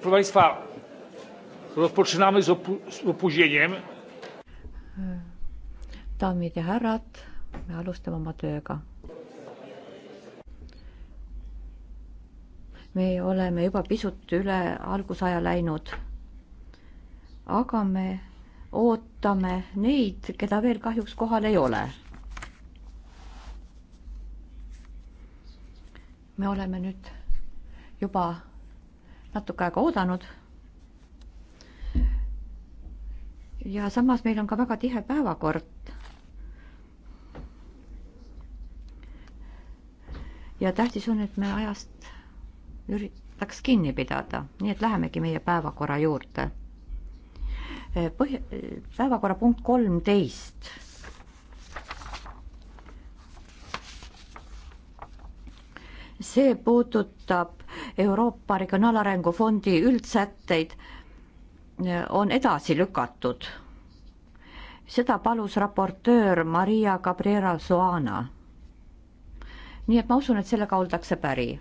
Proszę Państwa, rozpoczynamy z, opu- z opóźnieniem. Daamid ja härrad, me alustame oma tööga. me oleme juba pisut üle algusaja läinud. aga me ootame neid, keda veel kahjuks kohal ei ole. me oleme nüüd juba natuke aega oodanud. ja samas meil on ka väga tihe päevakord. ja tähtis on, et me ajast üritaks kinni pidada, nii et lähemegi meie päevakorra juurde. Põhja, päevakorrapunkt kolmteist see puudutab Euroopa Regionaalarengu Fondi üldsätteid, on edasi lükatud. seda palus raportöör Maria Cabrera Soana. nii et ma usun, et sellega oldakse päri.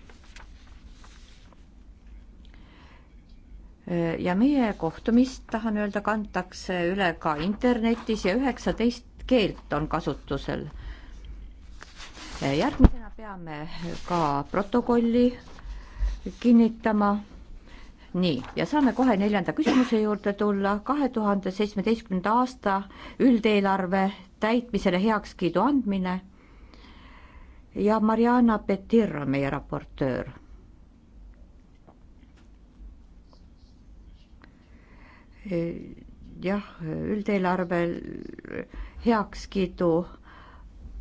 ja meie kohtumist, tahan öelda, kantakse üle ka internetis ja üheksateist keelt on kasutusel. järgmisena peame ka protokolli kinnitama. nii, ja saame kohe neljanda küsimuse juurde tulla. kahe tuhande seitsmeteistkümnenda aasta üldeelarve täitmisele heakskiidu andmine. ja Mariana Petir on meie raportöör. jah, üldeelarvel heakskiidu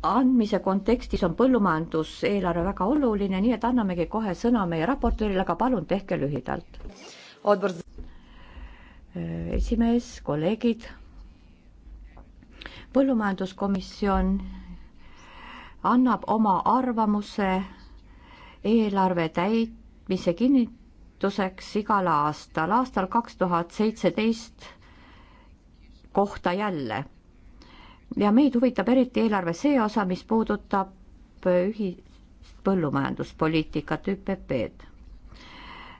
andmise kontekstis on põllumajanduseelarve väga oluline, nii et annamegi kohe sõna meie raportöörile, aga palun tehke lühidalt. esimees, kolleegid, põllumajanduskomisjon annab oma arvamuse eelarve täitmise kinnituseks igal aastal, aastal kaks tuhat seitseteist kohta jälle ja meid huvitab eriti eelarve see osa, mis puudutab äh, ühist põllumajanduspoliitikat, ÜPP-d.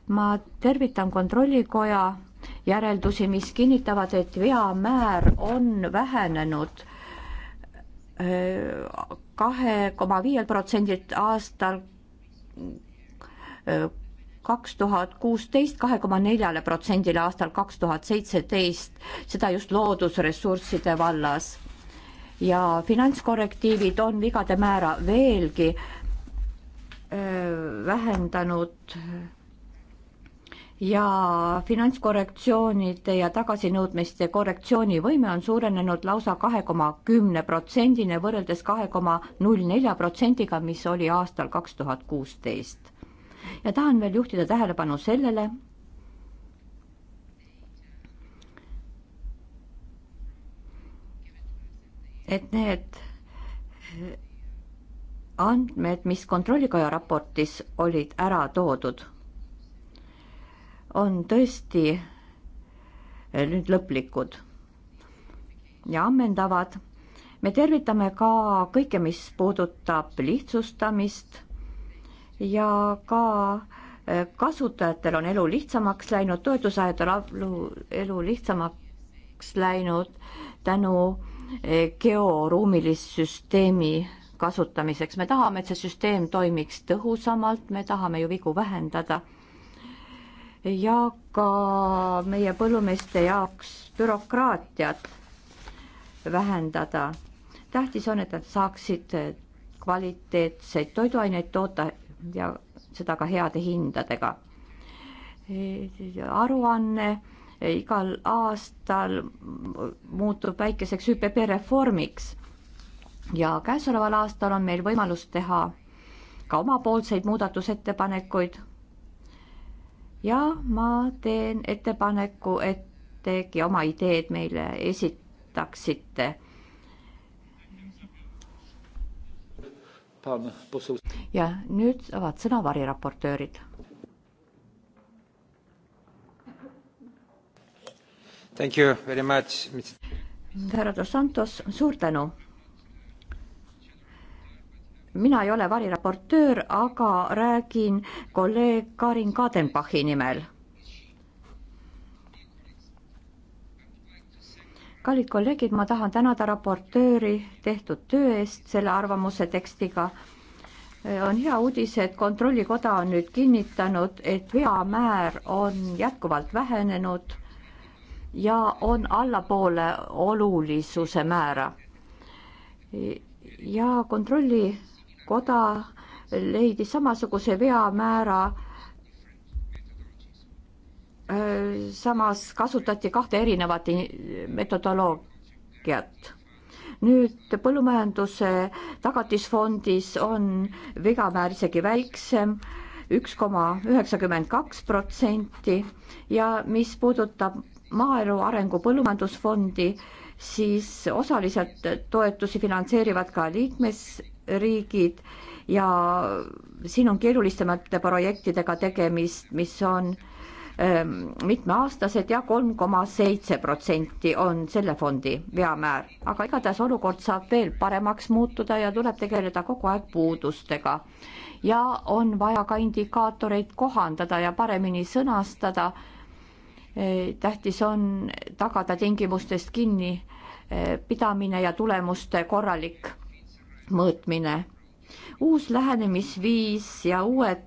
ma tervitan Kontrollikoja järeldusi, mis kinnitavad, et veamäär on vähenenud äh, kahe koma viiel protsendilt aastal äh, kaks tuhat kuusteist kahe koma neljale protsendile aastal kaks tuhat seitseteist, seda just loodusressursside vallas ja finantskorrektiivid on vigade määra veelgi öö, vähendanud ja finantskorrektsioonide ja tagasinõudmiste korrektsioonivõime on suurenenud lausa kahe koma kümne protsendini võrreldes kahe koma null nelja protsendiga, mis oli aastal kaks tuhat kuusteist. ja tahan veel juhtida tähelepanu sellele, et need eh, andmed, mis Kontrollikoja raportis olid ära toodud, on tõesti eh, nüüd lõplikud ja ammendavad. me tervitame ka kõike, mis puudutab lihtsustamist ja ka eh, kasutajatel on elu lihtsamaks läinud, toetusaajadel elu lihtsamaks läinud tänu äh, georuumilist süsteemi kasutamiseks. me tahame, et see süsteem toimiks tõhusamalt, me tahame ju vigu vähendada. ja ka meie põllumeeste jaoks bürokraatiat vähendada. tähtis on, et nad saaksid kvaliteetseid toiduaineid toota ja seda ka heade hindadega. aruanne igal aastal muutub väikeseks ÜPP reformiks. ja käesoleval aastal on meil võimalus teha ka omapoolseid muudatusettepanekuid. ja ma teen ettepaneku, et teiegi oma ideed meile esitaksite. ja nüüd saavad sõna variraportöörid härra Dos Santos, suur tänu. mina ei ole variraportöör, aga räägin kolleeg Karin Kadenbachi nimel. kallid kolleegid, ma tahan tänada raportööri tehtud töö eest selle arvamuse tekstiga on hea uudis, et Kontrollikoda on nüüd kinnitanud, et veamäär on jätkuvalt vähenenud ja on allapoole olulisuse määra. ja kontrollikoda leidis samasuguse veamäära. samas kasutati kahte erinevat metodoloogiat. nüüd põllumajanduse tagatisfondis on vegamäär isegi väiksem üks koma üheksakümmend kaks protsenti ja mis puudutab maaelu arengu põllumajandusfondi, siis osaliselt toetusi finantseerivad ka liikmesriigid ja siin on keerulisemate projektidega tegemist, mis on ähm, mitmeaastased ja kolm koma seitse protsenti on selle fondi veamäär, aga igatahes olukord saab veel paremaks muutuda ja tuleb tegeleda kogu aeg puudustega. ja on vaja ka indikaatoreid kohandada ja paremini sõnastada Äh, tähtis on tagada tingimustest kinnipidamine äh, ja tulemuste korralik mõõtmine. uus lähenemisviis ja uued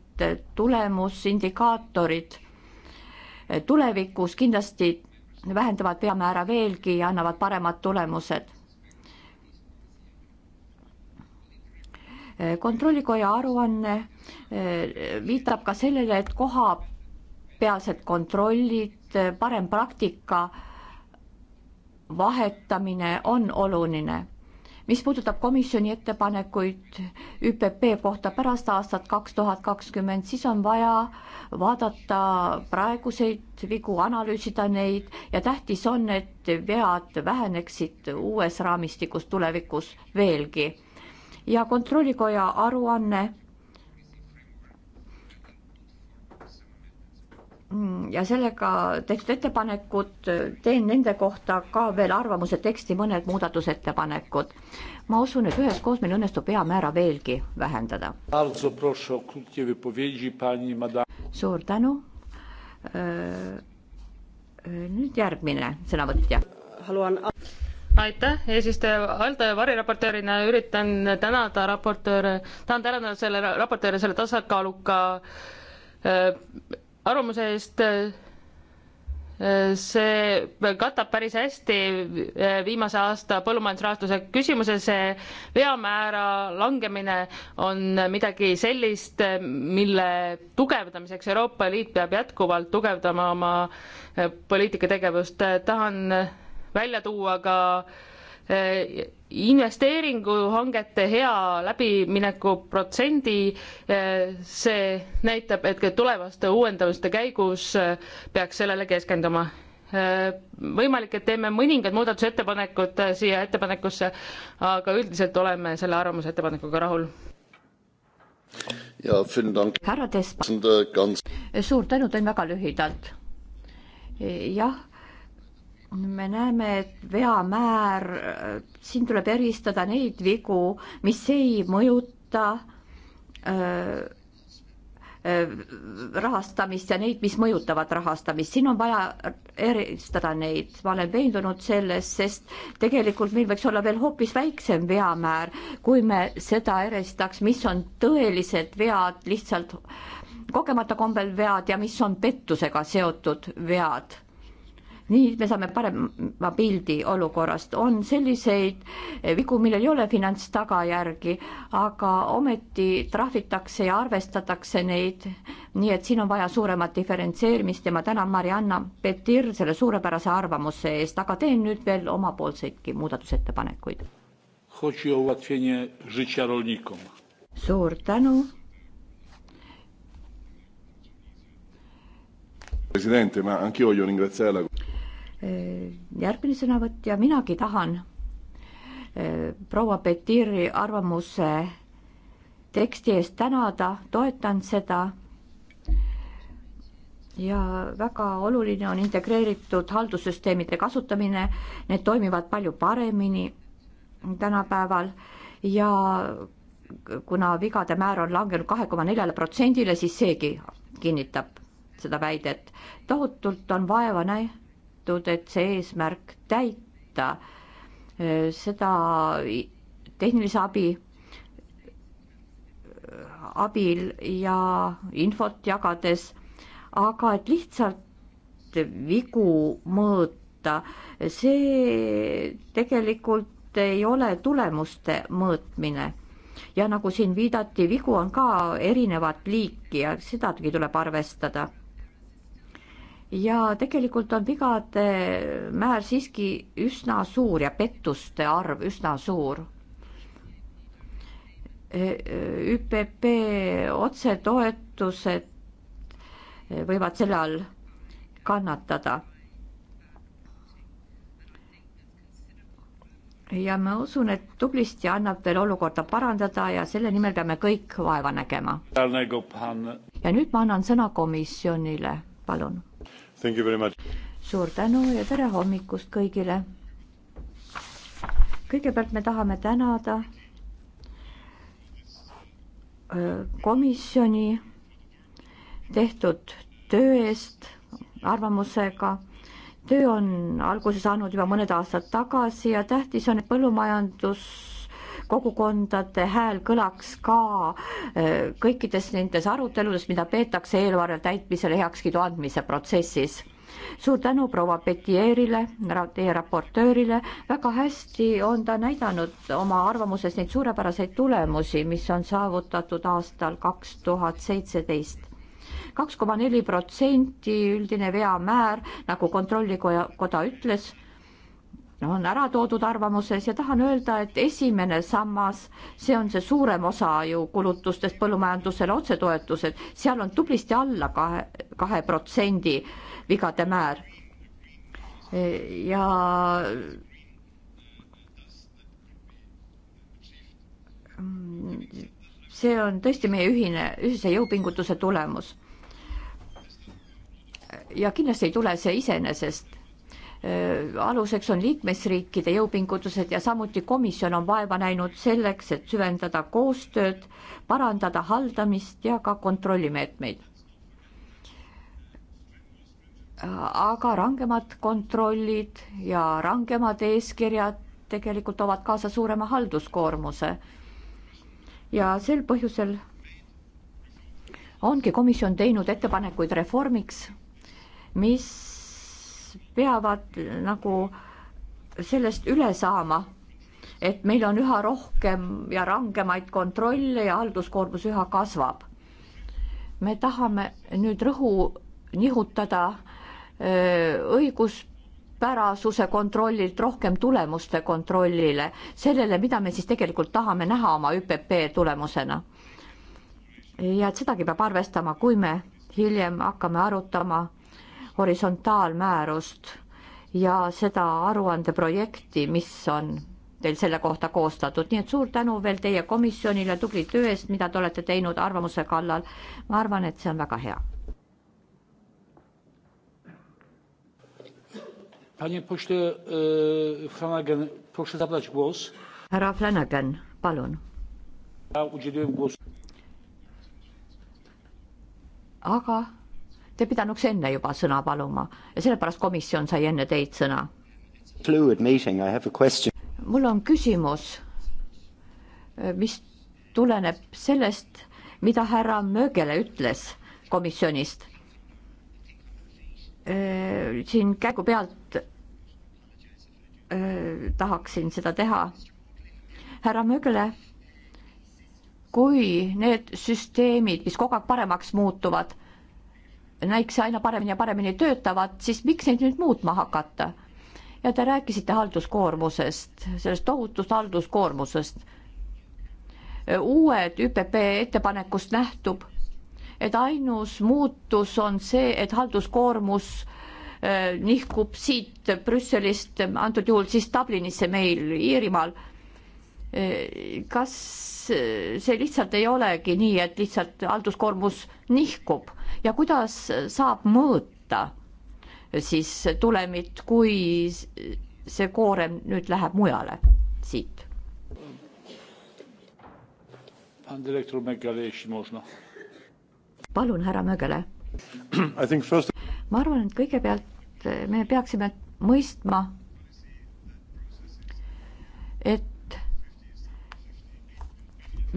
tulemusindikaatorid äh, tulevikus kindlasti vähendavad veamäära veelgi ja annavad paremad tulemused. kontrollikoja aruanne viitab ka sellele, et koha peaasjad kontrollid, parem praktika vahetamine on oluline. mis puudutab komisjoni ettepanekuid ÜPP kohta pärast aastat kaks tuhat kakskümmend, siis on vaja vaadata praeguseid vigu, analüüsida neid ja tähtis on, et vead väheneksid uues raamistikus tulevikus veelgi. ja Kontrollikoja aruanne Mm, ja sellega tehtud ettepanekud, teen nende kohta ka veel arvamuse teksti mõned muudatusettepanekud. ma usun, et üheskoos meil õnnestub veamäära veelgi vähendada. suur tänu. Äh, äh, nüüd järgmine sõnavõtja. aitäh, eesistuja Alde variraportöörina üritan tänada raportööre, tahan tänada selle raportööre selle tasakaaluka öö, äh, arvamuse eest. see katab päris hästi eh, viimase aasta põllumajandusrahastuse küsimuse, see veamäära langemine on midagi sellist, mille tugevdamiseks Euroopa Liit peab jätkuvalt tugevdama oma eh, poliitikategevust. tahan välja tuua ka äh, investeeringuhangete hea läbimineku protsendi, see näitab, et ka tulevaste uuendamiste käigus peaks sellele keskenduma võimalik, et teeme mõningad muudatusettepanekud siia ettepanekusse, aga üldiselt oleme selle arvamusettepanekuga rahul. härra Test, äh, suur tänu, teen väga lühidalt. jah, me näeme, et veamäär, siin tuleb eristada neid vigu, mis ei mõjuta öö, rahastamist ja neid, mis mõjutavad rahastamist, siin on vaja eristada neid, ma olen veendunud selles, sest tegelikult meil võiks olla veel hoopis väiksem veamäär, kui me seda eristaks, mis on tõelised vead, lihtsalt kogemata kombel vead ja mis on pettusega seotud vead nii me saame parema pildi olukorrast. on selliseid eh, vigu, millel ei ole finantstagajärgi, aga ometi trahvitakse ja arvestatakse neid. nii et siin on vaja suuremat diferentseerimist ja ma tänan Marianna Petir selle suurepärase arvamuse eest, aga teen nüüd veel omapoolseidki muudatusettepanekuid. suur tänu Presidente, ma anch'io voglio ringraziarla. Äh, järgmine sõnavõtja, minagi tahan äh, proua Petiri arvamuse teksti eest tänada, toetan seda. ja väga oluline on integreeritud haldussüsteemide kasutamine, need toimivad palju paremini tänapäeval ja kuna vigade määr on langenud kahe koma neljale protsendile, siis seegi kinnitab seda väidet. tohutult on vaeva näi-, tehtud, et see eesmärk täita. Äh, seda tehnilise abi äh, abil ja infot jagades, aga et lihtsalt vigu mõõta, see tegelikult ei ole tulemuste mõõtmine. ja nagu siin viidati, vigu on ka erinevat liiki ja sedagi tuleb arvestada ja tegelikult on vigade määr siiski üsna suur ja pettuste arv üsna suur. ÜPP otsetoetused võivad selle all kannatada. ja ma usun, et tublisti annab veel olukorda parandada ja selle nimel peame kõik vaeva nägema. ja nüüd ma annan sõna komisjonile, palun suur tänu ja tere hommikust kõigile. kõigepealt me tahame tänada äh, komisjoni tehtud töö eest arvamusega. töö on alguse saanud juba mõned aastad tagasi ja tähtis on, et põllumajandus kogukondade hääl kõlaks ka äh, kõikides nendes aruteludes, mida peetakse eelarve täitmisele heakskiidu andmise protsessis suur tänu proua Petierile, teie raportöörile, väga hästi on ta näidanud oma arvamuses neid suurepäraseid tulemusi, mis on saavutatud aastal kaks tuhat seitseteist kaks koma neli protsenti üldine veamäär, nagu Kontrollikoda ütles, on ära toodud arvamuses ja tahan öelda, et esimene sammas, see on see suurem osa ju kulutustest põllumajandusele, otsetoetused, seal on tublisti alla kahe, kahe protsendi vigade määr. E, ja see on tõesti meie ühine, ühise jõupingutuse tulemus. ja kindlasti ei tule see iseenesest Äh, aluseks on liikmesriikide jõupingutused ja samuti komisjon on vaeva näinud selleks, et süvendada koostööd, parandada haldamist ja ka kontrollimeetmeid. aga rangemad kontrollid ja rangemad eeskirjad tegelikult toovad kaasa suurema halduskoormuse. ja sel põhjusel ongi komisjon teinud ettepanekuid reformiks, mis peavad nagu sellest üle saama, et meil on üha rohkem ja rangemaid kontrolle ja halduskoormus üha kasvab. me tahame nüüd rõhu nihutada õiguspärasuse kontrollilt rohkem tulemuste kontrollile, sellele, mida me siis tegelikult tahame näha oma ÜPP tulemusena. ja et sedagi peab arvestama, kui me hiljem hakkame arutama horisontaalmäärust ja seda aruandeprojekti, mis on teil selle kohta koostatud, nii et suur tänu veel teie komisjonile tubli töö eest, mida te olete teinud arvamuse kallal. ma arvan, et see on väga hea. E, härra Flanagan, palun. aga Te pidanuks enne juba sõna paluma ja sellepärast komisjon sai enne teid sõna. mul on küsimus, mis tuleneb sellest, mida härra Möögele ütles komisjonist. Äh, siin käigu pealt äh, tahaksin seda teha. härra Mögle, kui need süsteemid, mis kogu aeg paremaks muutuvad, näiks aina paremini ja paremini töötavad, siis miks neid nüüd muutma hakata? ja te rääkisite halduskoormusest, sellest tohutust halduskoormusest. uued ÜPP ettepanekust nähtub, et ainus muutus on see, et halduskoormus eh, nihkub siit Brüsselist, antud juhul siis Dublinisse meil Iirimaal kas see lihtsalt ei olegi nii, et lihtsalt halduskoormus nihkub ja kuidas saab mõõta siis tulemit, kui see koorem nüüd läheb mujale siit? palun, härra Mögele. First... ma arvan, et kõigepealt me peaksime mõistma, et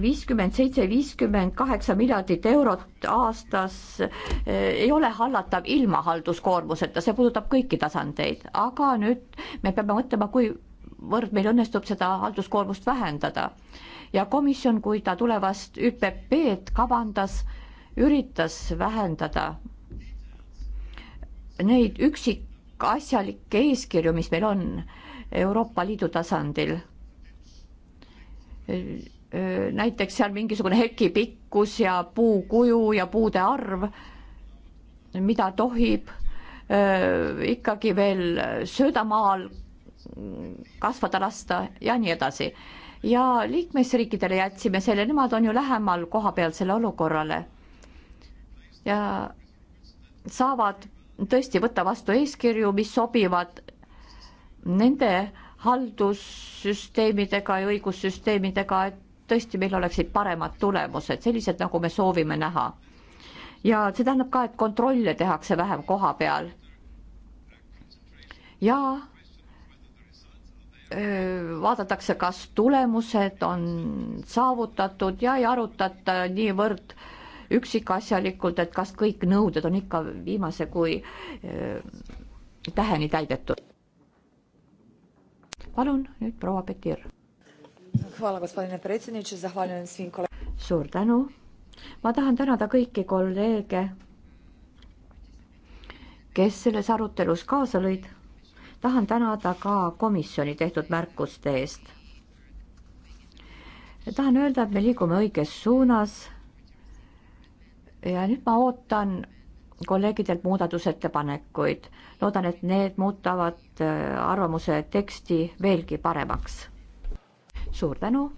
viiskümmend seitse, viiskümmend kaheksa miljardit eurot aastas eh, ei ole hallatav ilma halduskoormuseta, see puudutab kõiki tasandeid, aga nüüd me peame mõtlema, kuivõrd meil õnnestub seda halduskoormust vähendada. ja komisjon, kui ta tulevast ÜPP-d kavandas, üritas vähendada neid üksikasjalikke eeskirju, mis meil on Euroopa Liidu tasandil näiteks seal mingisugune heki pikkus ja puu kuju ja puude arv, mida tohib ikkagi veel söödamaal kasvada lasta ja nii edasi. ja liikmesriikidele jätsime selle, nemad on ju lähemal kohapealsele olukorrale. ja saavad tõesti võtta vastu eeskirju, mis sobivad nende haldussüsteemidega ja õigussüsteemidega, et tõesti meil oleksid paremad tulemused, sellised, nagu me soovime näha. ja see tähendab ka, et kontrolle tehakse vähem koha peal. ja vaadatakse, kas tulemused on saavutatud ja ei arutata niivõrd üksikasjalikult, et kas kõik nõuded on ikka viimase kui täheni täidetud. palun nüüd proua Petir gospodine predsjedniče, zahvaljujem svim kolleeg-. suur tänu. ma tahan tänada kõiki kolleege, kes selles arutelus kaasa lõid. tahan tänada ka komisjoni tehtud märkuste eest. tahan öelda, et me liigume õiges suunas. ja nüüd ma ootan kolleegidelt muudatusettepanekuid. loodan, et need muudavad äh, arvamuse teksti veelgi paremaks suur tänu.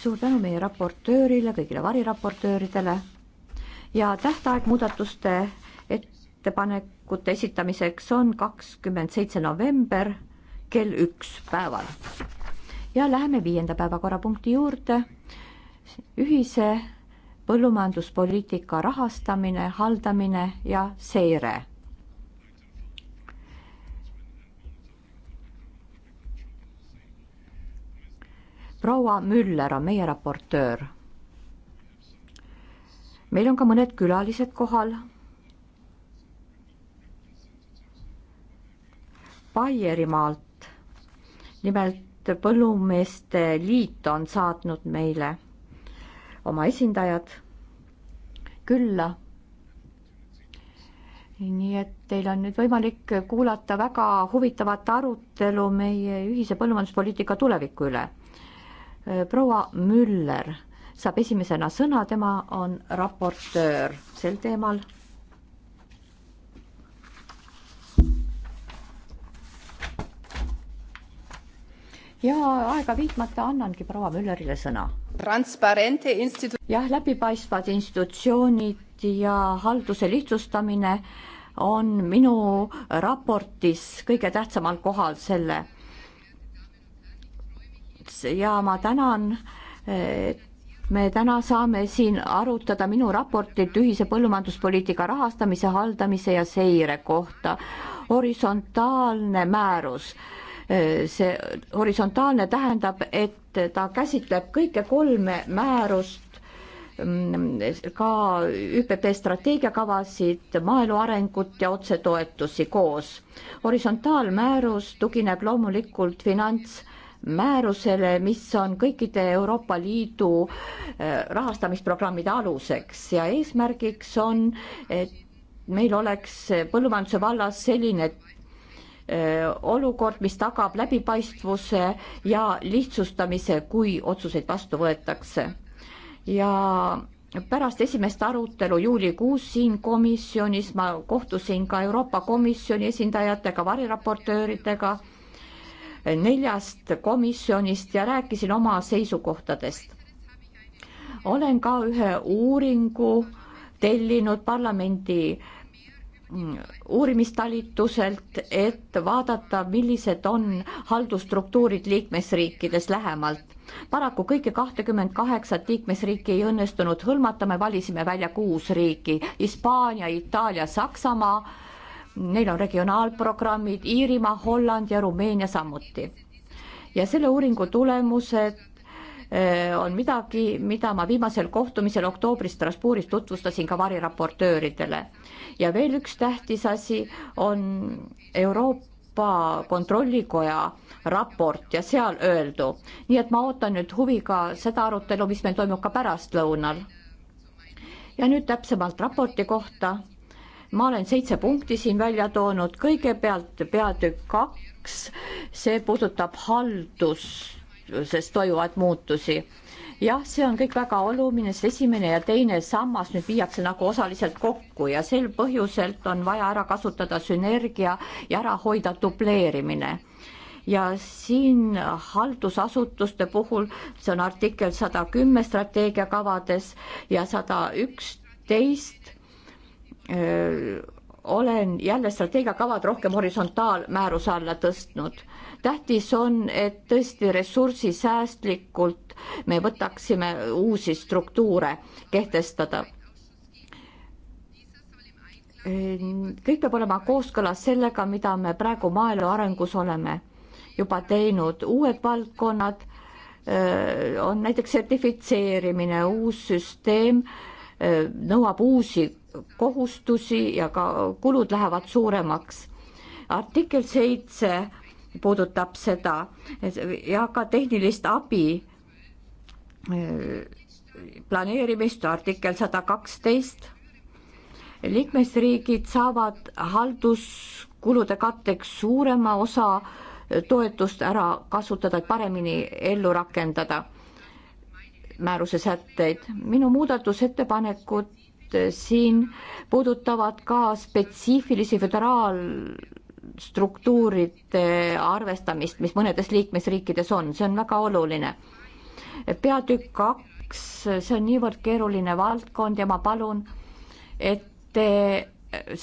suur tänu meie raportöörile, kõigile variraportööridele ja tähtaeg muudatuste ettepanekute esitamiseks on kakskümmend seitse november kell üks päeval. ja läheme viienda päevakorrapunkti juurde. ühise põllumajanduspoliitika rahastamine, haldamine ja seire proua Müller on meie raportöör. meil on ka mõned külalised kohal. Baierimaalt, nimelt Põllumeeste Liit on saatnud meile oma esindajad külla. nii et teil on nüüd võimalik kuulata väga huvitavat arutelu meie ühise põllumajanduspoliitika tuleviku üle Äh, proua Müller saab esimesena sõna, tema on raportöör sel teemal. ja aega viitmata annangi proua Müllerile sõna. jah, läbipaistvad institutsioonid ja halduse lihtsustamine on minu raportis kõige tähtsamal kohal selle ja ma tänan, et me täna saame siin arutada minu raportit ühise põllumajanduspoliitika rahastamise, haldamise ja seire kohta. horisontaalne määrus see horisontaalne tähendab, et ta käsitleb kõike kolme määrust, ka ÜPP strateegiakavasid, maaelu arengut ja otsetoetusi koos. horisontaalmäärus tugineb loomulikult finants määrusele, mis on kõikide Euroopa Liidu eh, rahastamisprogrammide aluseks ja eesmärgiks on, et meil oleks põllumajanduse vallas selline eh, olukord, mis tagab läbipaistvuse ja lihtsustamise, kui otsuseid vastu võetakse. ja pärast esimest arutelu juulikuus siin komisjonis ma kohtusin ka Euroopa Komisjoni esindajatega, variraportööridega neljast komisjonist ja rääkisin oma seisukohtadest. olen ka ühe uuringu tellinud parlamendi mm, uurimistalituselt, et vaadata, millised on haldusstruktuurid liikmesriikides lähemalt. paraku kõiki kahtekümmet kaheksat liikmesriiki ei õnnestunud hõlmata, me valisime välja kuus riiki Hispaania, Itaalia, Saksamaa neil on regionaalprogrammid Iirimaa, Holland ja Rumeenia samuti. ja selle uuringu tulemused eh, on midagi, mida ma viimasel kohtumisel oktoobris Strasbourgis tutvustasin ka variraportööridele. ja veel üks tähtis asi on Euroopa Kontrollikoja raport ja seal öeldu. nii et ma ootan nüüd huviga seda arutelu, mis meil toimub ka pärastlõunal. ja nüüd täpsemalt raporti kohta ma olen seitse punkti siin välja toonud, kõigepealt peatükk kaks, see puudutab halduses toimuvaid muutusi. jah, see on kõik väga oluline, sest esimene ja teine sammas nüüd viiakse nagu osaliselt kokku ja sel põhjusel on vaja ära kasutada sünergia ja ära hoida dubleerimine ja siin haldusasutuste puhul, see on artikkel sada kümme strateegiakavades ja sada üksteist olen jälle strateegiakavad rohkem horisontaalmääruse alla tõstnud. tähtis on, et tõesti ressursisäästlikult me võtaksime uusi struktuure kehtestada. kõik peab olema kooskõlas sellega, mida me praegu maaelu arengus oleme juba teinud, uued valdkonnad on näiteks sertifitseerimine, uus süsteem nõuab uusi kohustusi ja ka kulud lähevad suuremaks. artikkel seitse puudutab seda ja ka tehnilist abi äh, planeerimist, artikkel sada kaksteist. liikmesriigid saavad halduskulude katteks suurema osa äh, toetust ära kasutada, et paremini ellu rakendada määruse sätteid. minu muudatusettepanekud Äh, siin puudutavad ka spetsiifilisi föderaalstruktuuride arvestamist, mis mõnedes liikmesriikides on, see on väga oluline. peatükk kaks, see on niivõrd keeruline valdkond ja ma palun, et te äh,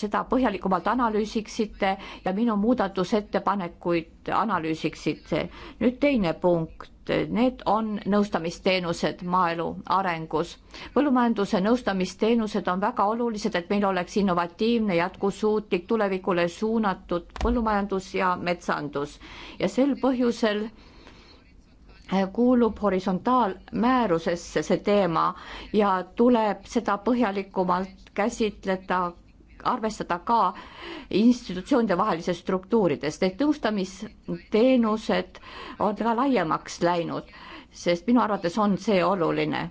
seda põhjalikumalt analüüsiksite ja minu muudatusettepanekuid analüüsiksite. nüüd teine punkt, need on nõustamisteenused maaelu arengus. põllumajanduse nõustamisteenused on väga olulised, et meil oleks innovatiivne, jätkusuutlik, tulevikule suunatud põllumajandus ja metsandus ja sel põhjusel eh, kuulub horisontaalmäärusesse see teema ja tuleb seda põhjalikumalt käsitleda arvestada ka institutsioonide vahelises struktuurides, need nõustamisteenused on ka laiemaks läinud, sest minu arvates on see oluline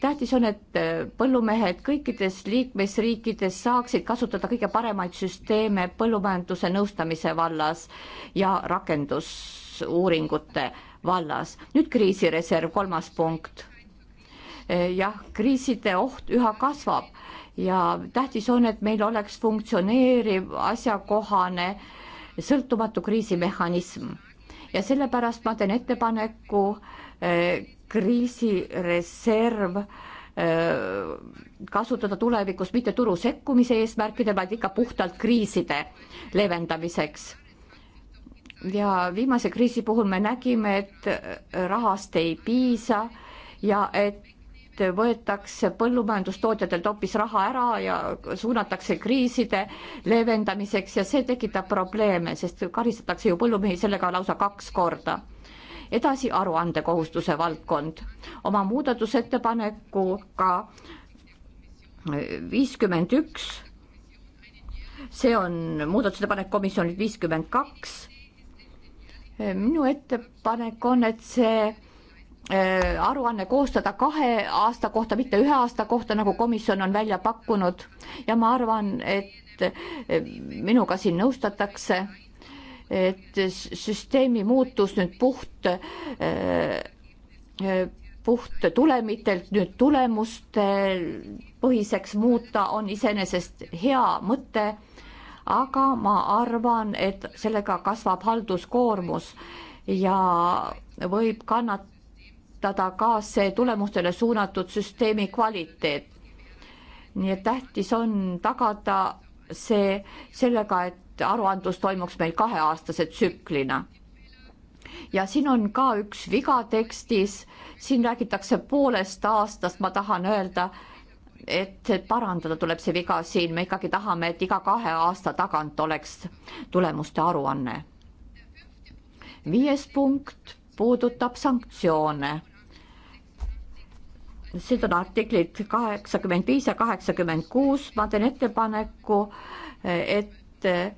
tähtis on, et põllumehed kõikides liikmesriikides saaksid kasutada kõige paremaid süsteeme põllumajanduse nõustamise vallas ja rakendusuuringute vallas. nüüd kriisireserv, kolmas punkt. jah, kriiside oht üha kasvab ja tähtis on, et meil oleks funktsioneeriv, asjakohane, sõltumatu kriisimehhanism. ja sellepärast ma teen ettepaneku eh, kriisireserv eh, kasutada tulevikus mitte turu sekkumise eesmärkidel, vaid ikka puhtalt kriiside leevendamiseks. ja viimase kriisi puhul me nägime, et rahast ei piisa ja et et võetakse põllumajandustootjatelt hoopis raha ära ja suunatakse kriiside leevendamiseks ja see tekitab probleeme, sest karistatakse ju põllumehi sellega lausa kaks korda. edasi aruandekohustuse valdkond. oma muudatusettepanekuga viiskümmend üks, see on muudatusettepanek komisjonilt viiskümmend kaks, minu ettepanek on, et see Äh, aruanne koostada kahe aasta kohta, mitte ühe aasta kohta, nagu komisjon on välja pakkunud ja ma arvan, et äh, minuga siin nõustatakse, et süsteemi muutus nüüd puht, äh, puht tulemitelt nüüd tulemuste põhiseks muuta on iseenesest hea mõte, aga ma arvan, et sellega kasvab halduskoormus ja võib kannata arvestada ka see tulemustele suunatud süsteemi kvaliteet. nii et tähtis on tagada see sellega, et aruandlus toimuks meil kaheaastase tsüklina. ja siin on ka üks viga tekstis, siin räägitakse poolest aastast, ma tahan öelda, et parandada tuleb see viga siin, me ikkagi tahame, et iga kahe aasta tagant oleks tulemuste aruanne. viies punkt puudutab sanktsioone. Siin on artiklid kaheksakümmend viis ja kaheksakümmend kuus, ma teen ettepaneku, et äh,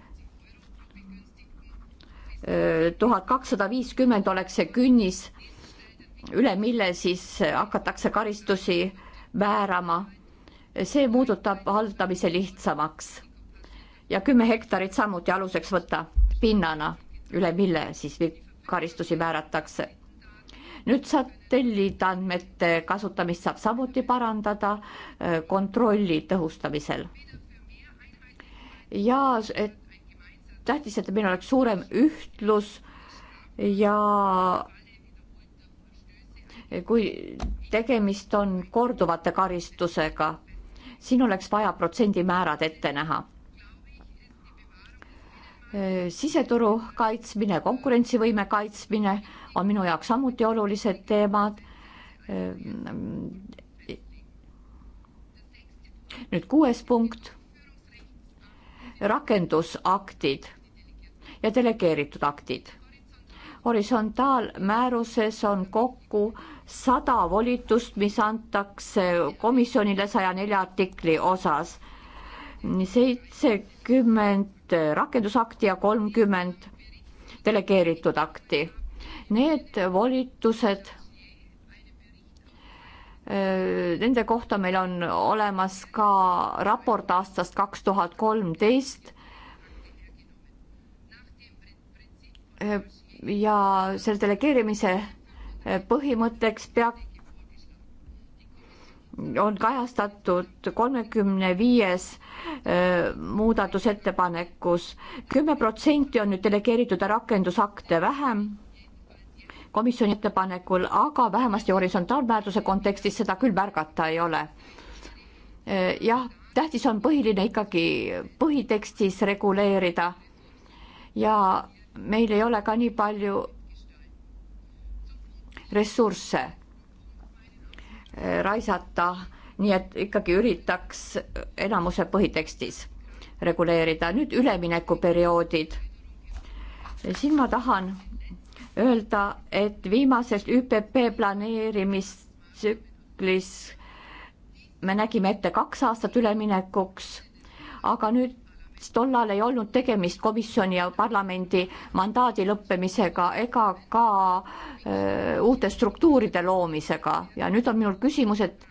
tuhat kakssada viiskümmend oleks see künnis, üle mille siis hakatakse karistusi määrama. see muudutab haldamise lihtsamaks ja kümme hektarit samuti aluseks võtta pinnana, üle mille siis karistusi määratakse nüüd satelliitandmete kasutamist saab samuti parandada äh, kontrolli tõhustamisel. ja et tähtis, et meil oleks suurem ühtlus ja kui tegemist on korduvate karistusega, siin oleks vaja protsendimäärad ette näha. Äh, siseturu kaitsmine, konkurentsivõime kaitsmine on minu jaoks samuti olulised teemad. nüüd kuues punkt, rakendusaktid ja delegeeritud aktid. horisontaalmääruses on kokku sada volitust, mis antakse komisjonile saja nelja artikli osas seitsekümmend rakendusakti ja kolmkümmend delegeeritud akti. Need volitused, äh, nende kohta meil on olemas ka raport aastast kaks tuhat kolmteist äh, ja selle delegeerimise äh, põhimõtteks peab on kajastatud kolmekümne viies muudatusettepanekus. kümme protsenti on nüüd delegeeritud rakendusakte vähem komisjoni ettepanekul, aga vähemasti horisontaalväärtuse kontekstis seda küll märgata ei ole. jah, tähtis on põhiline ikkagi põhitekstis reguleerida ja meil ei ole ka nii palju ressursse raisata, nii et ikkagi üritaks enamuse põhitekstis reguleerida. nüüd üleminekuperioodid. siin ma tahan öelda, et viimases ÜPP planeerimistsüklis me nägime ette kaks aastat üleminekuks, aga nüüd tollal ei olnud tegemist komisjoni ja parlamendi mandaadi lõppemisega ega ka öö, uute struktuuride loomisega ja nüüd on minul küsimus, et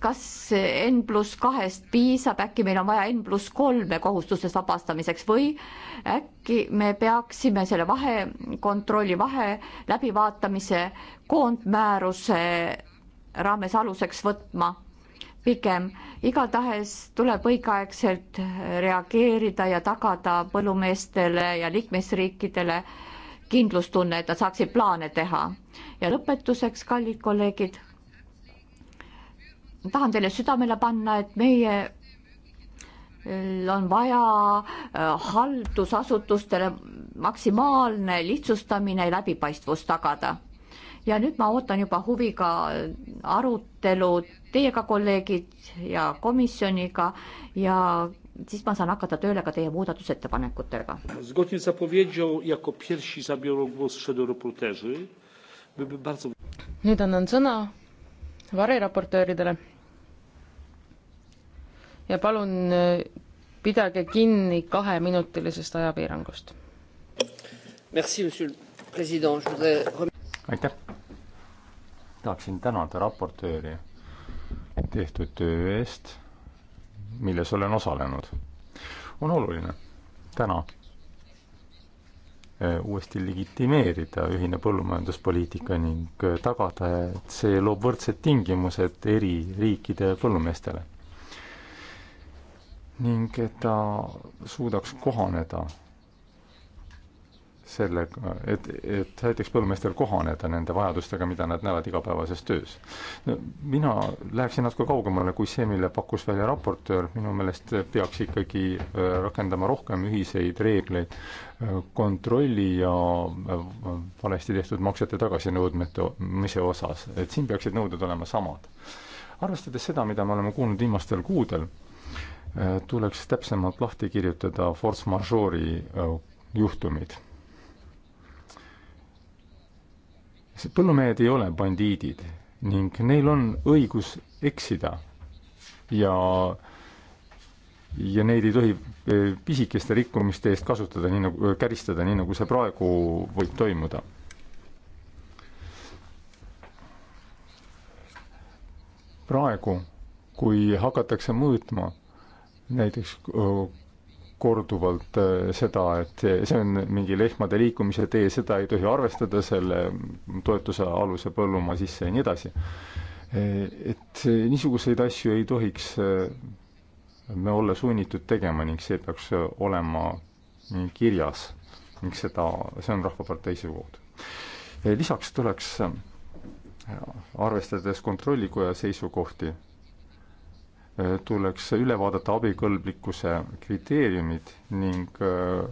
kas N pluss kahest piisab, äkki meil on vaja N pluss kolme kohustusest vabastamiseks või äkki me peaksime selle vahekontrolli, vahe läbivaatamise koondmääruse raames aluseks võtma pigem. igatahes tuleb õigeaegselt reageerida ja tagada põllumeestele ja liikmesriikidele kindlustunne, et nad saaksid plaane teha. ja lõpetuseks, kallid kolleegid tahan teile südamele panna, et meie on vaja äh, haldusasutustele maksimaalne lihtsustamine ja läbipaistvus tagada. ja nüüd ma ootan juba huviga arutelu teiega, kolleegid ja komisjoniga ja siis ma saan hakata tööle ka teie muudatusettepanekutega. nüüd annan sõna variraportööridele ja palun äh, pidage kinni kaheminutilisest ajapiirangust. aitäh. tahaksin tänada raportööri tehtud töö eest, milles olen osalenud. on oluline täna Äh, uuesti legitimeerida ühine põllumajanduspoliitika ning äh, tagada, et see loob võrdsed tingimused eri riikide põllumeestele. ning et ta suudaks kohaneda sellega, et, et aitaks põllumeestel kohaneda nende vajadustega, mida nad näevad igapäevases töös no,. mina läheksin natuke kaugemale kui see, mille pakkus välja raportöör, minu meelest peaks ikkagi äh, rakendama rohkem ühiseid reegleid äh, kontrolli ja äh, valesti tehtud maksete tagasinõudmise osas, et siin peaksid nõuded olema samad. arvestades seda, mida me oleme kuulnud viimastel kuudel, tuleks täpsemalt lahti kirjutada force majeure'i juhtumid sest põllumehed ei ole bandiidid ning neil on õigus eksida ja ja neid ei tohi eh, pisikeste rikkumiste eest kasutada, nii nagu, eh, käristada, nii nagu see praegu võib toimuda. praegu, kui hakatakse mõõtma näiteks eh, korduvalt äh, seda, et see on mingi lehmade liikumise tee, seda ei tohi arvestada, selle toetuse aluse põllumaa sisse ja nii edasi. Äh, et niisuguseid asju ei tohiks äh, me olla sunnitud tegema ning see peaks olema kirjas ning seda, see on Rahvapartei seisukoht. lisaks tuleks, arvestades Kontrollikoja seisukohti, Äh, tuleks üle vaadata abikõlblikkuse kriteeriumid ning äh,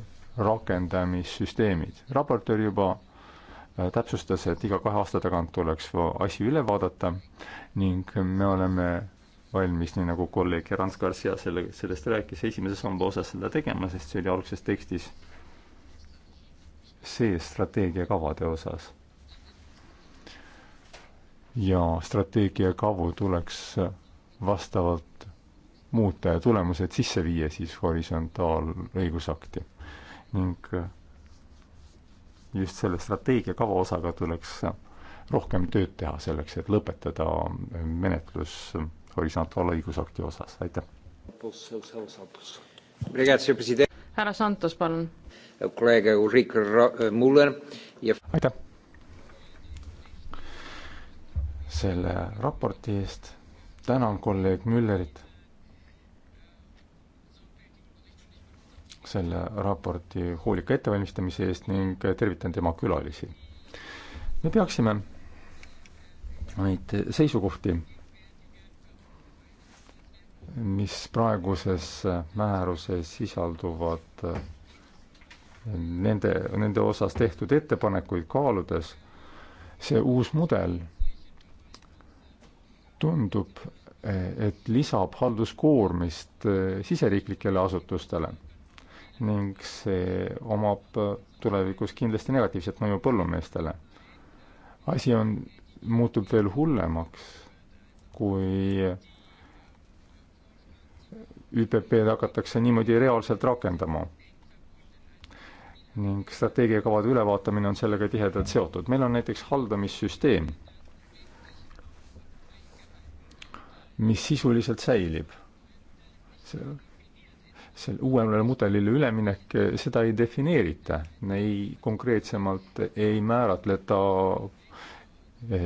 rakendamissüsteemid. raportöör juba äh, täpsustas, et iga kahe aasta tagant tuleks asi üle vaadata ning me oleme valmis, nii nagu kolleeg Herans Garcia selle, sellest rääkis, esimese samba osas seda tegema, sest see oli algses tekstis sees strateegiakavade osas. ja strateegiakavu tuleks vastavalt muuta ja tulemused sisse viia siis horisontaalõigusakti. ning äh, just selle strateegiakava osaga tuleks äh, rohkem tööd teha selleks, et lõpetada äh, menetlus horisontaalõigusakti osas, aitäh. härra Santos, palun. aitäh selle raporti eest tänan kolleeg Müllerit selle raporti hoolika ettevalmistamise eest ning tervitan tema külalisi. me peaksime neid seisukohti, mis praeguses määruses sisalduvad, nende, nende osas tehtud ettepanekuid kaaludes, see uus mudel tundub Eh, et lisab halduskoormist eh, siseriiklikele asutustele ning see omab eh, tulevikus kindlasti negatiivset mõju põllumeestele. asi on, muutub veel hullemaks, kui ÜPP-d hakatakse niimoodi reaalselt rakendama. ning strateegiakavade ülevaatamine on sellega tihedalt seotud. meil on näiteks haldamissüsteem mis sisuliselt säilib. see, see uuele mudelile üleminek, seda ei defineerita, ei konkreetsemalt ei määratleta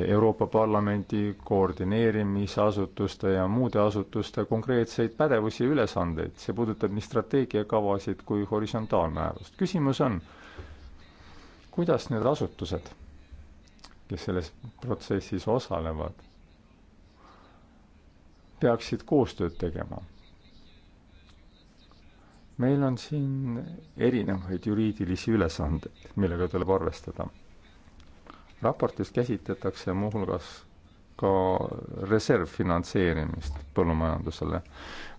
Euroopa Parlamendi koordineerimisasutuste ja muude asutuste konkreetseid pädevusi ja ülesandeid, see puudutab nii strateegiakavasid kui horisontaalmäärust. küsimus on, kuidas need asutused, kes selles protsessis osalevad peaksid koostööd tegema. meil on siin erinevaid juriidilisi ülesandeid, millega tuleb arvestada. raportis käsitletakse muuhulgas ka reservfinantseerimist põllumajandusele.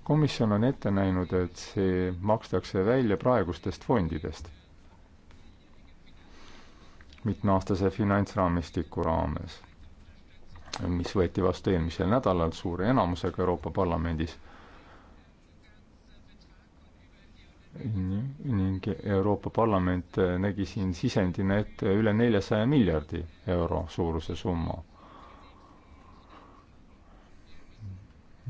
komisjon on ette näinud, et see makstakse välja praegustest fondidest mitmeaastase finantsraamistiku raames mis võeti vastu eelmisel nädalal suure enamusega Euroopa Parlamendis ning Euroopa Parlament nägi siin sisendina ette üle neljasaja miljardi euro suuruse summa.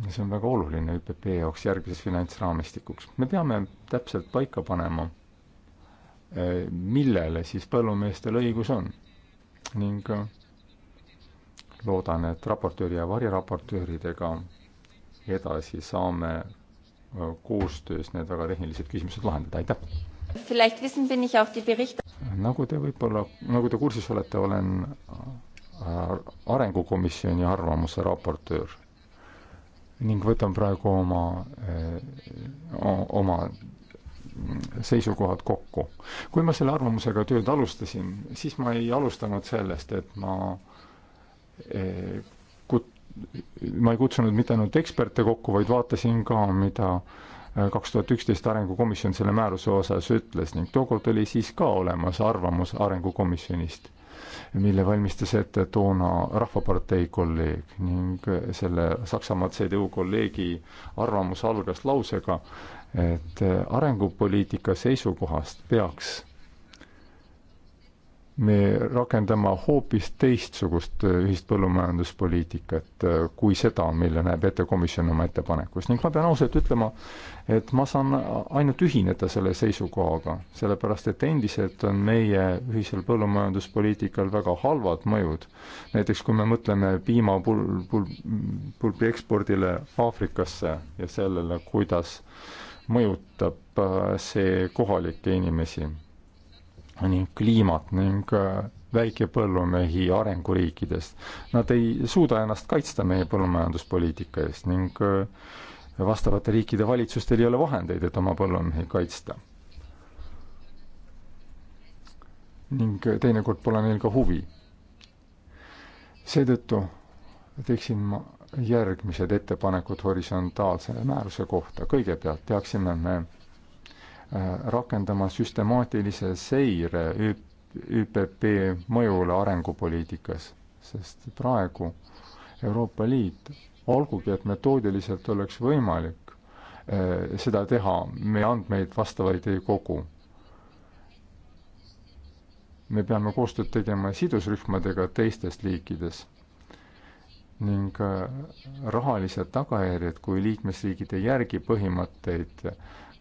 see on väga oluline ÜPP jaoks järgmises finantsraamistikuks. me peame täpselt paika panema, millele siis põllumeestel õigus on ning loodan, et raportööri ja variraportööridega edasi saame äh, koostöös need väga tehnilised küsimused lahendada, aitäh! nagu te võib-olla, nagu te kursis olete, olen äh, arengukomisjoni arvamuse raportöör ning võtan praegu oma, äh, oma seisukohad kokku. kui ma selle arvamusega tööd alustasin, siis ma ei alustanud sellest, et ma äh, Eh, kut-, ma ei kutsunud mitte ainult eksperte kokku, vaid vaatasin ka, mida eh, kaks tuhat üksteist Arengukomisjon selle määruse osas ütles ning tookord oli siis ka olemas arvamus Arengukomisjonist, mille valmistas ette toona Rahvapartei kolleeg ning selle Saksamaa CDU kolleegi arvamus algas lausega, et arengupoliitika seisukohast peaks me rakendama hoopis teistsugust äh, ühist põllumajanduspoliitikat äh, kui seda, mille näeb ette komisjon oma ettepanekus ning ma pean ausalt ütlema, et ma saan ainult ühineda selle seisukohaga, sellepärast et endiselt on meie ühisel põllumajanduspoliitikal väga halvad mõjud. näiteks kui me mõtleme piimapul-, pul-, pulbri ekspordile Aafrikasse ja sellele, kuidas mõjutab äh, see kohalikke inimesi ning kliimat ning äh, väikepõllumehi arenguriikidest. Nad ei suuda ennast kaitsta meie põllumajanduspoliitika eest ning äh, vastavate riikide valitsustel ei ole vahendeid, et oma põllumehi kaitsta. ning äh, teinekord pole neil ka huvi. seetõttu teeksin ma järgmised ettepanekud horisontaalse määruse kohta. kõigepealt peaksime me Äh, rakendama süstemaatilise seire ÜPP mõjule arengupoliitikas, sest praegu Euroopa Liit, olgugi et metoodiliselt oleks võimalik äh, seda teha, me andmeid vastavaid ei kogu. me peame koostööd tegema sidusrühmadega teistes liikides ning äh, rahalised tagajärjed, kui liikmesriigid ei järgi põhimõtteid,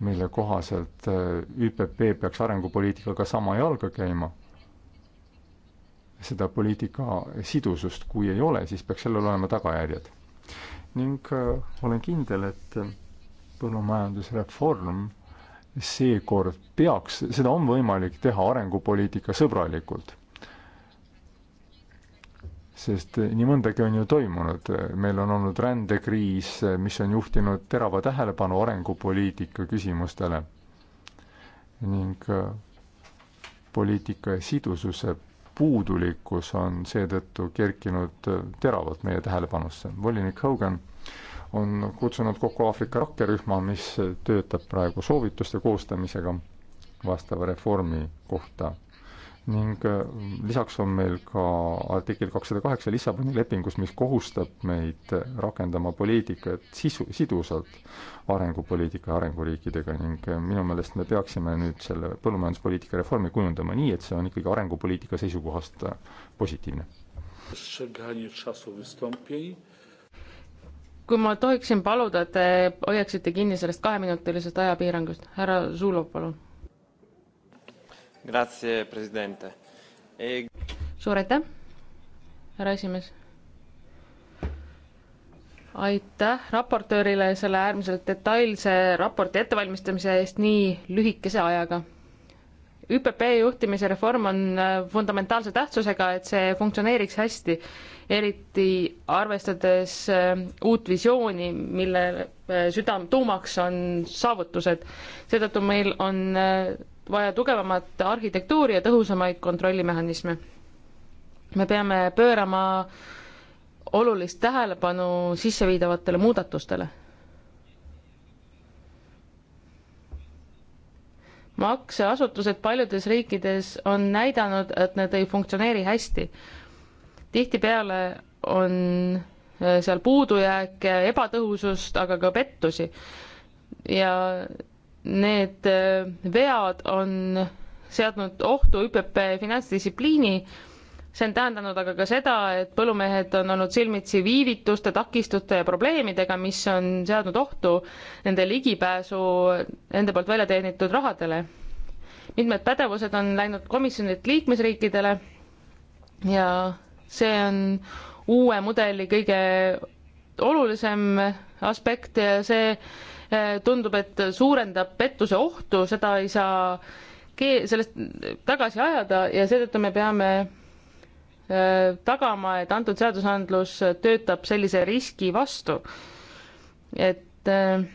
mille kohaselt äh, ÜPP peaks arengupoliitikaga sama jalga käima, seda poliitika sidusust, kui ei ole, siis peaks sellel olema tagajärjed. ning äh, olen kindel, et äh, põllumajandusreform seekord peaks, seda on võimalik teha arengupoliitika sõbralikult sest eh, nii mõndagi on ju toimunud, meil on olnud rändekriis, eh, mis on juhtinud terava tähelepanu arengupoliitika küsimustele ning eh, poliitika sidususe puudulikkus on seetõttu kerkinud teravalt meie tähelepanusse. volinik Hogan on kutsunud kokku Aafrika rakkerühma, mis töötab praegu soovituste koostamisega vastava reformi kohta ning äh, lisaks on meil ka artikkel kakssada kaheksa Lissaboni lepingus, mis kohustab meid rakendama poliitikat sisu, sidusalt arengupoliitika ja arenguriikidega ning äh, minu meelest me peaksime nüüd selle põllumajanduspoliitika reformi kujundama nii, et see on ikkagi arengupoliitika seisukohast äh, positiivne. kui ma tohiksin paluda, et te hoiaksite kinni sellest kaheminutilisest ajapiirangust, härra Zulov, palun e... suur aitäh, härra esimees. aitäh raportöörile selle äärmiselt detailse raporti ettevalmistamise eest nii lühikese ajaga ÜPP juhtimise reform on äh, fundamentaalse tähtsusega, et see funktsioneeriks hästi, eriti arvestades äh, uut visiooni, mille äh, südam, tuumaks on saavutused. seetõttu meil on vaja tugevamat arhitektuuri ja tõhusamaid kontrollimehhanisme. me peame pöörama olulist tähelepanu sisseviidavatele muudatustele. makseasutused paljudes riikides on näidanud, et need ei funktsioneeri hästi. tihtipeale on eh, seal puudujääke, ebatõhusust, aga ka pettusi. ja need äh, vead on seadnud ohtu ÜPP finantsdistsipliini. see on tähendanud aga ka seda, et põllumehed on olnud silmitsi viivituste, takistuste ja probleemidega, mis on seadnud ohtu nende ligipääsu nende poolt välja teenitud rahadele. mitmed pädevused on läinud komisjonilt liikmesriikidele ja see on uue mudeli kõige olulisem aspekt ja see Äh, tundub, et suurendab pettuse ohtu, seda ei saa kee-, sellest tagasi ajada ja seetõttu me peame äh, tagama, et antud seadusandlus töötab sellise riski vastu. et äh,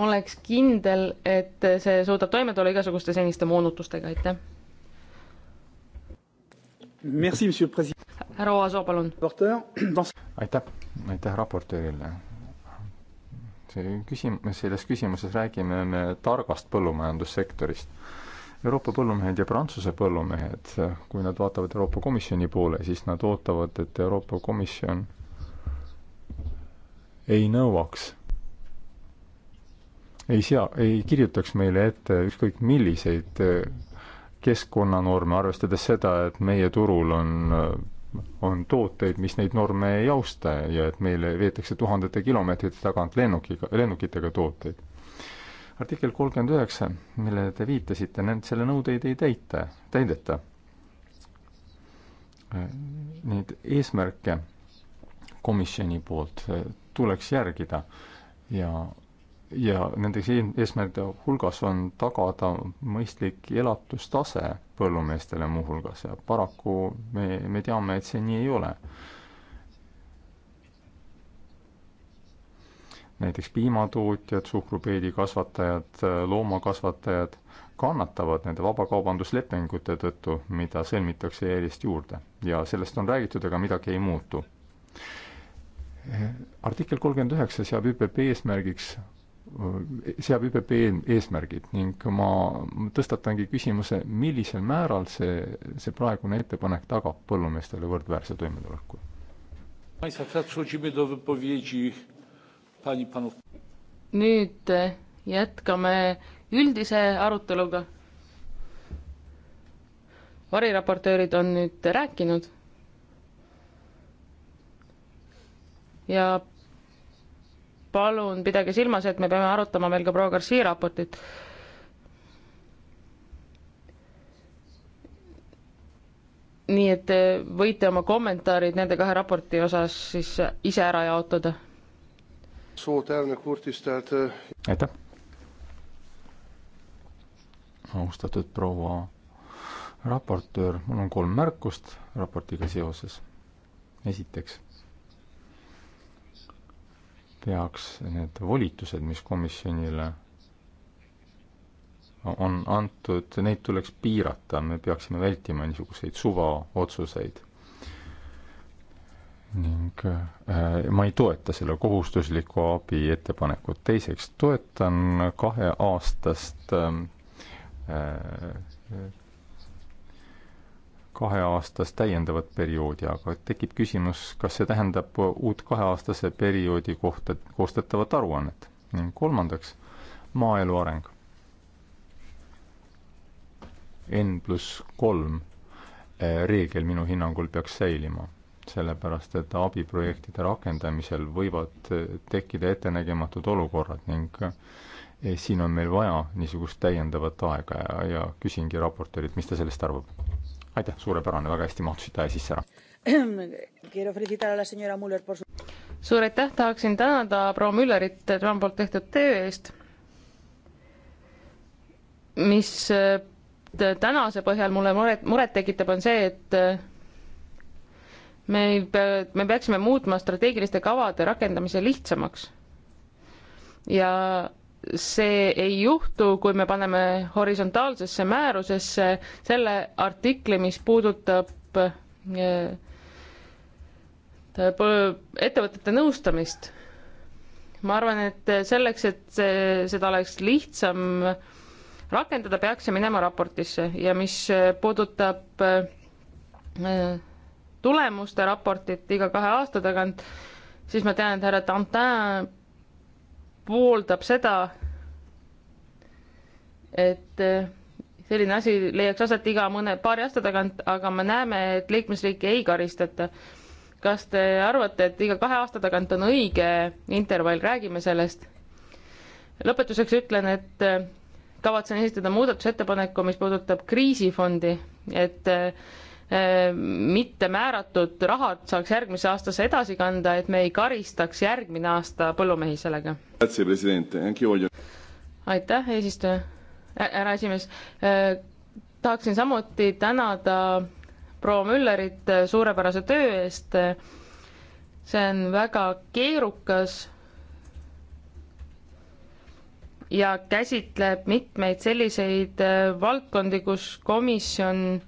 oleks kindel, et see suudab toime tulla igasuguste seniste moonutustega, aitäh. härra Oasoo, palun. aitäh, aitäh raportöörile küsim-, selles küsimuses räägime me targast põllumajandussektorist. Euroopa põllumehed ja Prantsuse põllumehed, kui nad vaatavad Euroopa Komisjoni poole, siis nad ootavad, et Euroopa Komisjon ei nõuaks, ei sea, ei kirjutaks meile ette ükskõik milliseid keskkonnanorme, arvestades seda, et meie turul on on tooteid, mis neid norme ei austa ja et meile veetakse tuhandete kilomeetrite tagant lennukiga, lennukitega tooteid. artikkel kolmkümmend üheksa, millele te viitasite, need, selle nõudeid ei täita, täideta. Neid eesmärke komisjoni poolt eh, tuleks järgida ja ja nendeks eesmärkide hulgas on tagada mõistlik elatustase põllumeestele muuhulgas ja paraku me, me teame, et see nii ei ole. näiteks piimatootjad, suhkrupeedi kasvatajad, loomakasvatajad kannatavad nende vabakaubanduslepingute tõttu, mida sõlmitakse järjest juurde ja sellest on räägitud, aga midagi ei muutu. artikkel kolmkümmend üheksa seab ÜPP eesmärgiks seab ÜPP eesmärgid ning ma tõstatangi küsimuse, millisel määral see, see praegune ettepanek tagab põllumeestele võrdväärse toimetuleku? nüüd eh, jätkame üldise aruteluga. variraportöörid on nüüd rääkinud ja palun pidage silmas, et me peame arutama veel ka proua Garcia raportit. nii et te võite oma kommentaarid nende kahe raporti osas siis ise ära jaotada. Äh, aitäh. austatud proua raportöör, mul on kolm märkust raportiga seoses. esiteks peaks need volitused, mis komisjonile on antud, neid tuleks piirata, me peaksime vältima niisuguseid suvaotsuseid. ning äh, ma ei toeta selle kohustusliku abi ettepanekut, teiseks toetan kaheaastast ähm, äh, kaheaastast täiendavat perioodi, aga tekib küsimus, kas see tähendab uut kaheaastase perioodi kohta koostatavat aruannet. ning kolmandaks, maaelu areng. N pluss kolm eh, reegel minu hinnangul peaks säilima, sellepärast et abiprojektide rakendamisel võivad eh, tekkida ettenägematud olukorrad ning eh, siin on meil vaja niisugust täiendavat aega ja, ja küsingi raportöörilt, mis ta sellest arvab aitäh, suurepärane, väga hästi mahtusite aja sisse ära. suur aitäh, tahaksin tänada proua Müllerit tema poolt tehtud töö eest, mis äh, tänase põhjal mulle muret, muret tekitab, on see, et äh, me ei pea, me peaksime muutma strateegiliste kavade rakendamise lihtsamaks. ja see ei juhtu, kui me paneme horisontaalsesse määrusesse selle artikli, mis puudutab äh, ettevõtete nõustamist. ma arvan, et selleks, et see, seda oleks lihtsam rakendada, peaks see minema raportisse ja mis puudutab äh, tulemuste raportit iga kahe aasta tagant, siis ma tean, et härra Dantin pooldab seda, et äh, selline asi leiaks aset iga mõne paari aasta tagant, aga me näeme, et liikmesriiki ei karistata. kas te arvate, et iga kahe aasta tagant on õige intervall, räägime sellest? lõpetuseks ütlen, et äh, kavatsen esitada muudatusettepaneku, mis puudutab kriisifondi, et äh, Äh, mitte määratud rahad saaks järgmise aastasse edasi kanda, et me ei karistaks järgmine aasta põllumehi sellega. aitäh, eesistuja, härra esimees. Äh, tahaksin samuti tänada proua Müllerit äh, suurepärase töö eest. see on väga keerukas ja käsitleb mitmeid selliseid valdkondi, kus komisjon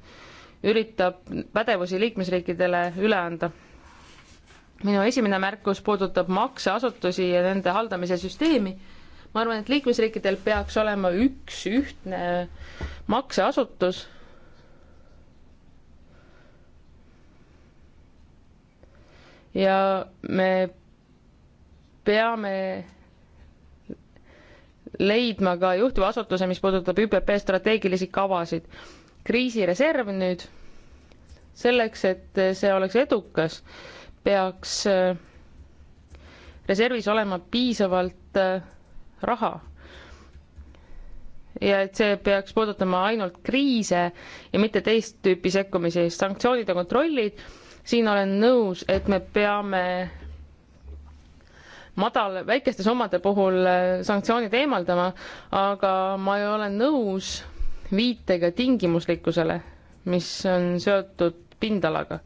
üritab pädevusi liikmesriikidele üle anda. minu esimene märkus puudutab makseasutusi ja nende haldamise süsteemi. ma arvan, et liikmesriikidel peaks olema üks ühtne makseasutus, ja me peame leidma ka juhtiva asutuse, mis puudutab ÜPP strateegilisi kavasid kriisireserv nüüd, selleks, et see oleks edukas, peaks äh, reservis olema piisavalt äh, raha. ja et see peaks puudutama ainult kriise ja mitte teist tüüpi sekkumisi, sanktsioonid ja kontrollid, siin olen nõus, et me peame madal, väikeste summade puhul äh, sanktsioonid eemaldama, aga ma ei ole nõus viitega tingimuslikkusele, mis on seotud pindalaga.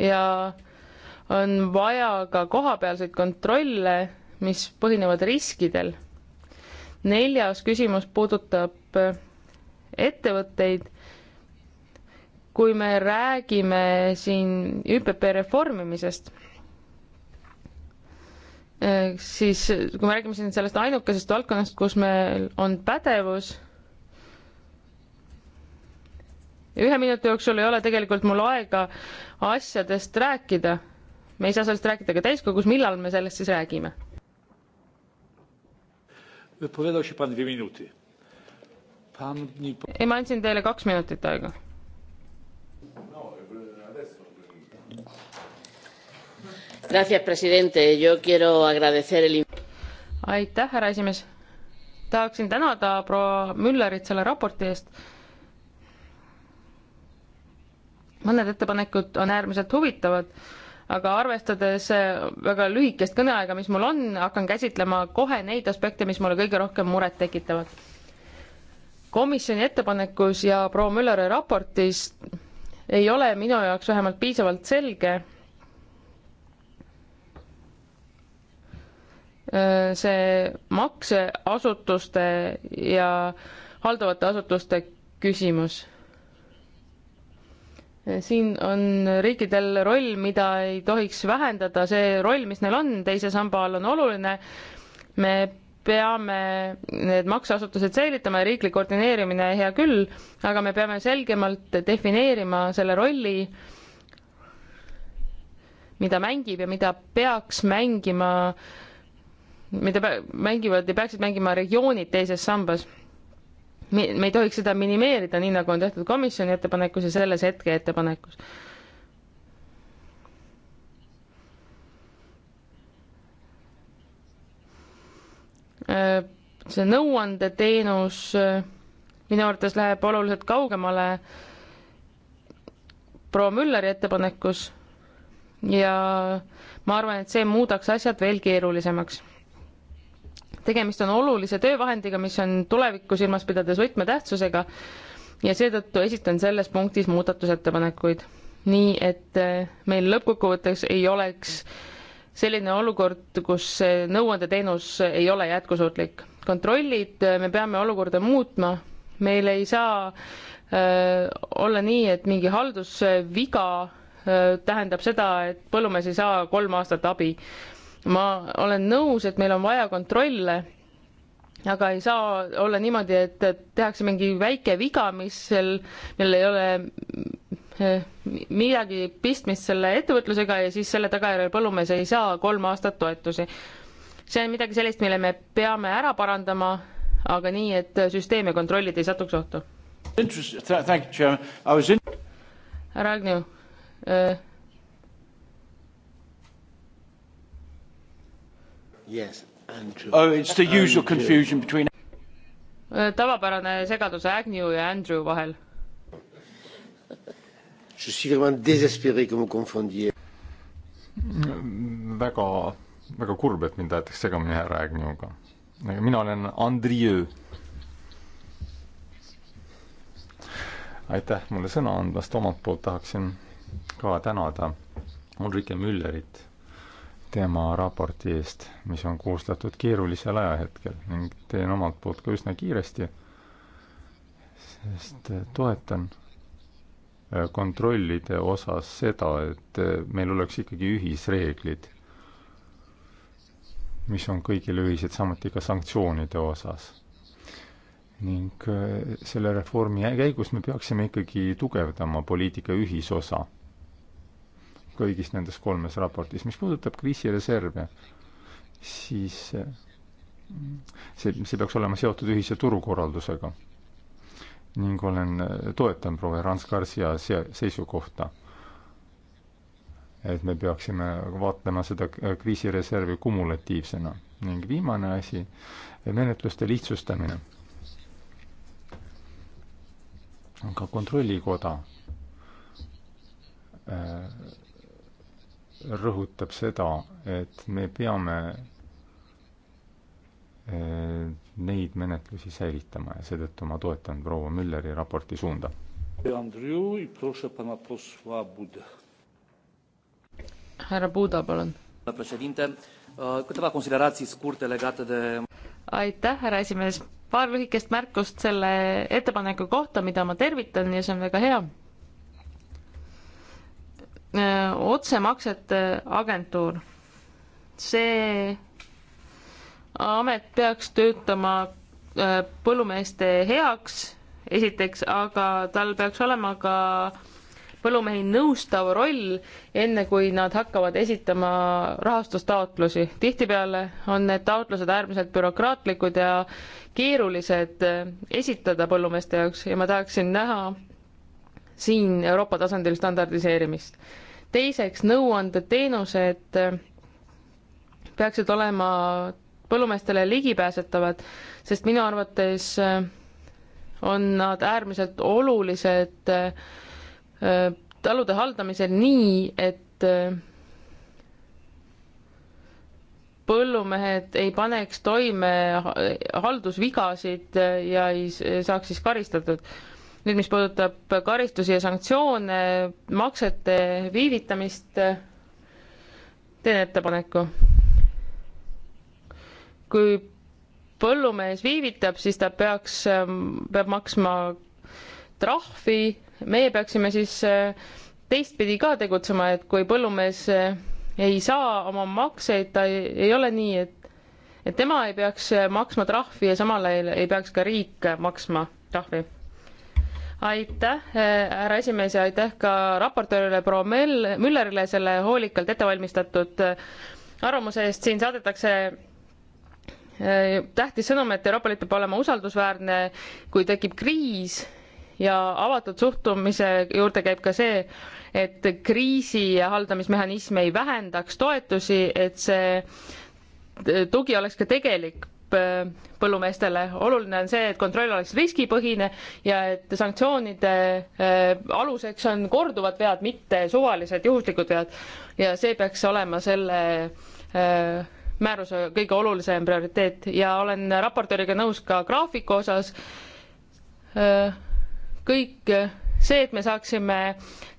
ja on vaja ka kohapealseid kontrolle, mis põhinevad riskidel. neljas küsimus puudutab ettevõtteid. kui me räägime siin ÜPP reformimisest siis kui me räägime siin sellest ainukesest valdkonnast, kus meil on pädevus, ühe minuti jooksul ei ole tegelikult mul aega asjadest rääkida. me ei saa sellest rääkida ka täiskogus, millal me sellest siis räägime? ei, ma andsin teile kaks minutit aega El... aitäh, härra esimees. tahaksin tänada proua Müllerit selle raporti eest. mõned ettepanekud on äärmiselt huvitavad, aga arvestades eh, väga lühikest kõneaega, mis mul on, hakkan käsitlema kohe neid aspekte, mis mulle kõige rohkem muret tekitavad. komisjoni ettepanekus ja proua Mülleri raportis ei ole minu jaoks vähemalt piisavalt selge see makseasutuste ja haldavate asutuste küsimus. siin on riikidel roll, mida ei tohiks vähendada, see roll, mis neil on teise samba all, on oluline. me peame need makseasutused säilitama ja riiklik koordineerimine hea küll, aga me peame selgemalt defineerima selle rolli, mida mängib ja mida peaks mängima äh, mida mängivad ja peaksid mängima regioonid teises sambas. me ei tohiks seda minimeerida, nii nagu on tehtud komisjoni ettepanekus ja selles hetke ettepanekus. Äh, see nõuandeteenus äh, minu arvates läheb oluliselt kaugemale proua Mülleri ettepanekus ja ma arvan, et see muudaks asjad veel keerulisemaks tegemist on olulise töövahendiga, mis on tulevikku silmas pidades võtmetähtsusega ja seetõttu esitan selles punktis muudatusettepanekuid. nii et eh, meil lõppkokkuvõtteks ei oleks selline olukord, kus nõuandeteenus ei ole jätkusuutlik. kontrollid, eh, me peame olukorda muutma, meil ei saa äh, olla nii, et mingi haldusviga äh, tähendab seda, et põllumees ei saa kolm aastat abi ma olen nõus, et meil on vaja kontrolle, aga ei saa olla niimoodi, et tehakse mingi väike viga, mis seal, millel ei ole eh, midagi pistmist selle ettevõtlusega ja siis selle tagajärjel põllumees ei saa kolm aastat toetusi. see on midagi sellist, mille me peame ära parandama, aga nii, et süsteem ja kontrollid ei satuks ohtu. härra Agnew eh, Yes, Andrew. Oh, it's the usual Andrew. confusion between äh, tavapärane segadus Agnew ja Andrew vahel. Äh, väga, väga kurb, et mind aetakse segamini härra Agnewga. mina olen Andrieu. aitäh mulle sõna andmast, omalt poolt tahaksin ka tänada Ulrike Müllerit tema raporti eest, mis on koostatud keerulisel ajahetkel ning teen omalt poolt ka üsna kiiresti, sest toetan äh, kontrollide osas seda, et äh, meil oleks ikkagi ühisreeglid, mis on kõigile ühised, samuti ka sanktsioonide osas. ning äh, selle reformi käigus me peaksime ikkagi tugevdama poliitika ühisosa kõigis nendes kolmes raportis. mis puudutab kriisireserve, siis eh, see, see peaks olema seotud ühise turukorraldusega. ning olen, eh, toetan proua Rans Garcia seisukohta, et me peaksime vaatlema seda eh, kriisireservi kumulatiivsena. ning viimane asi, menetluste lihtsustamine. ka Kontrollikoda rõhutab seda, et me peame eh, neid menetlusi säilitama ja seetõttu ma toetan proua Mülleri raporti suunda. härra Buda, palun. Eh, aitäh, härra esimees. paar lühikest märkust selle ettepaneku kohta, mida ma tervitan ja see on väga hea Äh, otsemaksete agentuur. see amet peaks töötama äh, põllumeeste heaks, esiteks, aga tal peaks olema ka põllumehi nõustav roll, enne kui nad hakkavad esitama rahastustaotlusi. tihtipeale on need taotlused äärmiselt bürokraatlikud ja keerulised äh, esitada põllumeeste jaoks ja ma tahaksin näha, siin Euroopa tasandil standardiseerimist. teiseks, nõuandeteenused peaksid olema põllumeestele ligipääsetavad, sest minu arvates äh, on nad äärmiselt olulised äh, talude haldamisel nii, et äh, põllumehed ei paneks toime haldusvigasid ja ei saaks siis karistatud nüüd, mis puudutab karistusi ja sanktsioone, maksete viivitamist, teen ettepaneku. kui põllumees viivitab, siis ta peaks, peab maksma trahvi, meie peaksime siis eh, teistpidi ka tegutsema, et kui põllumees eh, ei saa oma makseid, ta ei, ei ole nii, et, et tema ei peaks eh, maksma trahvi ja samal ajal ei peaks ka riik maksma trahvi aitäh, eh, härra esimees ja aitäh ka raportöörile proua Mell-, Müllerile selle hoolikalt ettevalmistatud eh, arvamuse eest, siin saadetakse eh, tähtis sõnum, et Euroopa Liit peab olema usaldusväärne, kui tekib kriis ja avatud suhtumise juurde käib ka see, et kriisi haldamismehhanism ei vähendaks toetusi, et see tugi oleks ka tegelik Äh, põllumeestele. oluline on see, et kontroll oleks riskipõhine ja et sanktsioonide äh, aluseks on korduvad vead, mitte suvalised juhuslikud vead. ja see peaks olema selle äh, määruse kõige olulisem prioriteet ja olen raportööriga nõus ka graafiku osas. kõik see, et me saaksime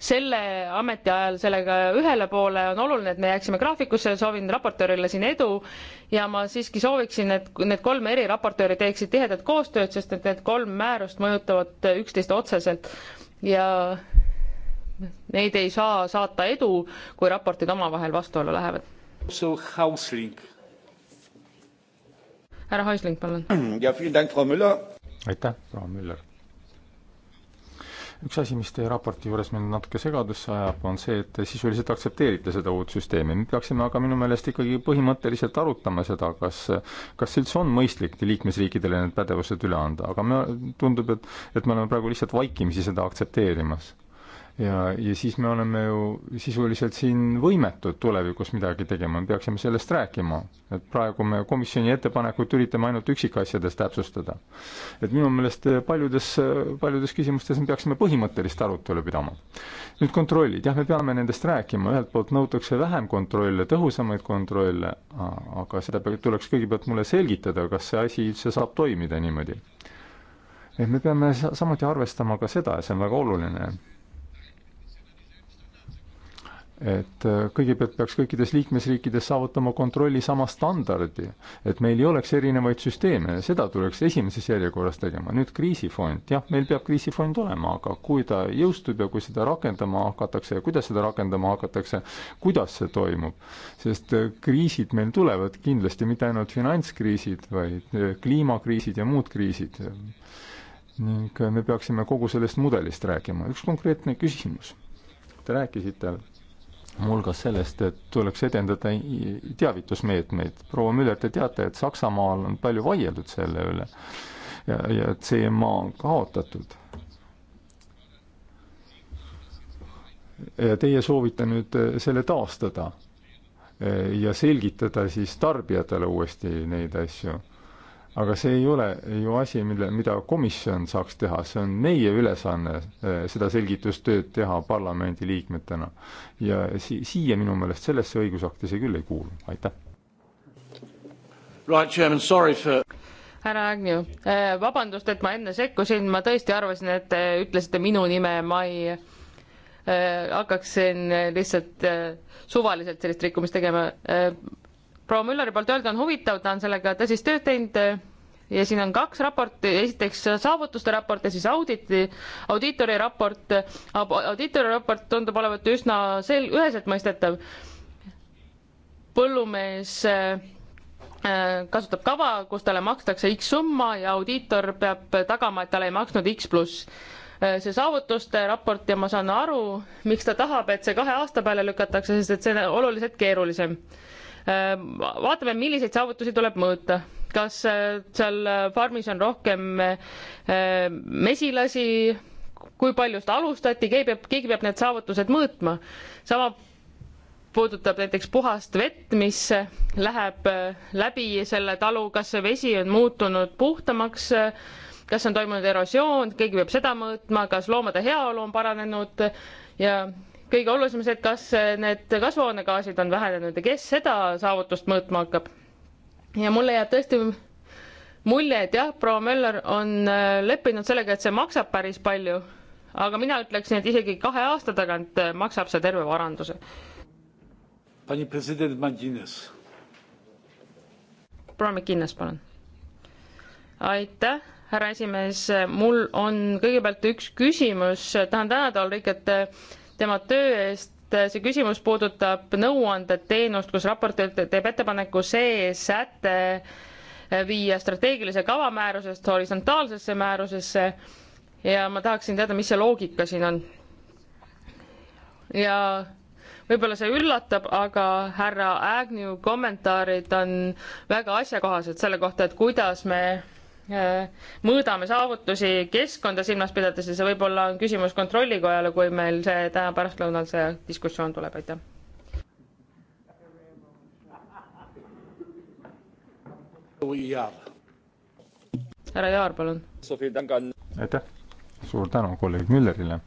selle ametiajal sellega ühele poole, on oluline, et me jääksime graafikusse, soovin raportöörile siin edu ja ma siiski sooviksin, et need kolm eri raportööri teeksid tihedat koostööd, sest et need kolm määrust mõjutavad üksteist otseselt ja neid ei saa saata edu, kui raportid omavahel vastuollu lähevad. härra Häusling, palun. aitäh, proua Müller üks asi, mis teie raporti juures mind natuke segadusse ajab, on see, et te sisuliselt aktsepteerite seda uut süsteemi. me peaksime aga minu meelest ikkagi põhimõtteliselt arutama seda, kas, kas üldse on mõistlik liikmesriikidele need pädevused üle anda, aga me, tundub, et, et me oleme praegu lihtsalt vaikimisi seda aktsepteerimas ja, ja siis me oleme ju sisuliselt siin võimetud tulevikus midagi tegema, me peaksime sellest rääkima. et praegu me komisjoni ettepanekut üritame ainult üksikasjades täpsustada. et minu meelest paljudes, paljudes küsimustes me peaksime põhimõttelist arutelu pidama. nüüd kontrollid, jah, me peame nendest rääkima, ühelt poolt nõutakse vähem kontrolle, tõhusamaid kontrolle, aga seda tuleks kõigepealt mulle selgitada, kas see asi üldse saab toimida niimoodi. et me peame samuti arvestama ka seda ja see on väga oluline et äh, kõigepealt peaks kõikides liikmesriikides saavutama kontrolli sama standardi, et meil ei oleks erinevaid süsteeme ja seda tuleks esimeses järjekorras tegema. nüüd kriisifond, jah, meil peab kriisifond olema, aga kui ta jõustub ja kui seda rakendama hakatakse ja kuidas seda rakendama hakatakse, kuidas see toimub, sest äh, kriisid meil tulevad kindlasti mitte ainult finantskriisid, vaid äh, kliimakriisid ja muud kriisid. ning me peaksime kogu sellest mudelist rääkima. üks konkreetne küsimus. Te rääkisite muuhulgas sellest, et tuleks edendada teavitusmeetmeid. proua Müller, te teate, et Saksamaal on palju vaieldud selle üle ja, ja CMA on kaotatud. ja teie soovite nüüd eh, selle taastada eh, ja selgitada siis tarbijatele uuesti neid asju aga see ei ole ju asi, mille, mida komisjon saaks teha, see on meie ülesanne eh, seda selgitustööd teha parlamendiliikmetena. ja si-, siia minu meelest sellesse õigusakti see küll ei kuulu, aitäh. Right, Chairman, sorry for härra Agnew, eh, vabandust, et ma enne sekkusin, ma tõesti arvasin, et te ütlesite minu nime, ma ei eh, hakkaksin lihtsalt suvaliselt sellist rikkumist tegema. proua Mülleri poolt öelda on huvitav, ta on sellega tõsist tööd teinud ja siin on kaks raporti, esiteks saavutuste raport ja siis auditi, audiitori raport. audiitori raport tundub olevat üsna sel-, üheselt mõistetav. põllumees äh, kasutab kava, kus talle makstakse X summa ja audiitor peab tagama, et talle ei maksnud X pluss. Äh, see saavutuste raport ja ma saan aru, miks ta tahab, et see kahe aasta peale lükatakse, sest et see on oluliselt keerulisem. Äh, vaatame, milliseid saavutusi tuleb mõõta kas äh, seal äh, farmis on rohkem äh, mesilasi, kui palju seda alustati, keegi peab, keegi peab need saavutused mõõtma. sama puudutab näiteks puhast vett, mis läheb läbi selle talu, kas see vesi on muutunud puhtamaks, kas on toimunud erosioon, keegi peab seda mõõtma, kas loomade heaolu on paranenud ja kõige olulisem on see, et kas need kasvuhoonegaasid on vähenenud ja kes seda saavutust mõõtma hakkab ja mulle jääb tõesti mulje, et jah, proua Möller on äh, leppinud sellega, et see maksab päris palju, aga mina ütleksin, et isegi kahe aasta tagant äh, maksab see terve varanduse. pani president Madines. proua McInnes, palun. aitäh, härra esimees, mul on kõigepealt üks küsimus, tahan tänada Ulrikat äh, tema töö eest see küsimus puudutab nõuandeteenust, kus raport teeb ettepaneku see säte viia strateegilise kava määrusest horisontaalsesse määrusesse ja ma tahaksin teada, mis see loogika siin on. ja võib-olla see üllatab, aga härra Agnew kommentaarid on väga asjakohased selle kohta, et kuidas me Äh, mõõdame saavutusi keskkonda silmas pidades ja see võib-olla on küsimus kontrollikojale, kui meil see täna pärastlõunal see diskussioon tuleb, aitäh. härra Jaar, palun. aitäh, suur tänu kolleeg Müllerile.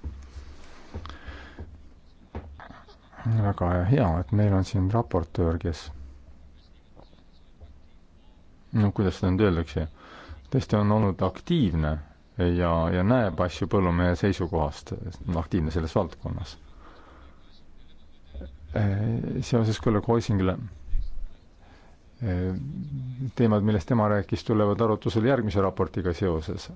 väga hea, et meil on siin raportöör, kes no kuidas seda nüüd öeldakse tõesti on olnud aktiivne ja, ja näeb asju põllumehe seisukohast, aktiivne selles valdkonnas. seoses kolleeg Hoisingile teemad, millest tema rääkis, tulevad arutusele järgmise raportiga seoses.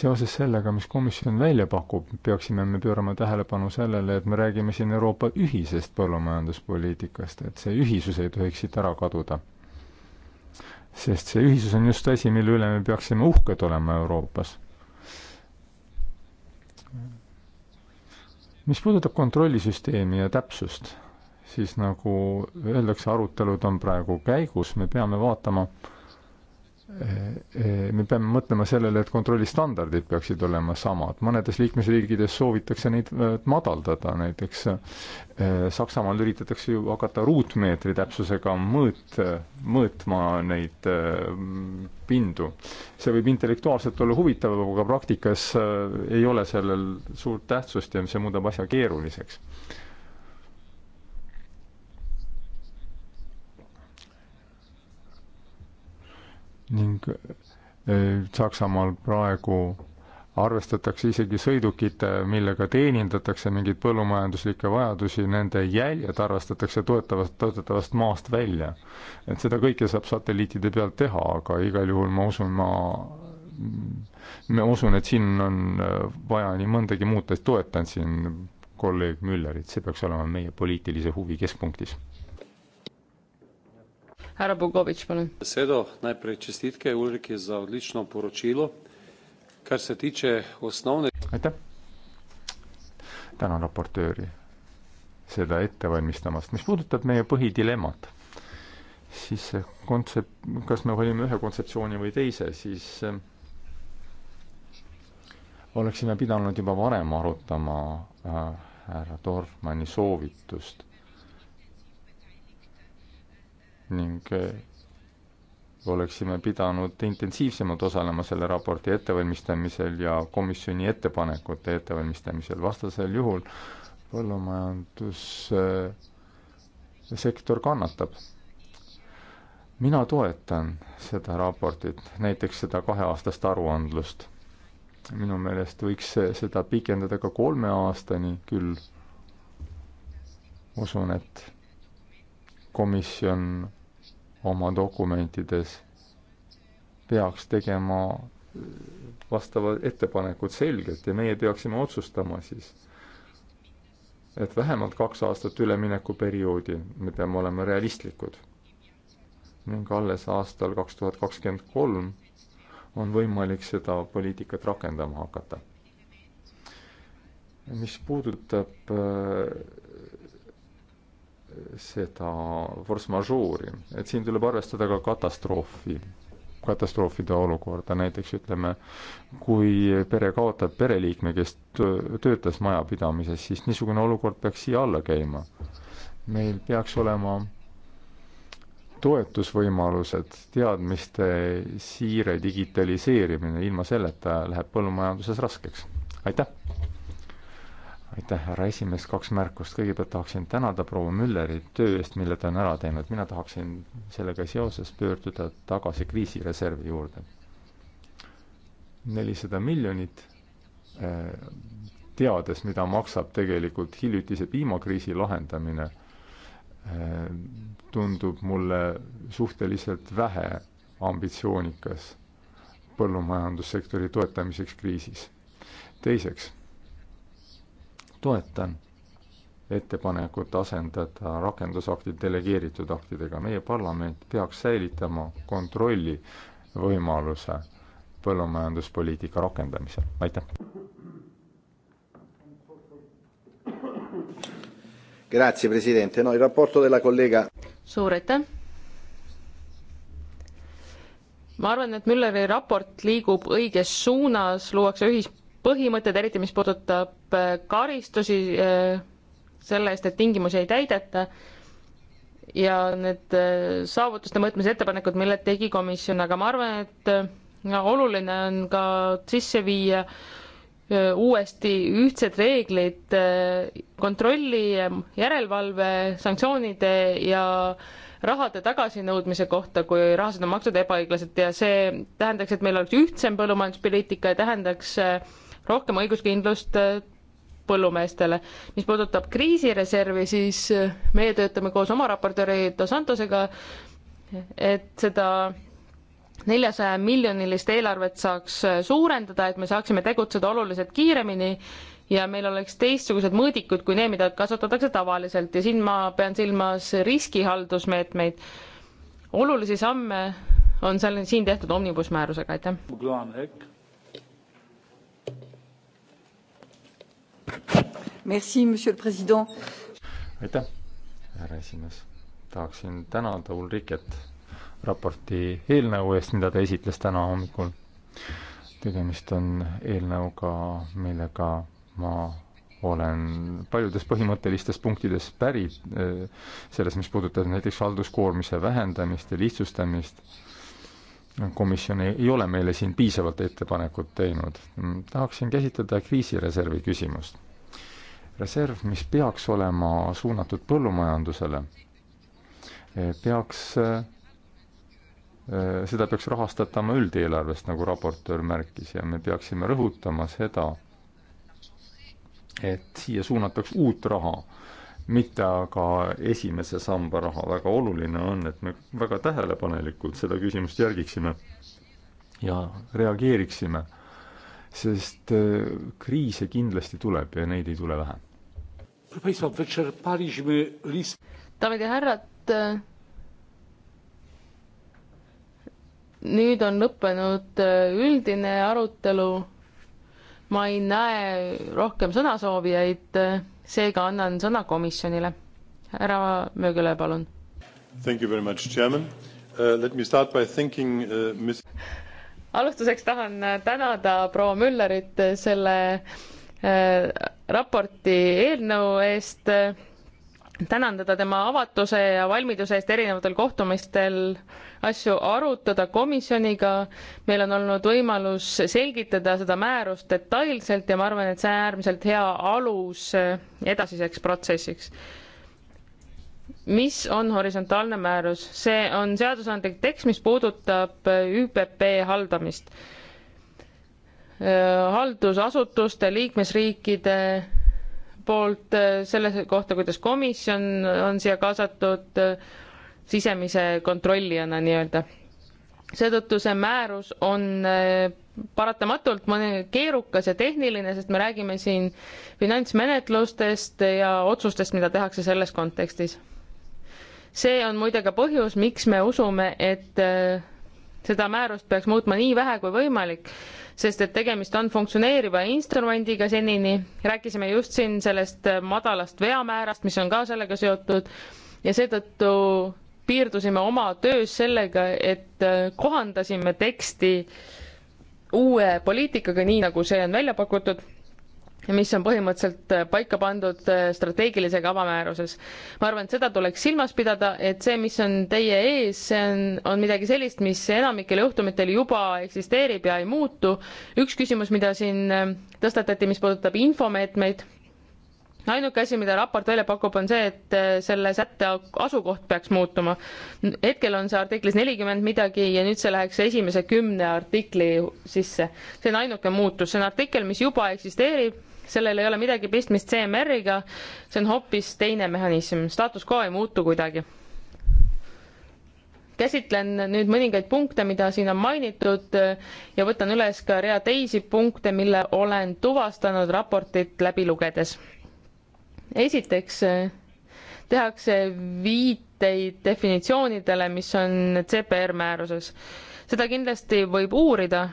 seoses sellega, mis komisjon välja pakub, peaksime me pöörama tähelepanu sellele, et me räägime siin Euroopa ühisest põllumajanduspoliitikast, et see ühisus ei tohiks siit ära kaduda sest see ühisus on just asi, mille üle me peaksime uhked olema Euroopas. mis puudutab kontrollisüsteemi ja täpsust, siis nagu öeldakse, arutelud on praegu käigus, me peame vaatama äh, Äh, äh, me peame mõtlema sellele, et kontrollistandardid peaksid olema samad, mõnedes liikmesriikides soovitakse neid äh, madaldada, näiteks Saksamaal üritatakse ju hakata ruutmeetri täpsusega mõõt, mõõtma neid pindu. see võib intellektuaalselt olla huvitav, aga praktikas ei ole sellel suurt tähtsust ja see muudab asja keeruliseks ning eh, Saksamaal praegu arvestatakse isegi sõidukite, millega teenindatakse mingeid põllumajanduslikke vajadusi, nende jäljed arvestatakse toetavast, toetatavast maast välja. et seda kõike saab satelliitide pealt teha, aga igal juhul ma usun, ma ma usun, et siin on eh, vaja nii mõndagi muuta, toetan siin kolleeg Müllerit, see peaks olema meie poliitilise huvi keskpunktis Härra Bogovič, palun. besedo, najprej čestitke Ulriki za odlično poročilo. kar se tiče osnovne. aitäh. tänan raportööri seda ettevalmistamast. mis puudutab meie põhidilemmat, siis see kontsep-, kas me valime ühe kontseptsiooni või teise, siis eh, oleksime pidanud juba varem arutama äh, härra Dorfmanni soovitust ning äh, oleksime pidanud intensiivsemalt osalema selle raporti ettevalmistamisel ja komisjoni ettepanekute ettevalmistamisel, vastasel juhul põllumajandussektor kannatab. mina toetan seda raportit, näiteks seda kaheaastast aruandlust. minu meelest võiks seda pikendada ka kolme aastani, küll usun, et komisjon oma dokumentides peaks tegema äh, vastavad ettepanekud selgelt ja meie peaksime otsustama siis, et vähemalt kaks aastat üleminekuperioodi me peame olema realistlikud. ning alles aastal kaks tuhat kakskümmend kolm on võimalik seda poliitikat rakendama hakata. mis puudutab äh, seda force majeure'i, et siin tuleb arvestada ka katastroofi, katastroofide olukorda, näiteks ütleme, kui pere kaotab pereliikme, kes töötas majapidamises, siis niisugune olukord peaks siia alla käima. meil peaks olema toetusvõimalused, teadmiste siire digitaliseerimine, ilma selleta läheb põllumajanduses raskeks. aitäh! aitäh, härra esimees, kaks märkust, kõigepealt tahaksin tänada proua Mülleri töö eest, mille ta on ära teinud, mina tahaksin sellega seoses pöörduda tagasi kriisireservi juurde. nelisada miljonit, eh, teades, mida maksab tegelikult hiljutise piimakriisi lahendamine, eh, tundub mulle suhteliselt vähe ambitsioonikas põllumajandussektori toetamiseks kriisis. teiseks toetan ettepanekut asendada rakendusaktid delegeeritud aktidega. meie parlament peaks säilitama kontrolli võimaluse põllumajanduspoliitika rakendamisel, aitäh. Grazie Presidente, no il rapporto della collega. suur aitäh. ma arvan, et Mülleri raport liigub õiges suunas, luuakse ühis-, põhimõtted, eriti mis puudutab äh, karistusi äh, selle eest, et tingimusi ei täideta ja need äh, saavutuste mõõtmise ettepanekud, mille tegi komisjon, aga ma arvan, et no, oluline on ka sisse viia uuesti ühtsed reeglid kontrolli, järelevalve, sanktsioonide ja rahade tagasinõudmise kohta, kui rahased on makstud ebaõiglaselt ja see tähendaks, et meil oleks ühtsem põllumajanduspoliitika ja tähendaks äh, rohkem õiguskindlust äh, põllumeestele. mis puudutab kriisireservi, siis äh, meie töötame koos oma raportööri Dos Santosega, et seda neljasaja miljonilist eelarvet saaks äh, suurendada, et me saaksime tegutseda oluliselt kiiremini ja meil oleks teistsugused mõõdikud kui need, mida kasutatakse tavaliselt ja siin ma pean silmas riskihaldusmeetmeid. olulisi samme on seal siin tehtud omnibus määrusega, aitäh. aitäh, härra esimees. tahaksin tänada Ulriket raporti eelnõu eest, mida ta esitles täna hommikul. tegemist on eelnõuga, millega ma olen paljudes põhimõttelistes punktides päri, eh, selles, mis puudutab näiteks halduskoormise vähendamist ja lihtsustamist komisjon ei, ei ole meile siin piisavalt ettepanekut teinud. Mm, tahaksin käsitleda kriisireservi küsimust. reserv, mis peaks olema suunatud põllumajandusele, eh, peaks, eh, eh, seda peaks rahastatama üldeelarvest, nagu raportöör märkis, ja me peaksime rõhutama seda, et siia suunatakse uut raha mitte aga esimese samba raha, väga oluline on, et me väga tähelepanelikult seda küsimust järgiksime ja reageeriksime, sest äh, kriise kindlasti tuleb ja neid ei tule vähe. daamid ja härrad, äh, nüüd on lõppenud äh, üldine arutelu, ma ei näe rohkem sõnasoovijaid seega annan sõna komisjonile. härra Möögele, palun. Thank you very much, chairman uh,. Let me start by thanking uh, mis-. alustuseks tahan uh, tänada proua Müllerit selle äh, raporti eelnõu eest äh, tänan teda tema avatuse ja valmiduse eest erinevatel kohtumistel asju arutada komisjoniga. meil on olnud võimalus selgitada seda määrust detailselt ja ma arvan, et see on äärmiselt hea alus edasiseks protsessiks. mis on horisontaalne määrus? see on seadusandlik tekst, mis puudutab ÜPP haldamist haldusasutuste, liikmesriikide poolt äh, selle kohta, kuidas komisjon on siia kaasatud äh, sisemise kontrollijana nii-öelda. seetõttu see määrus on äh, paratamatult mõne keerukas ja tehniline, sest me räägime siin finantsmenetlustest ja otsustest, mida tehakse selles kontekstis. see on muide ka põhjus, miks me usume, et seda määrust peaks muutma nii vähe kui võimalik sest et tegemist on funktsioneeriva instrumendiga senini. rääkisime just siin sellest madalast veamäärast, mis on ka sellega seotud ja seetõttu piirdusime oma töös sellega, et kohandasime teksti uue poliitikaga, nii nagu see on välja pakutud mis on põhimõtteliselt äh, paika pandud äh, strateegilise kava määruses. ma arvan, et seda tuleks silmas pidada, et see, mis on teie ees, see on, on midagi sellist, mis enamikel juhtumitel juba eksisteerib ja ei muutu. üks küsimus, mida siin äh, tõstatati, mis puudutab infomeetmeid, ainuke asi, mida raport välja pakub, on see, et selle sätte asukoht peaks muutuma. hetkel on see artiklis nelikümmend midagi ja nüüd see läheks esimese kümne artikli sisse. see on ainuke muutus, see on artikkel, mis juba eksisteerib sellel ei ole midagi pistmist CMR-iga, see on hoopis teine mehhanism, staatus quo ei muutu kuidagi. käsitlen nüüd mõningaid punkte, mida siin on mainitud ja võtan üles ka rea teisi punkte, mille olen tuvastanud raportit läbi lugedes. esiteks tehakse viiteid definitsioonidele, mis on CPR määruses. seda kindlasti võib uurida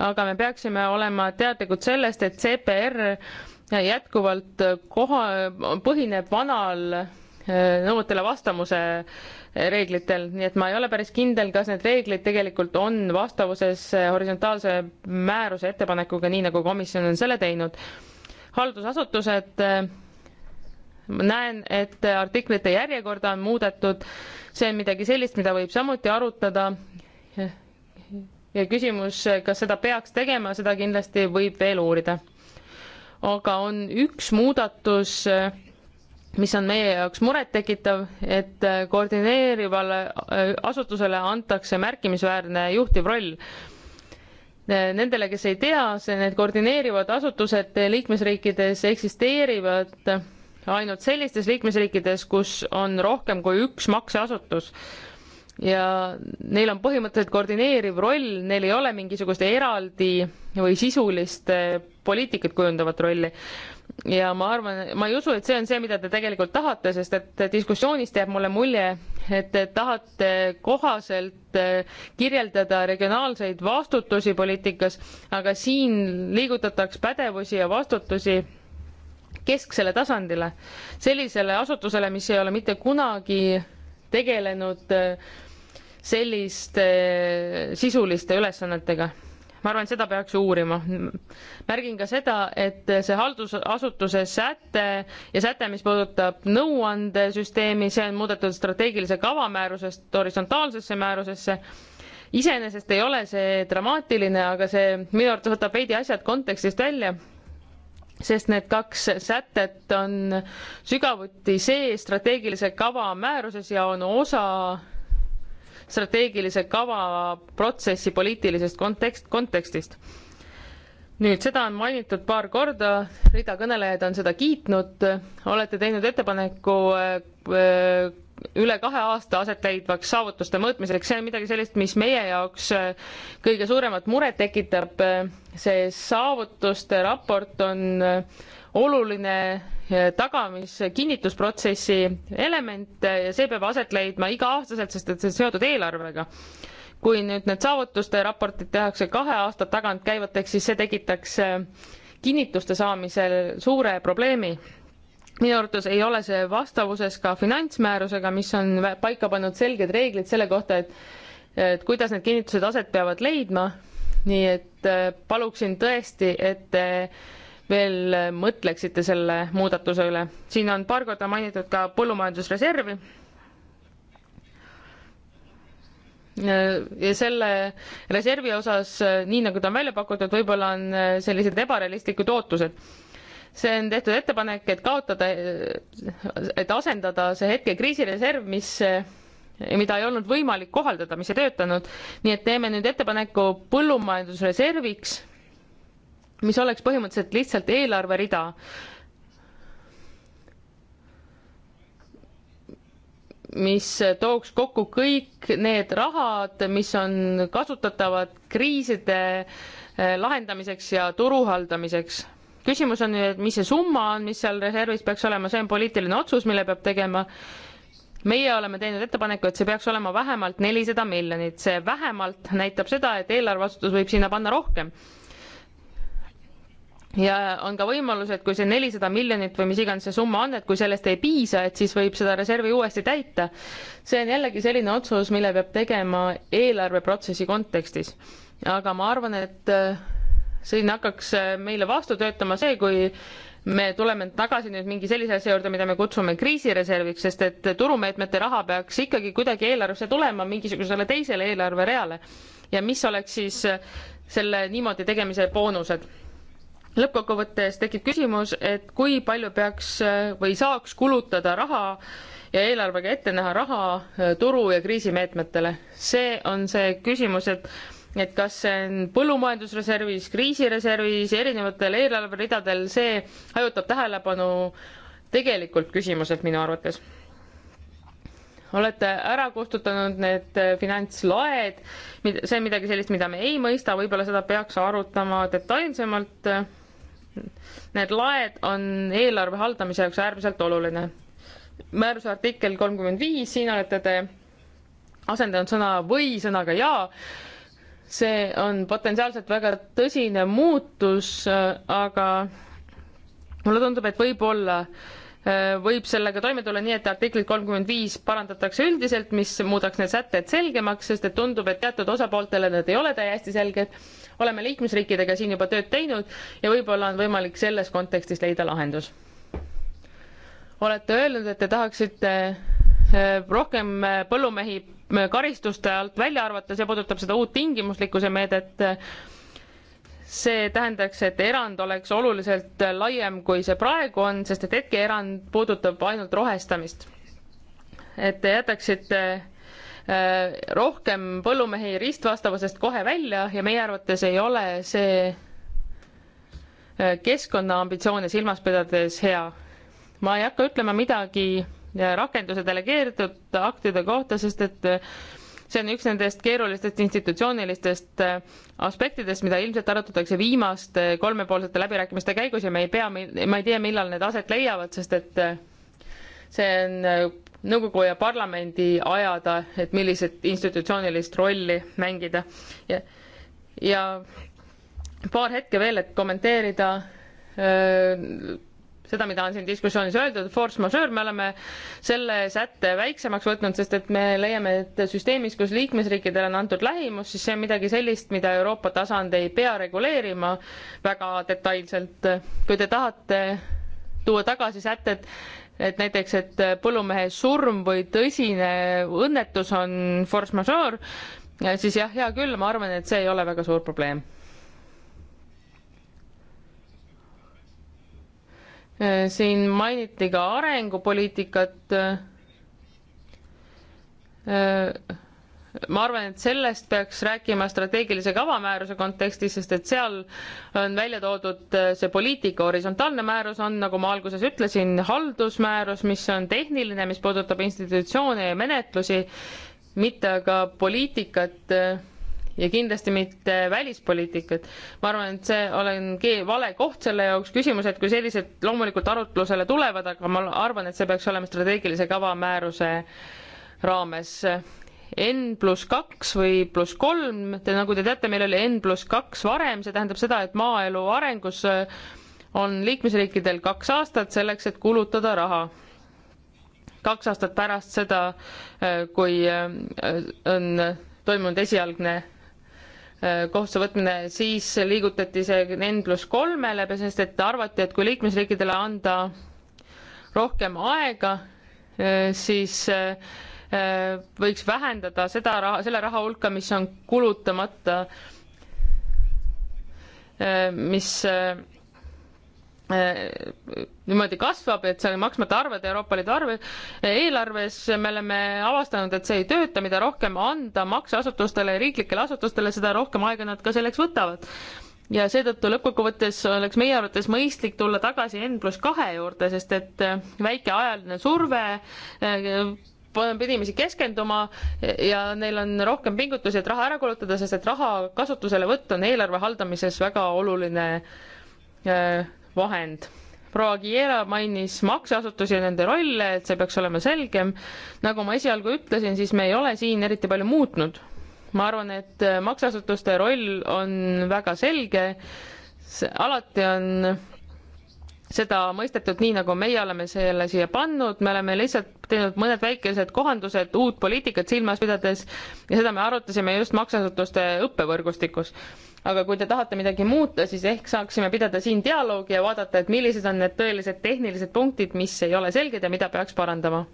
aga me peaksime olema teadlikud sellest, et CPR jätkuvalt koha, põhineb vanal eh, nõuetele vastavuse reeglitel, nii et ma ei ole päris kindel, kas need reeglid tegelikult on vastavuses horisontaalse määruse ettepanekuga, nii nagu komisjon on selle teinud. haldusasutused, ma eh, näen, et artiklite järjekorda on muudetud, see on midagi sellist, mida võib samuti arutada ja küsimus, kas seda peaks tegema, seda kindlasti võib veel uurida. aga on üks muudatus, mis on meie jaoks murettekitav, et koordineerivale asutusele antakse märkimisväärne juhtiv roll. Nendele, kes ei tea, see, need koordineerivad asutused liikmesriikides eksisteerivad ainult sellistes liikmesriikides, kus on rohkem kui üks makseasutus ja neil on põhimõtteliselt koordineeriv roll, neil ei ole mingisugust eraldi või sisulist eh, poliitikat kujundavat rolli. ja ma arvan, ma ei usu, et see on see, mida te tegelikult tahate, sest et diskussioonist jääb mulle mulje, et te tahate kohaselt eh, kirjeldada regionaalseid vastutusi poliitikas, aga siin liigutataks pädevusi ja vastutusi kesksele tasandile, sellisele asutusele, mis ei ole mitte kunagi tegelenud äh, selliste sisuliste ülesannetega. ma arvan, et seda peaks uurima. märgin ka seda, et see haldusasutuse säte ja säte, mis puudutab nõuandesüsteemi, see on muudetud strateegilise kava määrusest horisontaalsesse määrusesse iseenesest ei ole see dramaatiline, aga see minu arvates võtab veidi asjad kontekstist välja, sest need kaks sätet on sügavuti sees strateegilise kava määruses ja on osa strateegilise kava protsessi poliitilisest kontekst, kontekstist. nüüd seda on mainitud paar korda, rida kõnelejaid on seda kiitnud, olete teinud ettepaneku äh, üle kahe aasta aset leidvaks saavutuste mõõtmiseks, see on midagi sellist, mis meie jaoks äh, kõige suuremat muret tekitab. see saavutuste raport on äh, oluline eh, tagamiskinnitusprotsessi element eh, ja see peab aset leidma iga-aastaselt, sest et see on seotud eelarvega. kui nüüd need saavutuste raportid tehakse kahe aasta tagant käivateks, siis see tekitaks eh, kinnituste saamisel suure probleemi. minu arvates ei ole see vastavuses ka finantsmäärusega, mis on paika pannud selged reeglid selle kohta, et et kuidas need kinnitused aset peavad leidma, nii et paluksin tõesti, et veel mõtleksite selle muudatuse üle. siin on paar korda mainitud ka põllumajandusreservi. ja selle reservi osas, nii nagu ta on välja pakutud, võib-olla on sellised ebarealistlikud ootused. see on tehtud ettepanek, et kaotada, et asendada see hetke kriisireserv, mis mida ei olnud võimalik kohaldada, mis ei töötanud. nii et teeme nüüd ettepaneku põllumajandusreserviks mis oleks põhimõtteliselt lihtsalt eelarverida mis tooks kokku kõik need rahad, mis on kasutatavad kriiside eh, lahendamiseks ja turu haldamiseks. küsimus on, et mis see summa on, mis seal reservis peaks olema, see on poliitiline otsus, mille peab tegema. meie oleme teinud ettepaneku, et see peaks olema vähemalt nelisada miljonit, see vähemalt näitab seda, et eelarveasutus võib sinna panna rohkem ja on ka võimalus, et kui see nelisada miljonit või mis iganes see summa on, et kui sellest ei piisa, et siis võib seda reservi uuesti täita. see on jällegi selline otsus, mille peab tegema eelarveprotsessi kontekstis. aga ma arvan, et äh, siin hakkaks äh, meile vastu töötama see, kui me tuleme tagasi nüüd mingi sellise asja juurde, mida me kutsume kriisireserviks, sest et turumeetmete raha peaks ikkagi kuidagi eelarvesse tulema mingisugusele teisele eelarvereale. ja mis oleks siis äh, selle niimoodi tegemise boonused lõppkokkuvõttes tekib küsimus, et kui palju peaks või saaks kulutada raha ja eelarvega ette näha raha äh, turu ja kriisimeetmetele. see on see küsimus, et et kas see on põllumajandusreservis, kriisireservis, erinevatel eelarveridadel, see hajutab tähelepanu tegelikult küsimuselt minu arvates. olete ära kustutanud need äh, finantslaed, see on midagi sellist, mida me ei mõista, võib-olla seda peaks arutama detailsemalt äh, need laed on eelarve haldamise jaoks äärmiselt oluline. määruse artikkel kolmkümmend viis, siin olete te asendanud sõna või sõnaga ja. see on potentsiaalselt väga tõsine muutus, aga mulle tundub, et võib-olla äh, võib sellega toime tulla nii, et artiklit kolmkümmend viis parandatakse üldiselt, mis muudaks need sätted selgemaks, sest et tundub, et teatud osapooltele need ei ole täiesti selged oleme liikmesriikidega siin juba tööd teinud ja võib-olla on võimalik selles kontekstis leida lahendus. olete öelnud, et te tahaksite eh, rohkem eh, põllumehi eh, karistuste alt välja arvata, see puudutab seda uut tingimuslikkuse meedet. see tähendaks, et erand oleks oluliselt laiem, kui see praegu on, sest et hetkeerand puudutab ainult rohestamist. et te jätaksite Äh, rohkem põllumehi ristvastavusest kohe välja ja meie arvates ei ole see äh, keskkonnaambitsioone silmas pidades hea. ma ei hakka ütlema midagi äh, rakenduse delegeeritud aktide kohta, sest et see on üks nendest keerulistest institutsioonilistest aspektidest, mida ilmselt arutatakse viimaste kolmepoolsete läbirääkimiste käigus ja me ei pea, ma ei tea, millal need aset leiavad, sest et see on nõukogu ja parlamendi ajada, et millised institutsioonilist rolli mängida. ja, ja paar hetke veel, et kommenteerida öö, äh, seda, mida on siin diskussioonis öeldud, force majeure, me oleme selle sätte väiksemaks võtnud, sest et me leiame, et süsteemis, kus liikmesriikidele on antud lähimus, siis see on midagi sellist, mida Euroopa tasand ei pea reguleerima väga detailselt. kui te tahate tuua tagasi sätted, et näiteks, et põllumehe surm või tõsine õnnetus on force majeure, siis jah, hea küll, ma arvan, et see ei ole väga suur probleem. siin mainiti ka arengupoliitikat ma arvan, et sellest peaks rääkima strateegilise kavamääruse kontekstis, sest et seal on välja toodud äh, see poliitika horisontaalne määrus on, nagu ma alguses ütlesin, haldusmäärus, mis on tehniline, mis puudutab institutsioone ja menetlusi, mitte aga poliitikat äh, ja kindlasti mitte välispoliitikat. ma arvan, et see olen vale koht selle jaoks, küsimused kui sellised loomulikult arutlusele tulevad, aga ma arvan, et see peaks olema strateegilise kavamääruse raames N pluss kaks või pluss kolm, nagu te teate, meil oli N pluss kaks varem, see tähendab seda, et maaelu arengus äh, on liikmesriikidel kaks aastat selleks, et kulutada raha. kaks aastat pärast seda, äh, kui äh, on toimunud esialgne kohtusse võtmine, siis liigutati see N pluss kolme läbi, sest et arvati, et kui liikmesriikidele anda rohkem aega, siis äh, Äh, võiks vähendada seda raha, selle raha hulka, mis on kulutamata, äh, mis äh, niimoodi kasvab, et see on maksmata arved Euroopa Liidu arve, eelarves me oleme avastanud, et see ei tööta, mida rohkem anda makseasutustele ja riiklikele asutustele, seda rohkem aega nad ka selleks võtavad. ja seetõttu lõppkokkuvõttes oleks meie arvates mõistlik tulla tagasi N pluss kahe juurde, sest et väike ajaline surve paneb inimesi keskenduma ja neil on rohkem pingutusi, et raha ära kulutada, sest et raha kasutuselevõtt on eelarve haldamises väga oluline äh, vahend. proua Kiera mainis makseasutusi ja nende rolle, et see peaks olema selgem. nagu ma esialgu ütlesin, siis me ei ole siin eriti palju muutnud. ma arvan, et äh, makseasutuste roll on väga selge. alati on seda mõistetud nii, nagu meie oleme selle siia pannud, me oleme lihtsalt teinud mõned väikesed kohandused uut poliitikat silmas pidades ja seda me arutasime just maksuasutuste õppevõrgustikus. aga kui te tahate midagi muuta, siis ehk saaksime pidada siin dialoogi ja vaadata, et millised on need tõelised tehnilised punktid, mis ei ole selged ja mida peaks parandama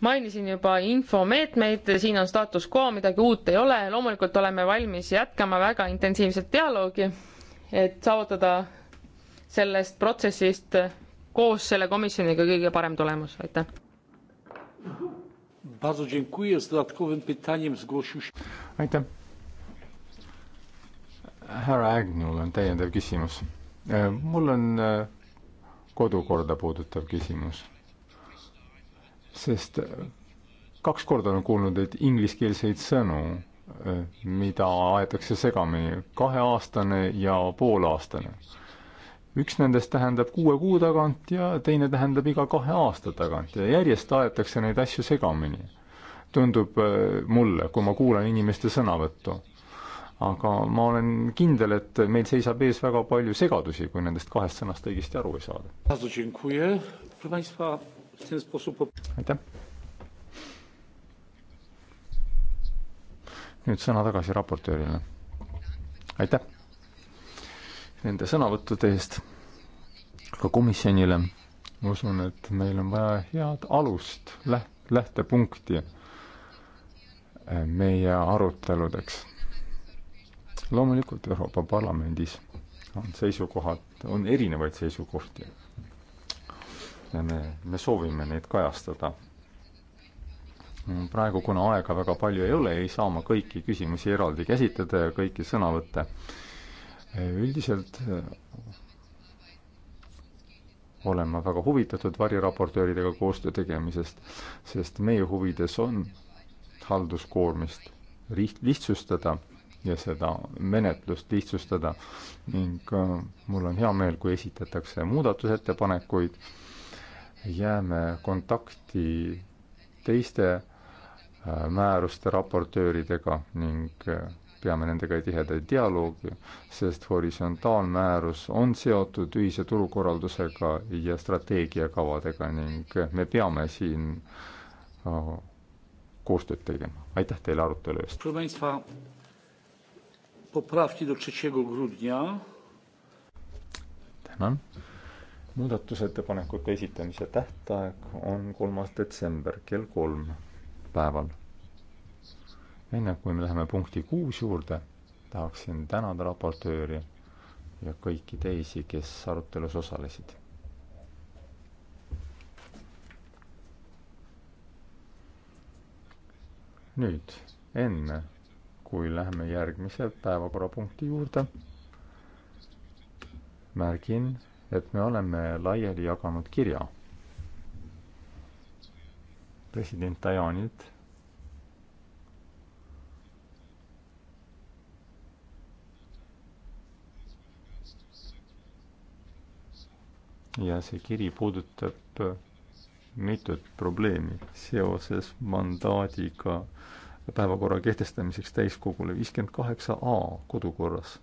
mainisin juba infomeetmeid, siin on staatus quo, midagi uut ei ole, loomulikult oleme valmis jätkama väga intensiivset dialoogi, et saavutada sellest protsessist koos selle komisjoniga kõige parem tulemus, aitäh. aitäh. härra Agnul on täiendav küsimus. Äh, mul on äh, kodukorda puudutav küsimus. sest äh, kaks korda olen kuulnud, et ingliskeelseid sõnu, mida aetakse segamini, kaheaastane ja poolaastane üks nendest tähendab kuue kuu tagant ja teine tähendab iga kahe aasta tagant ja järjest aetakse neid asju segamini. tundub äh, mulle, kui ma kuulan inimeste sõnavõttu. aga ma olen kindel, et meil seisab ees väga palju segadusi, kui nendest kahest sõnast õigesti aru ei saada. aitäh. nüüd sõna tagasi raportöörile. aitäh nende sõnavõttude eest, ka komisjonile. ma usun, et meil on vaja head alust, läht-, lähtepunkti äh, meie aruteludeks. loomulikult Euroopa Parlamendis on seisukohad, on erinevaid seisukohti. ja me, me soovime neid kajastada. praegu, kuna aega väga palju ei ole, ei saa ma kõiki küsimusi eraldi käsitleda ja kõiki sõnavõtte äh, üldiselt äh, olen ma väga huvitatud variraportööridega koostöö tegemisest, sest meie huvides on halduskoormist liht-, lihtsustada ja seda menetlust lihtsustada ning äh, mul on hea meel, kui esitatakse muudatusettepanekuid, jääme kontakti teiste äh, määruste raportööridega ning peame nendega tihedaid dialoogi, sest horisontaalmäärus on seotud ühise turukorraldusega ja strateegiakavadega ning me peame siin äh, koostööd tegema. aitäh teile arutelu eest! tänan! muudatusettepanekute esitamise tähtaeg on kolmas detsember kell kolm päeval enne kui me läheme punkti kuus juurde, tahaksin tänada raportööri ja kõiki teisi, kes arutelus osalesid. nüüd, enne kui läheme järgmise päevakorrapunkti juurde, märgin, et me oleme laiali jaganud kirja president Tajanilt ja see kiri puudutab äh, mitut probleemi seoses mandaadiga päevakorra kehtestamiseks täiskogule viiskümmend kaheksa A kodukorras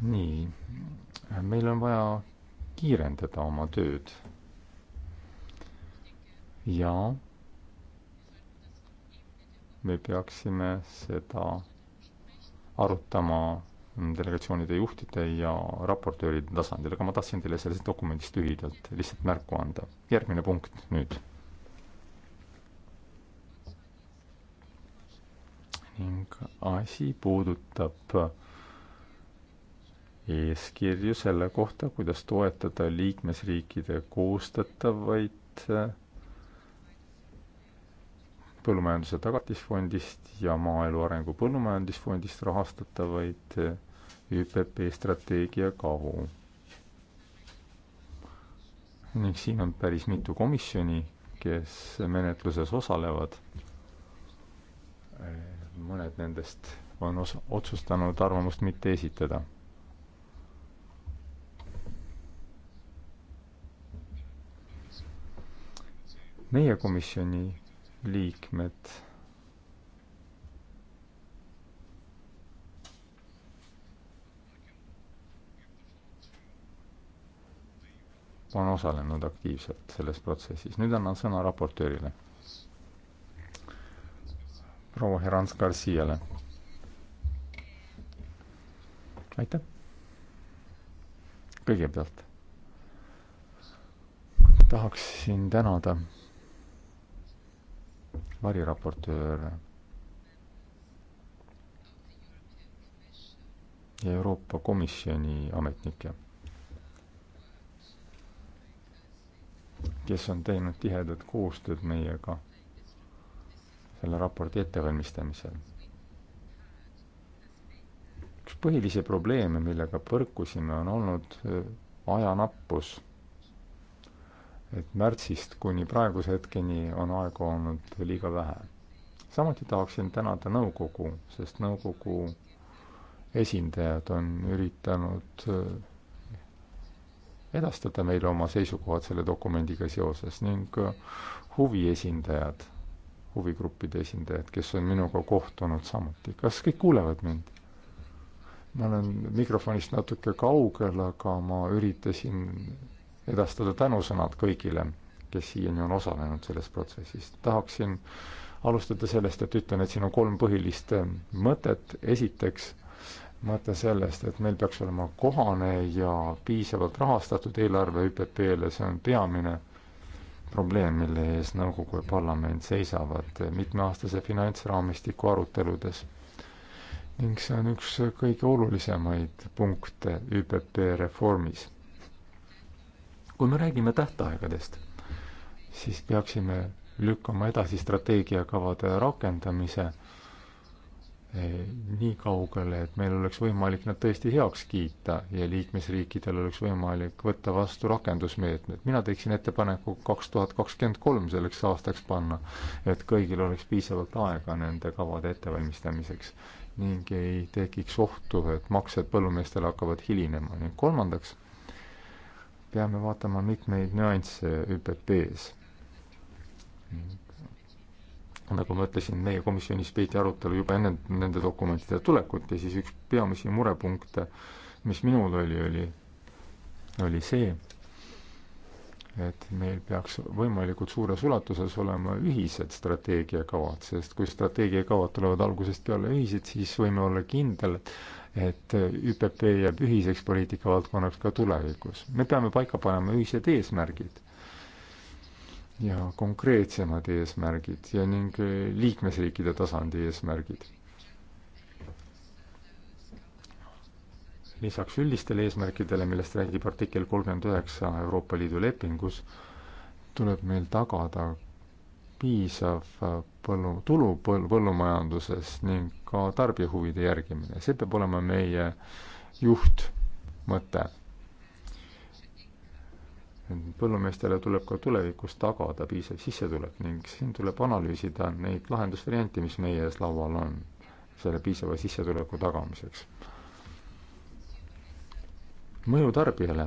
nii, meil on vaja kiirendada oma tööd. ja me peaksime seda arutama delegatsioonide juhtide ja raportööride tasandil, aga ma tahtsin teile sellest dokumendist lühidalt lihtsalt märku anda. järgmine punkt nüüd. ning asi puudutab eeskirju selle kohta, kuidas toetada liikmesriikide koostatavaid Põllumajanduse Tagatisfondist ja Maaelu Arengu Põllumajandusfondist rahastatavaid ÜPP strateegiakavu. ning siin on päris mitu komisjoni, kes menetluses osalevad. mõned nendest on os-, otsustanud arvamust mitte esitada meie komisjoni liikmed. on osalenud aktiivselt selles protsessis. nüüd annan sõna raportöörile. proua Herans Garciale. aitäh. kõigepealt tahaksin tänada variraportööre ja Euroopa Komisjoni ametnikke, kes on teinud tihedat koostööd meiega selle raporti ettevalmistamisel. üks põhilisi probleeme, millega põrkusime, on olnud äh, ajanappus et märtsist kuni praeguse hetkeni on aega olnud liiga vähe. samuti tahaksin tänada nõukogu, sest nõukogu esindajad on üritanud äh, edastada meile oma seisukohad selle dokumendiga seoses ning äh, huvi esindajad, huvigruppide esindajad, kes on minuga kohtunud samuti. kas kõik kuulevad mind? ma olen mikrofonist natuke kaugel, aga ma üritasin edastada tänusõnad kõigile, kes siiani on osalenud selles protsessis. tahaksin alustada sellest, et ütlen, et siin on kolm põhilist eh, mõtet, esiteks mõte sellest, et meil peaks olema kohane ja piisavalt rahastatud eelarve ÜPP-le, see on peamine probleem, mille ees nõukogu ja parlament seisavad mitmeaastase finantsraamistiku aruteludes. ning see on üks kõige olulisemaid punkte ÜPP reformis kui me räägime tähtaegadest, siis peaksime lükkama edasi strateegiakavade rakendamise eh, nii kaugele, et meil oleks võimalik nad tõesti heaks kiita ja liikmesriikidel oleks võimalik võtta vastu rakendusmeetmed. mina teeksin ettepaneku kaks tuhat kakskümmend kolm selleks aastaks panna, et kõigil oleks piisavalt aega nende kavade ettevalmistamiseks ning ei tekiks ohtu, et maksed põllumeestel hakkavad hilinema ning kolmandaks peame vaatama mitmeid nüansse ÜPP-s. nagu ma ütlesin, meie komisjonis peeti arutelu juba enne nende dokumentide tulekut ja siis üks peamisi murepunkte, mis minul oli, oli, oli see, et meil peaks võimalikult suures ulatuses olema ühised strateegiakavad, sest kui strateegiakavad tulevad algusest peale ühised, siis võime olla kindel, et ÜPP jääb ühiseks poliitikavaldkonnaks ka tulevikus. me peame paika panema ühised eesmärgid ja konkreetsemad eesmärgid ja ning liikmesriikide tasandi eesmärgid. lisaks üldistele eesmärkidele, millest räägib artikkel kolmkümmend üheksa Euroopa Liidu lepingus, tuleb meil tagada piisav äh, põllu, tulu põl-, põllumajanduses ning ka tarbija huvide järgimine, see peab olema meie juhtmõte. põllumeestele tuleb ka tulevikus tagada piisav sissetulek ning siin tuleb analüüsida neid lahendusvariante, mis meie ees laual on selle piisava sissetuleku tagamiseks mõju tarbijale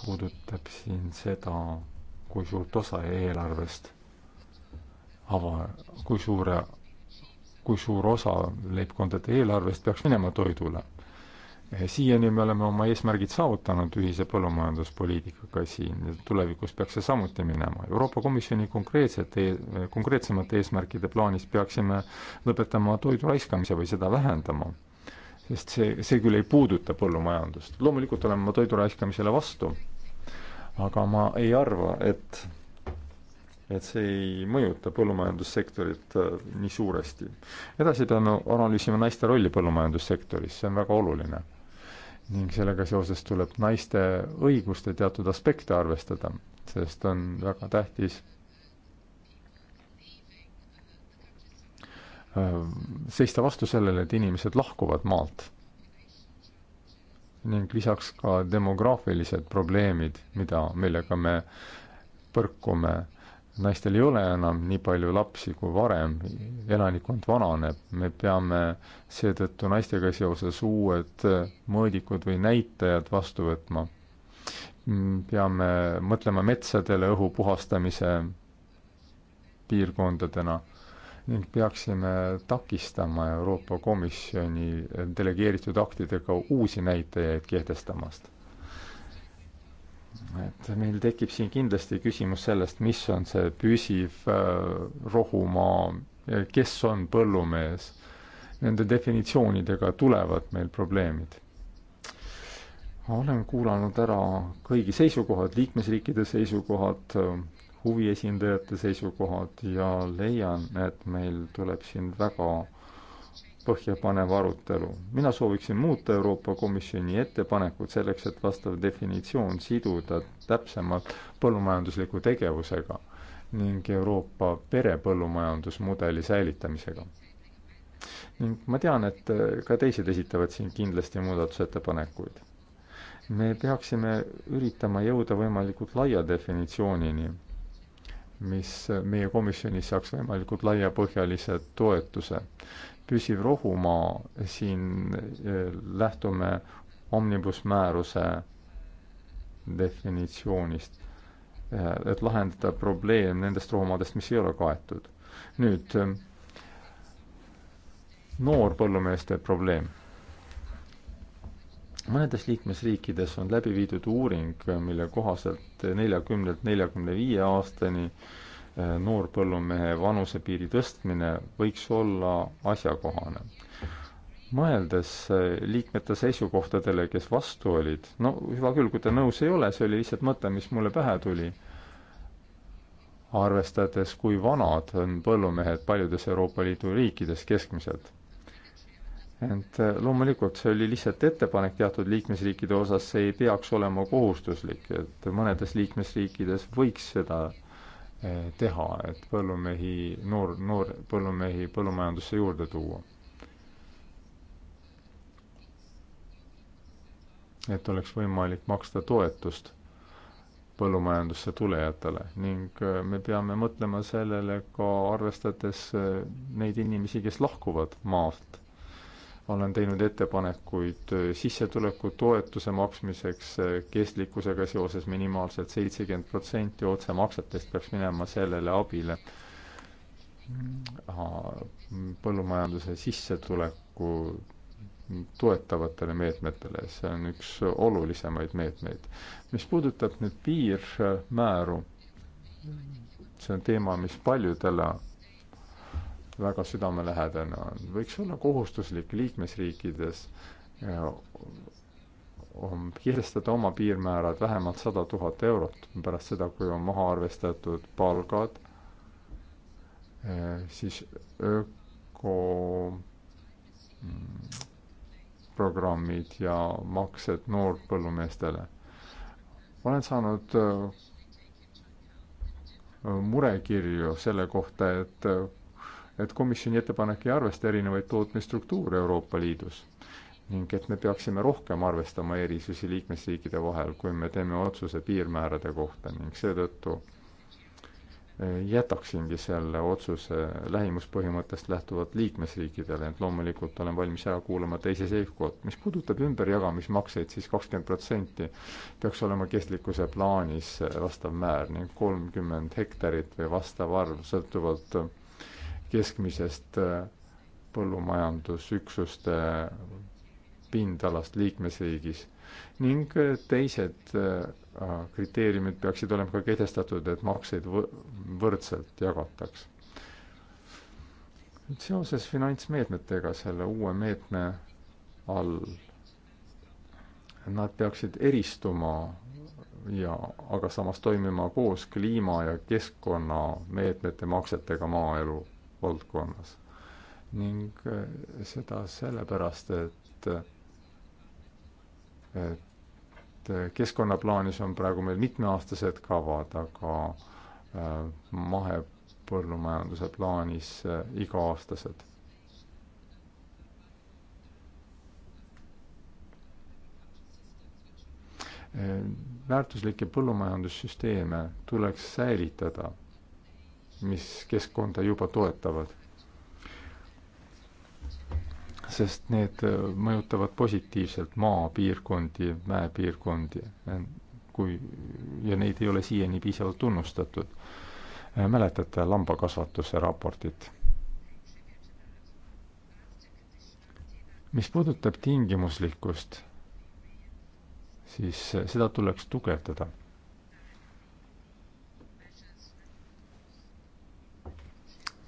puudutab siin seda, kui suurt osa eelarvest ava, kui suure, kui suur osa leibkondade eelarvest peaks minema toidule. Eh, siiani me oleme oma eesmärgid saavutanud ühise põllumajanduspoliitikaga siin, tulevikus peaks see samuti minema. Euroopa Komisjoni konkreetsete, e-, konkreetsemate eesmärkide plaanis peaksime lõpetama toidu raiskamise või seda vähendama. sest see, see küll ei puuduta põllumajandust. loomulikult olen ma toidu raiskamisele vastu, aga ma ei arva, et et see ei mõjuta põllumajandussektorit äh, nii suuresti. edasi peame analüüsima naiste rolli põllumajandussektoris, see on väga oluline ning sellega seoses tuleb naiste õiguste teatud aspekte arvestada, sest on väga tähtis äh, seista vastu sellele, et inimesed lahkuvad maalt. ning lisaks ka demograafilised probleemid, mida, millega me põrkume naistel ei ole enam nii palju lapsi kui varem, elanikkond vananeb, me peame seetõttu naistega seoses uued mõõdikud või näitajad vastu võtma. peame mõtlema metsadele õhu puhastamise piirkondadena ning peaksime takistama Euroopa Komisjoni delegeeritud aktidega uusi näitajaid kehtestamast et meil tekib siin kindlasti küsimus sellest, mis on see püsiv äh, rohumaa, kes on põllumees. Nende definitsioonidega tulevad meil probleemid. olen kuulanud ära kõigi seisukohad, liikmesriikide seisukohad, huviesindajate seisukohad ja leian, et meil tuleb siin väga põhjapanev arutelu. mina sooviksin muuta Euroopa Komisjoni ettepanekut selleks, et vastav definitsioon siduda täpsemalt põllumajandusliku tegevusega ning Euroopa perepõllumajandusmudeli säilitamisega. ning ma tean, et ka teised esitavad siin kindlasti muudatusettepanekuid. me peaksime üritama jõuda võimalikult laia definitsioonini, mis meie komisjonis saaks võimalikult laiapõhjalise toetuse püsiv rohumaa, siin eh, lähtume omnibus määruse definitsioonist, eh, et lahendada probleem nendest rohumaadest, mis ei ole kaetud. nüüd eh, noorpõllumeeste probleem. mõnedes liikmesriikides on läbi viidud uuring, mille kohaselt neljakümnelt neljakümne viie aastani äh, Äh, noorpõllumehe vanusepiiri tõstmine võiks olla asjakohane. mõeldes äh, liikmete seisukohtadele, kes vastu olid, no hüva küll, kui te nõus ei ole, see oli lihtsalt mõte, mis mulle pähe tuli, arvestades, kui vanad on põllumehed paljudes Euroopa Liidu riikides keskmiselt ent äh, loomulikult see oli lihtsalt ettepanek teatud liikmesriikide osas, see ei peaks olema kohustuslik, et mõnedes liikmesriikides võiks seda Eh, teha, et põllumehi, noor, noor põllumehi põllumajandusse juurde tuua. et oleks võimalik maksta toetust põllumajandusse tulejatele ning eh, me peame mõtlema sellele ka arvestades eh, neid inimesi, kes lahkuvad maalt olen teinud ettepanekuid äh, sissetulekutoetuse maksmiseks äh, kestlikkusega seoses minimaalselt seitsekümmend protsenti otsemaksetest peaks minema sellele abile põllumajanduse sissetuleku toetavatele meetmetele, see on üks olulisemaid meetmeid. mis puudutab nüüd piirmääru, see on teema, mis paljudele väga südamelähedane on, võiks olla kohustuslik liikmesriikides äh, kehtestada oma piirmäärad vähemalt sada tuhat eurot pärast seda, kui on maha arvestatud palgad, äh, siis öko mm, programmid ja maksed noorpõllumeestele. olen saanud äh, murekirju selle kohta, et et komisjoni ettepanek ei arvesta erinevaid tootmisstruktuure Euroopa Liidus ning et me peaksime rohkem arvestama erisusi liikmesriikide vahel, kui me teeme otsuse piirmäärade kohta ning seetõttu eh, jätaksingi selle otsuse lähimuspõhimõttest lähtuvalt liikmesriikidele, et loomulikult olen valmis ära kuulama teise seisukohad. mis puudutab ümberjagamismakseid, siis kakskümmend protsenti peaks olema kestlikkuse plaanis vastav määr ning kolmkümmend hektarit või vastav arv sõltuvalt keskmisest äh, põllumajandusüksuste pindalast liikmesriigis ning äh, teised äh, kriteeriumid peaksid olema ka kehtestatud, et makseid võrdselt jagataks. seoses finantsmeetmetega selle uue meetme all, nad peaksid eristuma ja, aga samas toimima koos kliima ja keskkonnameetmete maksetega maaelu valdkonnas. ning eh, seda sellepärast, et, eh, et keskkonnaplaanis on praegu meil mitmeaastased kavad, aga eh, mahepõllumajanduse plaanis iga-aastased väärtuslikke põllumajandussüsteeme tuleks säilitada mis keskkonda juba toetavad. sest need äh, mõjutavad positiivselt maapiirkondi, mäepiirkondi, äh, kui, ja neid ei ole siiani piisavalt tunnustatud. Äh, mäletate lambakasvatuse raportit? mis puudutab tingimuslikkust, siis seda tuleks tugevdada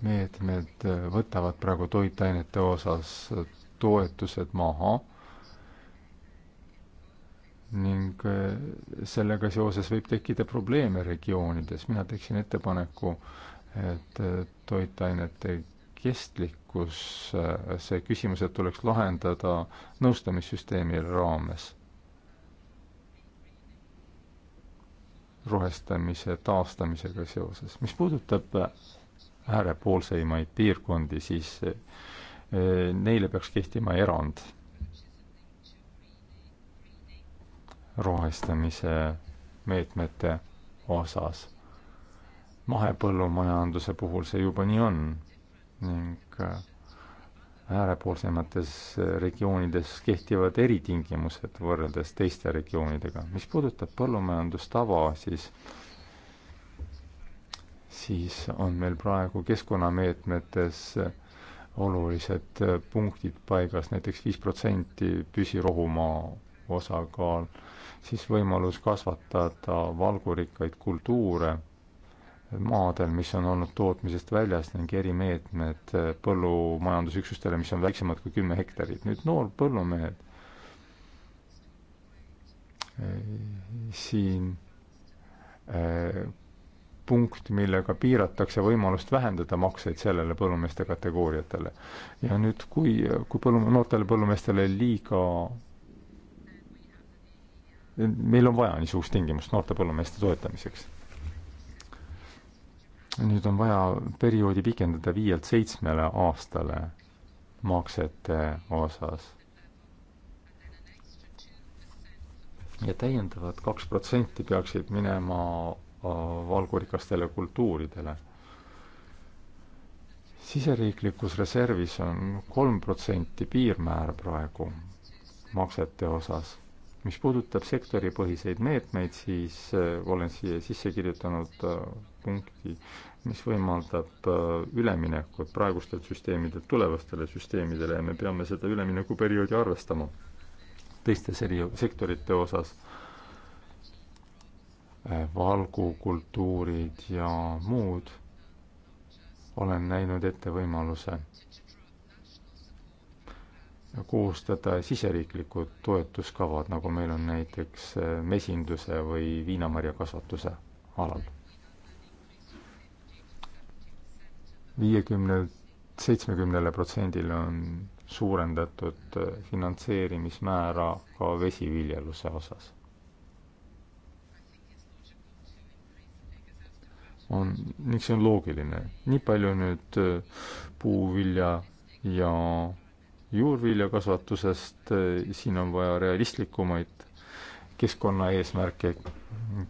meetmed võtavad praegu toitainete osas toetused maha ning eh, sellega seoses võib tekkida probleeme regioonides. mina teeksin ettepaneku, et eh, toitainete kestlikkus, eh, see küsimused tuleks lahendada nõustamissüsteemi raames. rohestamise taastamisega seoses. mis puudutab äärepoolseimaid piirkondi, siis eh, neile peaks kehtima erand rohestamise meetmete osas. mahepõllumajanduse puhul see juba nii on ning eh, äärepoolsemates regioonides kehtivad eritingimused võrreldes teiste regioonidega. mis puudutab põllumajandustava, siis äh, siis on meil praegu keskkonnameetmetes olulised punktid paigas näiteks, näiteks viis protsenti püsirohumaa osakaal, siis võimalus kasvatada valgurikkaid kultuure maadel, mis on olnud tootmisest väljas ning erimeetmed põllumajandusüksustele, mis on väiksemad kui kümme hektarit. nüüd noorpõllumehed siin eh, punkt, millega piiratakse võimalust vähendada makseid sellele põllumeeste kategooriatele. ja nüüd, kui, kui põllum-, noortele põllumeestele liiga meil on vaja niisugust tingimust noorte põllumeeste toetamiseks. nüüd on vaja perioodi pikendada viielt seitsmele aastale maksete osas ja täiendavad kaks protsenti peaksid minema Äh, valgurikastele kultuuridele. siseriiklikus reservis on kolm protsenti piirmäär praegu maksete osas. mis puudutab sektoripõhiseid meetmeid, siis äh, olen siia sisse kirjutanud äh, punkti, mis võimaldab üleminekut praegustelt süsteemidelt tulevastele süsteemidele ja me peame seda üleminekuperioodi arvestama teiste seri-, sektorite osas Äh, valgukultuurid ja muud, olen näinud ette võimaluse koostada siseriiklikud toetuskavad, nagu meil on näiteks äh, mesinduse või viinamarjakasvatuse alal. viiekümnelt seitsmekümnele protsendile on suurendatud äh, finantseerimismäära ka vesiviljeluse osas. on, ning see on loogiline. nii palju nüüd äh, puuvilja ja juurviljakasvatusest, äh, siin on vaja realistlikumaid keskkonnaeesmärke,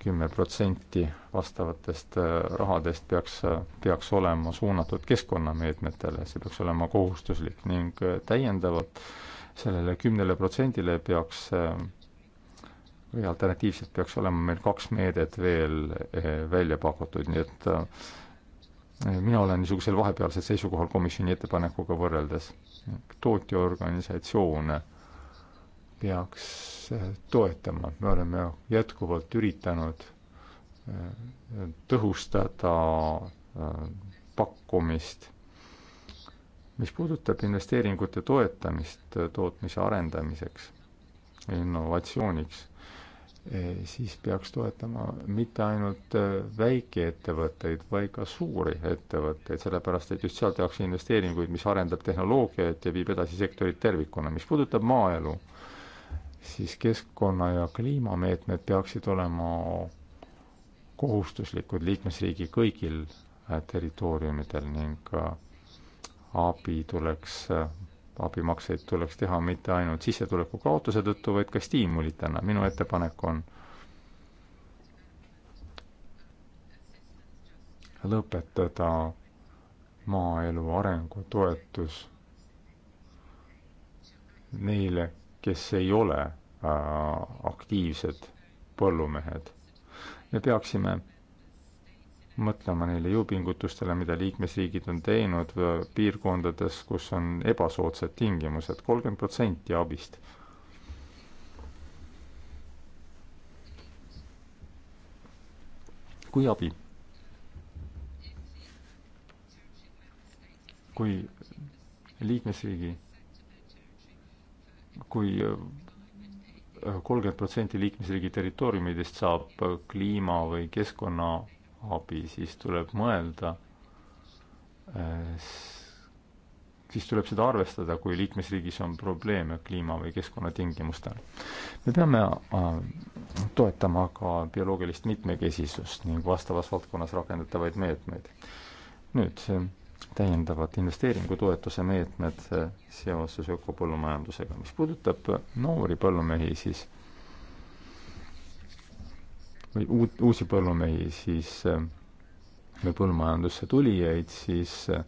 kümme protsenti vastavatest äh, rahadest peaks, peaks olema suunatud keskkonnameetmetele, see peaks olema kohustuslik ning täiendavalt sellele kümnele protsendile peaks või alternatiivselt peaks olema meil kaks meedet veel eh, välja pakutud, nii et eh, mina olen niisugusel vahepealsel seisukohal komisjoni ettepanekuga võrreldes. tootjaorganisatsioone peaks eh, toetama, me oleme jätkuvalt üritanud tõhustada pakkumist. mis puudutab investeeringute toetamist tootmise arendamiseks, innovatsiooniks siis peaks toetama mitte ainult äh, väikeettevõtteid, vaid ka suuri ettevõtteid, sellepärast et just seal tehakse investeeringuid, mis arendab tehnoloogiat ja viib edasi sektorit tervikuna. mis puudutab maaelu, siis keskkonna- ja kliimameetmed peaksid olema kohustuslikud liikmesriigi kõigil äh, territooriumidel ning äh, abi tuleks abimakseid tuleks teha mitte ainult sissetuleku kaotuse tõttu, vaid ka stiimulitena. minu ettepanek on lõpetada maaelu arengutoetus neile, kes ei ole äh, aktiivsed põllumehed. me peaksime mõtlema neile jõupingutustele, mida liikmesriigid on teinud piirkondades, kus on ebasoodsad tingimused, kolmkümmend protsenti abist. kui abi, kui liikmesriigi kui, kui äh, kolmkümmend protsenti liikmesriigi territooriumidest saab äh, kliima või keskkonna abi, siis tuleb mõelda, eh, siis tuleb seda arvestada, kui liikmesriigis on probleeme kliima- või keskkonnatingimustel. me peame eh, toetama ka bioloogilist mitmekesisust ning vastavas valdkonnas rakendatavaid meetmeid. nüüd eh, täiendavad investeeringutoetuse meetmed seoses ökopõllumajandusega. mis puudutab noori põllumehi, siis või uut, uusi põllumehi, siis äh, või põllumajandusse tulijaid, siis äh,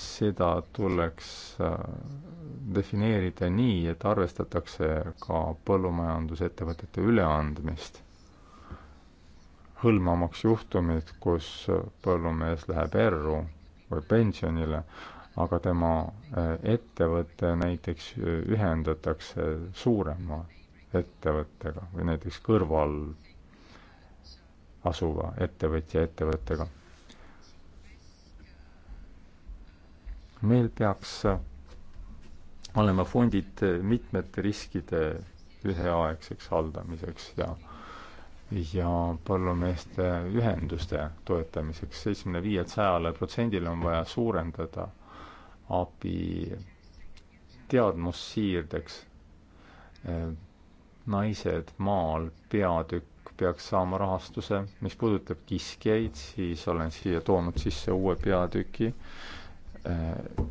seda tuleks äh, defineerida nii, et arvestatakse ka põllumajandusettevõtete üleandmist, hõlmamaks juhtumit, kus põllumees läheb erru või pensionile, aga tema ettevõte näiteks ühendatakse suurema ettevõttega või näiteks kõrval asuva ettevõtja ettevõttega. meil peaks olema fondid mitmete riskide üheaegseks haldamiseks ja ja põllumeeste ühenduste toetamiseks seitsmekümne viielt sajale protsendile on vaja suurendada abi teadmussiirdeks naised maal peatükk peaks saama rahastuse. mis puudutab kiskjaid, siis olen siia toonud sisse uue peatüki, eh,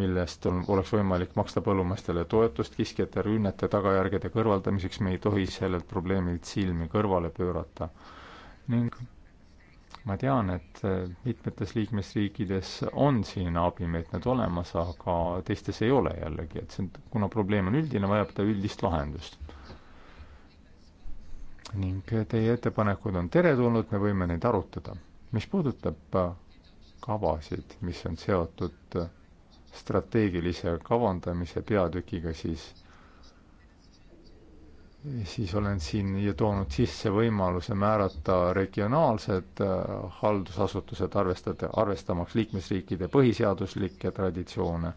millest on, oleks võimalik maksta põllumeestele toetust kiskjate rünnete tagajärgede kõrvaldamiseks, me ei tohi sellelt probleemilt silmi kõrvale pöörata. ning ma tean, et äh, mitmetes liikmesriikides on siin abimeetmed olemas, aga teistes ei ole jällegi, et see on, kuna probleem on üldine, vajab ta üldist lahendust. ning teie ettepanekud on teretulnud, me võime neid arutada. mis puudutab äh, kavasid, mis on seotud äh, strateegilise kavandamise peatükiga, siis siis olen siin toonud sisse võimaluse määrata regionaalsed äh, haldusasutused, arvestada, arvestamaks liikmesriikide põhiseaduslikke traditsioone,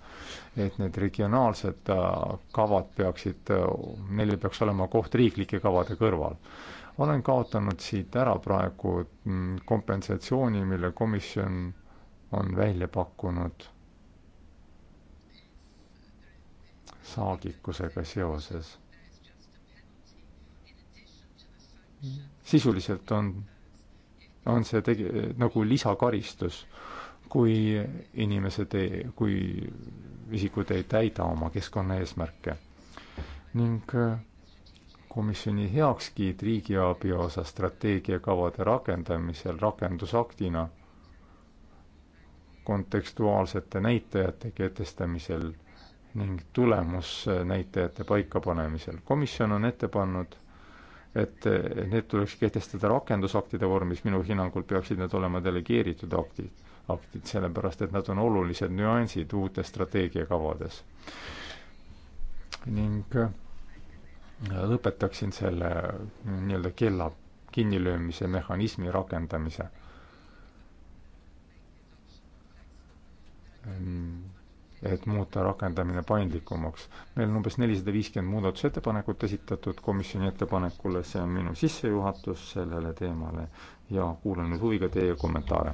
et need regionaalsed äh, kavad peaksid, äh, neil peaks olema koht riiklike kavade kõrval. olen kaotanud siit ära praegu mm, kompensatsiooni, mille komisjon on välja pakkunud saagikusega seoses sisuliselt on, on see tegi-, nagu lisakaristus, kui inimesed ei, kui isikud ei täida oma keskkonnaeesmärke. ning äh, komisjoni heakskiit riigiabi osa strateegiakavade rakendamisel rakendusaktina kontekstuaalsete näitajate kehtestamisel ning tulemusnäitajate paikapanemisel. komisjon on ette pannud et need tuleks kehtestada rakendusaktide vormis, minu hinnangul peaksid need olema delegeeritud aktid, aktid, sellepärast et nad on olulised nüansid uutes strateegiakavades. ning äh, lõpetaksin selle äh, nii-öelda kella kinnilöömise mehhanismi rakendamise hm, et muuta rakendamine paindlikumaks. meil on umbes nelisada viiskümmend muudatusettepanekut esitatud komisjoni ettepanekule, see on minu sissejuhatus sellele teemale ja kuulan nüüd huviga teie kommentaare.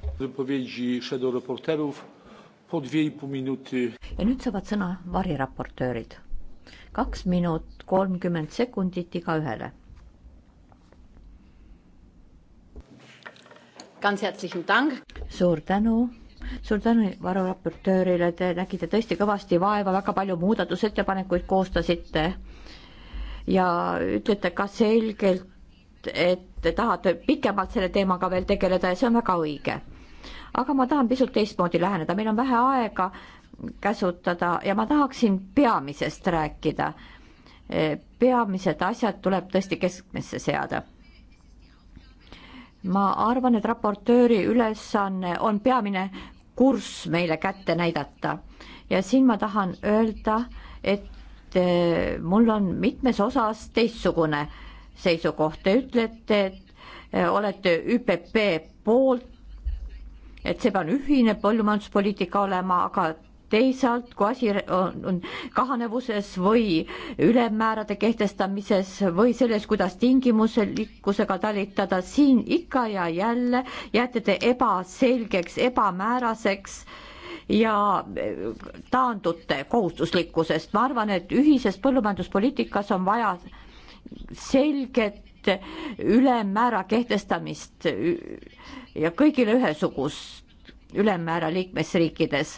ja nüüd saavad sõna variraportöörid. kaks minut kolmkümmend sekundit igaühele. suur tänu suur tänu varuraportöörile, te nägite tõesti kõvasti vaeva, väga palju muudatusettepanekuid koostasite ja ütlete ka selgelt, et te tahate pikemalt selle teemaga veel tegeleda ja see on väga õige. aga ma tahan pisut teistmoodi läheneda, meil on vähe aega käsutada ja ma tahaksin peamisest rääkida. peamised asjad tuleb tõesti keskmesse seada ma arvan, et raportööri ülesanne on peamine kurss meile kätte näidata. ja siin ma tahan öelda, et äh, mul on mitmes osas teistsugune seisukoht, te ütlete, et äh, olete ÜPP poolt, et see peab ühine põllumajanduspoliitika olema, aga teisalt, kui asi on, on kahanevuses või ülemmäärade kehtestamises või selles, kuidas tingimuslikkusega talitada, siin ikka ja jälle jääte te ebaselgeks, ebamääraseks ja e, taandute kohustuslikkusest. ma arvan, et ühises põllumajanduspoliitikas on vaja selget ülemmäära kehtestamist ja kõigile ühesugust ülemmäära liikmesriikides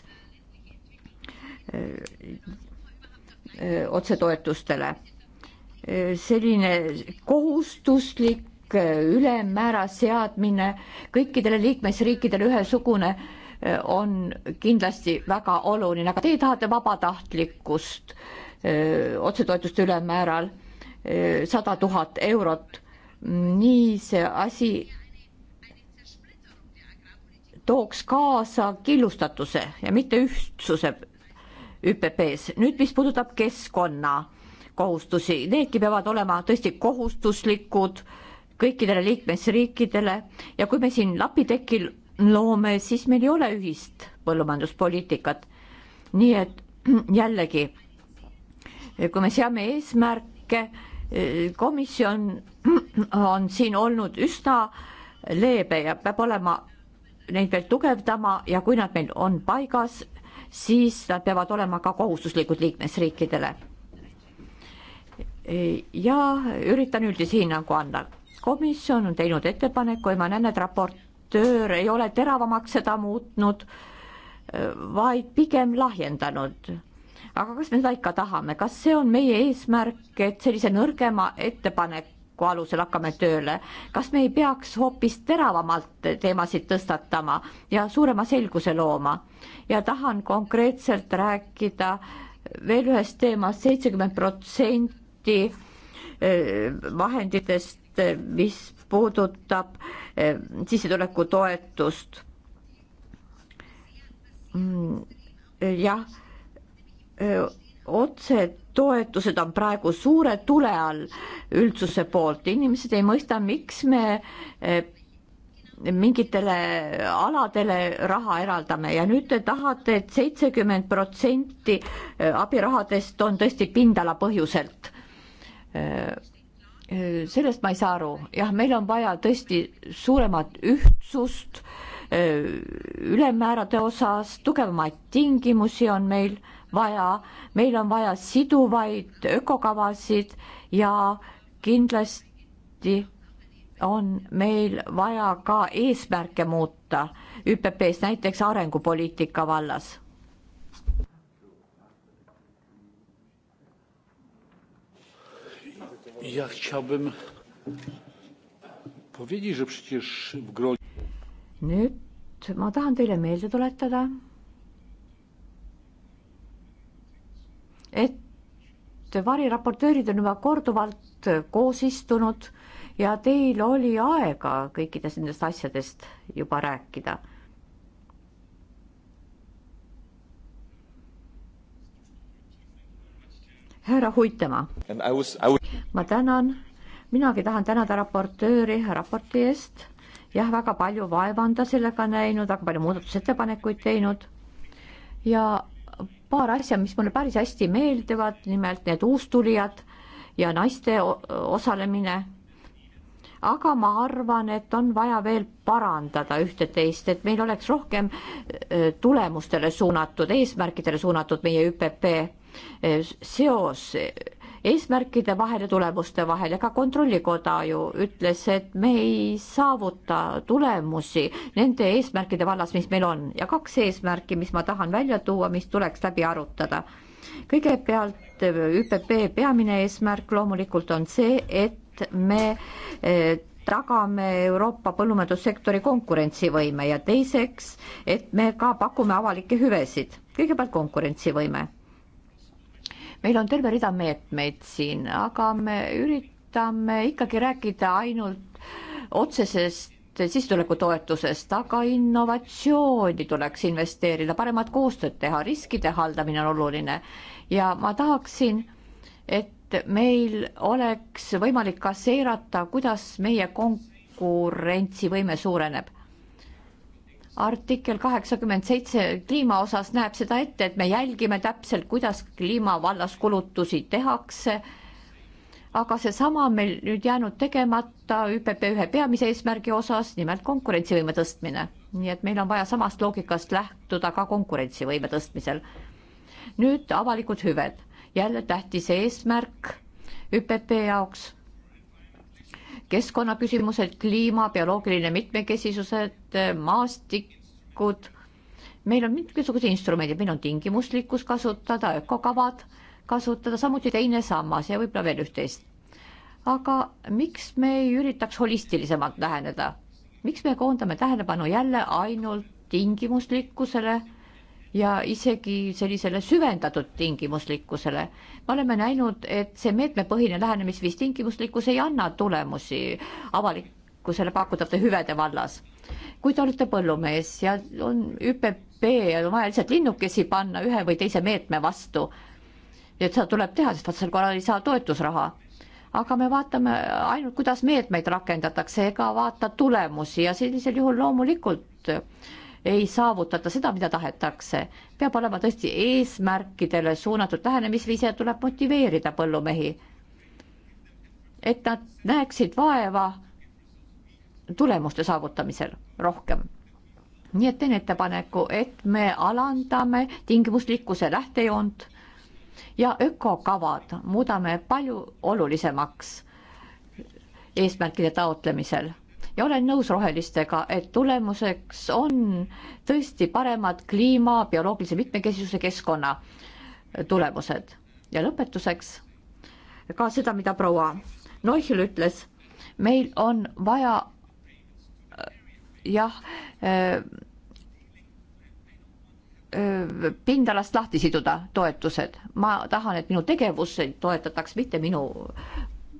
Äh, äh, otsetoetustele. Äh, selline kohustuslik ülemmäära seadmine kõikidele liikmesriikidele ühesugune on kindlasti väga oluline, aga teie tahate vabatahtlikkust otsetoetuste ülemmääral sada tuhat eurot. nii see asi tooks kaasa killustatuse ja mitte ühtsuse ÜPP-s. nüüd, mis puudutab keskkonnakohustusi, needki peavad olema tõesti kohustuslikud kõikidele liikmesriikidele ja kui me siin lapitekil loome, siis meil ei ole ühist põllumajanduspoliitikat. nii et jällegi, kui me seame eesmärke, komisjon on siin olnud üsna leebe ja peab olema neid veel tugevdama ja kui nad meil on paigas, siis nad peavad olema ka kohustuslikud liikmesriikidele. ja üritan üldise hinnangu anda. komisjon on teinud ettepaneku ja ma näen, et raportöör ei ole teravamaks seda muutnud, vaid pigem lahjendanud. aga kas me seda ikka tahame, kas see on meie eesmärk, et sellise nõrgema ettepaneku ettepaneku alusel hakkame tööle. kas me ei peaks hoopis teravamalt teemasid tõstatama ja suurema selguse looma? ja tahan konkreetselt rääkida veel ühest teemast, seitsekümmend protsenti eh, vahenditest, eh, mis puudutab eh, sissetulekutoetust. Mm, jah otsetoetused on praegu suure tule all üldsuse poolt, inimesed ei mõista, miks me eh, mingitele aladele raha eraldame ja nüüd te tahate et, et seitsekümmend protsenti eh, abirahadest on tõesti pindala põhjuselt. Eh, sellest ma ei saa aru, jah, meil on vaja tõesti suuremat ühtsust ülemäärade osas, tugevamaid tingimusi on meil vaja, meil on vaja siduvaid ökokavasid ja kindlasti on meil vaja ka eesmärke muuta ÜPP-s, näiteks arengupoliitika vallas Ja chciałbym powiedzieć, że przecież w gronie... Nüüd ma tahan teile meelde tuletada, et variraportöörid on juba korduvalt koos istunud ja teil oli aega kõikidest nendest asjadest juba rääkida. härra Huitemaa. ma tänan, minagi tahan tänada raportööri raporti eest. jah, väga palju vaeva on ta sellega näinud, väga palju muudatusettepanekuid teinud ja paar asja, mis mulle päris hästi meeldivad, nimelt need uustulijad ja naiste osalemine. aga ma arvan, et on vaja veel parandada ühte-teist, et meil oleks rohkem tulemustele suunatud, eesmärkidele suunatud meie ÜPP seos eesmärkide vahel ja tulemuste vahel ja ka Kontrollikoda ju ütles, et me ei saavuta tulemusi nende eesmärkide vallas, mis meil on ja kaks eesmärki, mis ma tahan välja tuua, mis tuleks läbi arutada. kõigepealt ÜPP peamine eesmärk loomulikult on see, et me eh, tagame Euroopa põllumajandussektori konkurentsivõime ja teiseks, et me ka pakume avalikke hüvesid. kõigepealt konkurentsivõime meil on terve rida meetmeid siin, aga me üritame ikkagi rääkida ainult otsesest sissetulekutoetusest, aga innovatsiooni tuleks investeerida, paremat koostööd teha, riskide haldamine on oluline ja ma tahaksin, et meil oleks võimalik ka seirata, kuidas meie konkurentsivõime suureneb artikkel kaheksakümmend seitse kliima osas näeb seda ette, et me jälgime täpselt, kuidas kliima vallas kulutusi tehakse. aga seesama on meil nüüd jäänud tegemata ÜPP ühe peamise eesmärgi osas, nimelt konkurentsivõime tõstmine. nii et meil on vaja samast loogikast lähtuda ka konkurentsivõime tõstmisel. nüüd avalikud hüved, jälle tähtis eesmärk ÜPP jaoks. keskkonnaküsimused, kliima, bioloogiline mitmekesisus Äh, maastikud. meil on mitmesugused instrumendid, meil on tingimuslikkus kasutada, ökokavad kasutada, samuti teine sammas ja võib-olla veel üht-teist. aga miks me ei üritaks holistilisemalt läheneda? miks me koondame tähelepanu jälle ainult tingimuslikkusele ja isegi sellisele süvendatud tingimuslikkusele. me oleme näinud, et see meetmepõhine lähenemisviis tingimuslikkus ei anna tulemusi avalikkusele pakutavate hüvede vallas kui te olete põllumees ja on ÜPP ja on vaja lihtsalt linnukesi panna ühe või teise meetme vastu, et seda tuleb teha, sest vastasel korral ei saa toetusraha. aga me vaatame ainult, kuidas meetmeid rakendatakse ega vaata tulemusi ja sellisel juhul loomulikult ei saavutata seda, mida tahetakse. peab olema tõesti eesmärkidele suunatud lähenemisviis ja tuleb motiveerida põllumehi. et nad näeksid vaeva tulemuste saavutamisel rohkem. nii et teen ettepaneku, et me alandame tingimuslikkuse lähtejoont ja ökokavad muudame palju olulisemaks eesmärkide taotlemisel ja olen nõus rohelistega, et tulemuseks on tõesti paremad kliima, bioloogilise mitmekesisuse, keskkonna tulemused. ja lõpetuseks ka seda, mida proua Neuchel ütles, meil on vaja jah äh, äh, pindalast lahti siduda toetused. ma tahan, et minu tegevus toetataks, mitte minu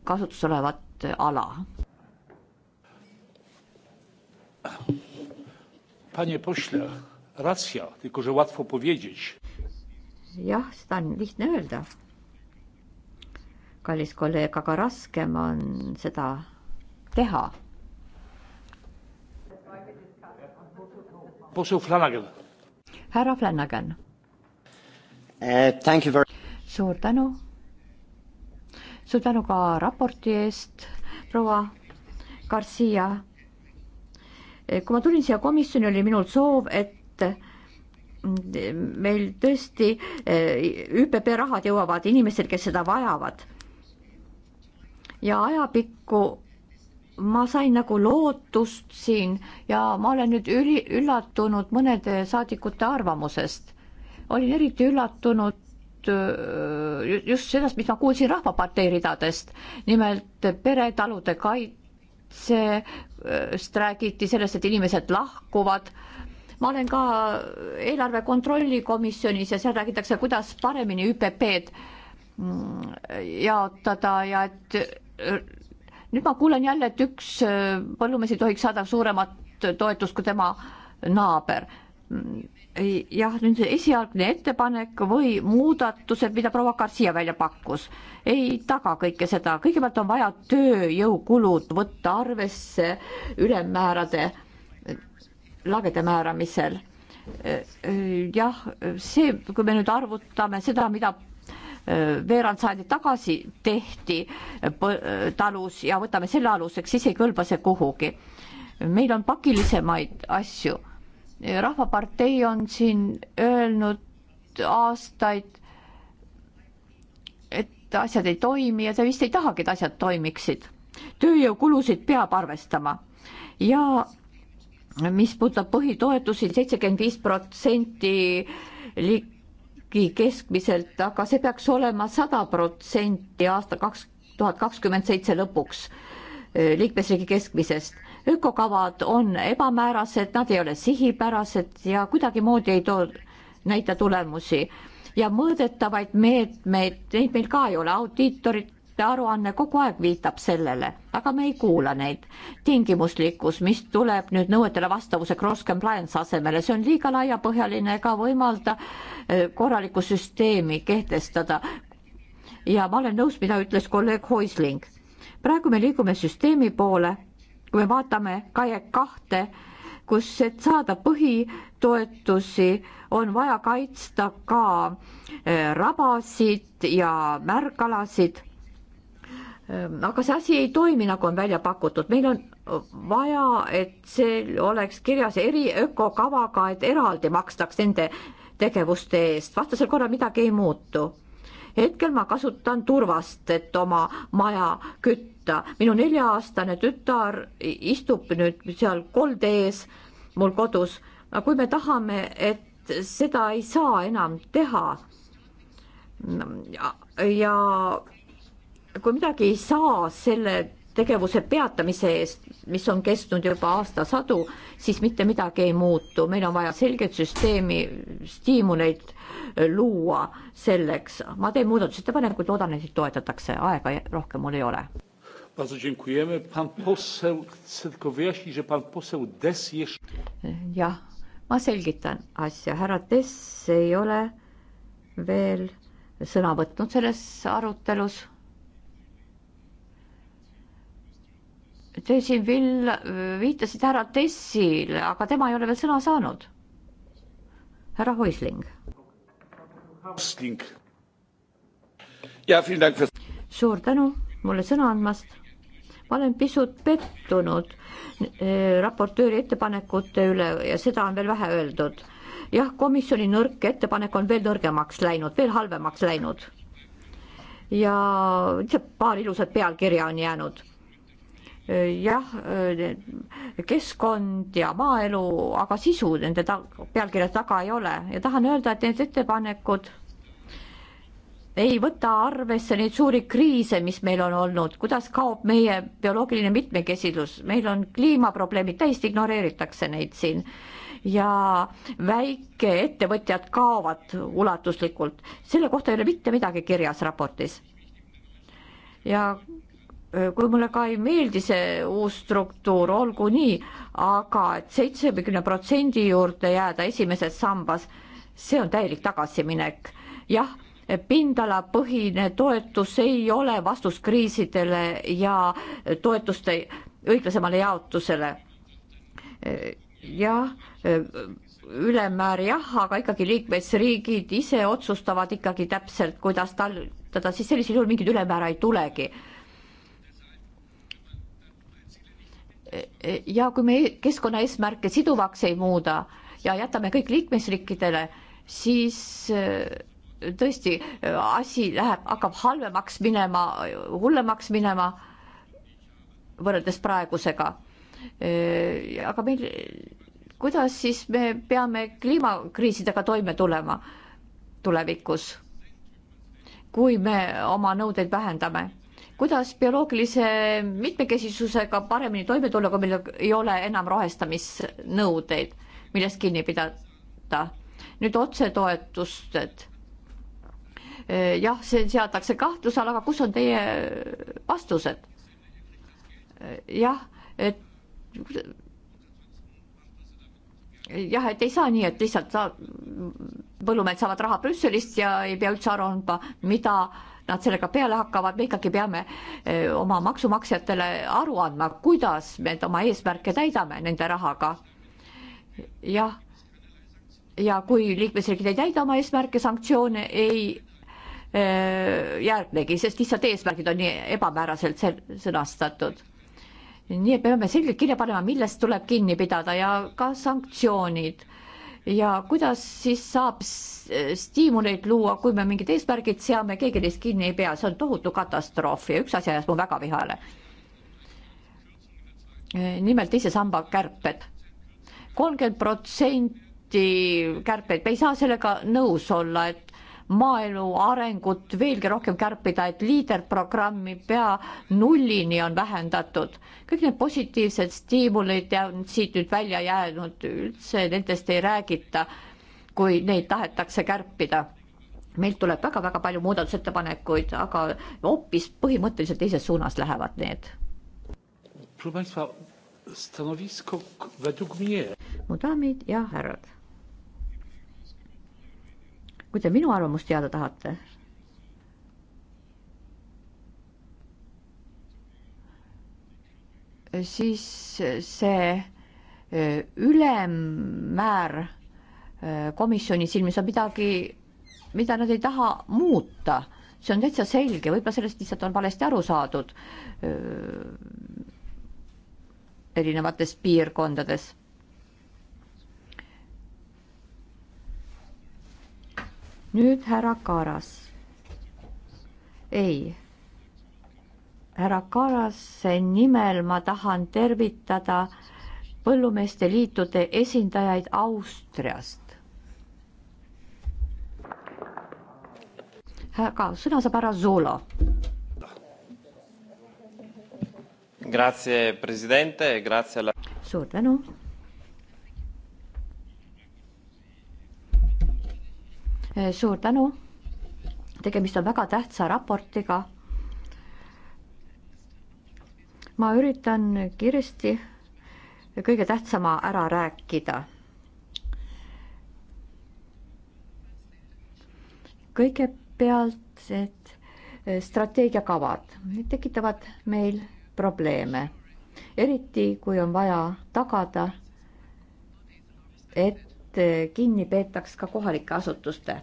kasutus olevat ala. Panie pośle, racja, tylko że łatwo powiedzieć. jah, seda on lihtne öelda. kallis kolleeg, aga raskem on seda teha härra Flanagan uh,. suur tänu. suur tänu ka raporti eest, proua Garcia. Eh, kui ma tulin siia komisjoni, oli minul soov, et mm, meil tõesti eh, ÜPP rahad jõuavad inimestel, kes seda vajavad. ja ajapikku ma sain nagu lootust siin ja ma olen nüüd üli, üllatunud mõnede saadikute arvamusest. olin eriti üllatunud äh, just sellest, mis ma kuulsin Rahvapartei ridadest, nimelt peretalude kaitsest äh, räägiti, sellest, et inimesed lahkuvad. ma olen ka eelarve kontrolli komisjonis ja seal räägitakse, kuidas paremini ÜPP-d mm, jaotada ja et äh, nüüd ma kuulen jälle, et üks äh, põllumees ei tohiks saada suuremat toetust kui tema naaber mm, jah, nüüd esialgne ettepanek või muudatused, mida proua Garcia välja pakkus, ei taga kõike seda, kõigepealt on vaja tööjõukulud võtta arvesse ülemmäärade lagede määramisel. Äh, äh, jah, see, kui me nüüd arvutame seda, mida veerand sajandit tagasi tehti talus ja võtame selle aluseks, siis ei kõlba see kuhugi. meil on pakilisemaid asju. rahvapartei on siin öelnud aastaid, et asjad ei toimi ja ta vist ei tahagi, et asjad toimiksid. tööjõukulusid peab arvestama ja mis puudutab põhitoetusi, seitsekümmend viis protsenti liik-, kuigi keskmiselt, aga see peaks olema sada protsenti aasta kaks tuhat kakskümmend seitse lõpuks eh, liikmesriigi keskmisest. ökokavad on ebamäärased, nad ei ole sihipärased ja kuidagimoodi ei too, näita tulemusi ja mõõdetavaid meetmeid, neid meil ka ei ole, audiitorid aruanne kogu aeg viitab sellele, aga me ei kuula neid. tingimuslikkus, mis tuleb nüüd nõuetele vastavuse cross compliance asemele, see on liiga laiapõhjaline ega võimalda eh, korralikku süsteemi kehtestada. ja ma olen nõus, mida ütles kolleeg Hoisling. praegu me liigume süsteemi poole, kui me vaatame kaie kahte, kus, et saada põhitoetusi, on vaja kaitsta ka eh, rabasid ja märgalasid. Ehm, aga see asi ei toimi, nagu on välja pakutud, meil on äh, vaja, et see oleks kirjas eri ökokavaga, et eraldi makstaks nende tegevuste eest, vastasel korral midagi ei muutu. hetkel ma kasutan turvast, et oma maja kütta, minu nelja-aastane tütar istub nüüd seal kolde ees mul kodus, aga kui me tahame, et seda ei saa enam teha mm, ja, ja kui midagi ei saa selle tegevuse peatamise eest, mis on kestnud juba aastasadu, siis mitte midagi ei muutu, meil on vaja selget süsteemi, stiimuleid äh, luua selleks. ma teen muudatusettepanekuid, loodan, et neid toetatakse, aega rohkem mul ei ole. Äh, jah, ma selgitan asja, härra Tess ei ole veel sõna võtnud selles arutelus Te siin Vill viitasite härra Tessile, aga tema ei ole veel sõna saanud. härra Hoisling. suur tänu mulle sõna andmast. ma olen pisut pettunud äh, raportööri ettepanekute üle ja seda on veel vähe öeldud. jah, komisjoni nõrk ettepanek on veel nõrgemaks läinud, veel halvemaks läinud. ja lihtsalt paar ilusat pealkirja on jäänud jah, eh, keskkond ja maaelu, aga sisu nende ta pealkirja taga ei ole ja tahan öelda, et need ettepanekud ei võta arvesse neid suuri kriise, mis meil on olnud, kuidas kaob meie bioloogiline mitmekesidus, meil on kliimaprobleemid, täiesti ignoreeritakse neid siin ja väikeettevõtjad kaovad ulatuslikult, selle kohta ei ole mitte midagi kirjas raportis. ja kui mulle ka ei meeldi see uus struktuur, olgu nii aga, aga et seitsmekümne protsendi juurde jääda esimeses sambas, see on täielik tagasiminek. jah, pindalapõhine toetus ei ole vastus kriisidele ja toetuste õiglasemale jaotusele. jah, ülemäär jah, aga ikkagi liikmesriigid ise otsustavad ikkagi täpselt, kuidas tal teda siis sellisel juhul mingit ülemäära ei tulegi ja kui me keskkonnaeesmärke siduvaks ei muuda ja jätame kõik liikmesriikidele, siis äh, tõesti äh, asi läheb, hakkab halvemaks minema, hullemaks minema võrreldes praegusega. Äh, aga meil, kuidas siis me peame kliimakriisidega toime tulema tulevikus, kui me oma nõudeid vähendame? kuidas bioloogilise mitmekesisusega paremini toime tulla, kui meil ei ole enam rohestamisnõudeid, millest kinni pidada. nüüd otsetoetustest. jah, see seatakse kahtluse alla, aga kus on teie vastused? jah, et jah, et ei saa nii, et lihtsalt saab, põllumehed saavad raha Brüsselist ja ei pea üldse aru andma, mida äh, nad sellega peale hakkavad, me ikkagi peame eh, oma maksumaksjatele aru andma, kuidas me oma eesmärke täidame nende rahaga. jah, ja kui liikmesriigid ei täida oma eesmärke, sanktsioone ei eh, järgnegi, sest lihtsalt eesmärgid on nii ebamääraselt sõnastatud nii et me peame selgelt kirja panema, millest tuleb kinni pidada ja ka sanktsioonid ja kuidas siis saab stiimuleid luua, kui me mingid eesmärgid seame, keegi neist kinni ei pea, see on tohutu katastroof ja üks asi ajas mu väga vihale. nimelt teise samba kärped. kolmkümmend protsenti kärpeid, me ei saa sellega nõus olla, et maaelu arengut veelgi rohkem kärpida, et liiderprogrammi pea nullini on vähendatud. kõik need positiivsed stiimulid ja siit nüüd välja jäänud üldse nendest ei räägita, kui neid tahetakse kärpida meilt tuleb väga-väga palju muudatusettepanekuid, aga hoopis põhimõtteliselt teises suunas lähevad need. mu daamid ja härrad kui te minu arvamust teada tahate, siis see e, ülemmäär e, komisjoni silmis on midagi, mida nad ei taha muuta, see on täitsa selge, võib-olla sellest lihtsalt on valesti aru saadud e, erinevates piirkondades nüüd härra Karas. ei. härra Karase nimel ma tahan tervitada põllumeeste liitude esindajaid Austriast. aga sõna saab ära Zolo. suur tänu Eh, suur tänu. tegemist on väga tähtsa raportiga. ma üritan kiiresti kõige tähtsama ära rääkida. kõigepealt need eh, strateegiakavad tekitavad meil probleeme, eriti kui on vaja tagada, et et eh, kinni peetaks ka kohalike asutuste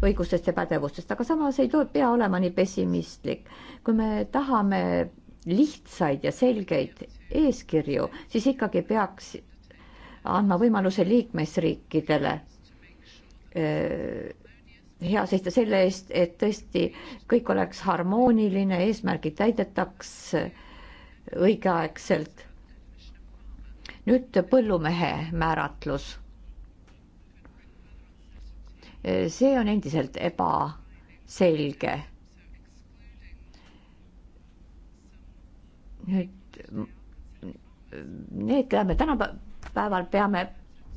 õigustest ja pädevustest, aga samas ei too, pea olema nii pessimistlik. kui me tahame lihtsaid ja selgeid eeskirju, siis ikkagi peaks andma võimaluse liikmesriikidele eh, hea seista selle eest, et tõesti kõik oleks harmooniline, eesmärgid täidetaks eh, õigeaegselt. nüüd põllumehe määratlus see on endiselt ebaselge. nüüd need, keda me tänapäeval peame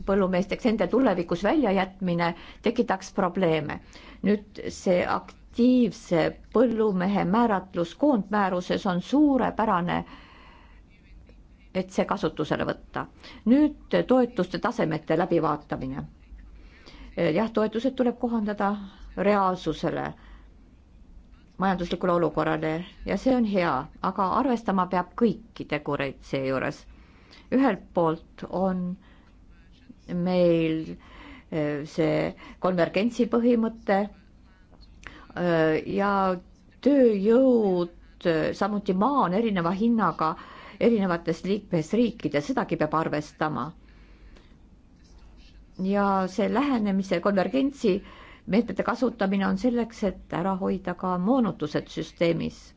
põllumeesteks, nende tulevikus väljajätmine tekitaks probleeme. nüüd see aktiivse põllumehe määratlus koondmääruses on suurepärane et see kasutusele võtta. nüüd toetuste tasemete läbivaatamine Äh, jah, toetused tuleb kohandada reaalsusele, majanduslikule olukorrale ja see on hea, aga arvestama peab kõiki tegureid seejuures. ühelt poolt on meil äh, see konvergentsi põhimõte äh, ja tööjõud, samuti maa on erineva hinnaga erinevates liikmesriikides, sedagi peab arvestama ja see lähenemise konvergentsi meetmete kasutamine on selleks, et ära hoida ka moonutused süsteemis.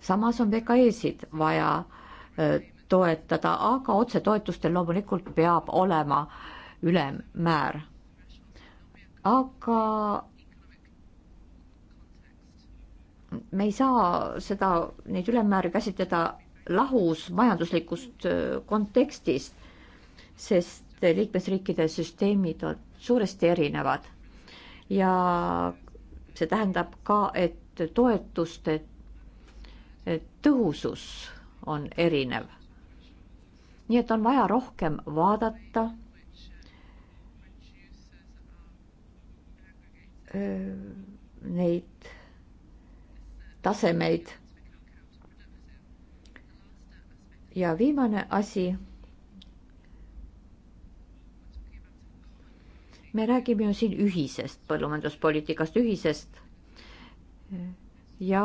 samas on VKE-sid vaja toetada, aga otsetoetustel loomulikult peab olema ülemmäär. aga me ei saa seda, neid ülemmääri käsitleda lahus majanduslikust kontekstist sest liikmesriikide süsteemid on suuresti erinevad. ja see tähendab ka, et toetuste tõhusus on erinev. nii et on vaja rohkem vaadata neid tasemeid. ja viimane asi me räägime ju siin ühisest põllumajanduspoliitikast, ühisest. ja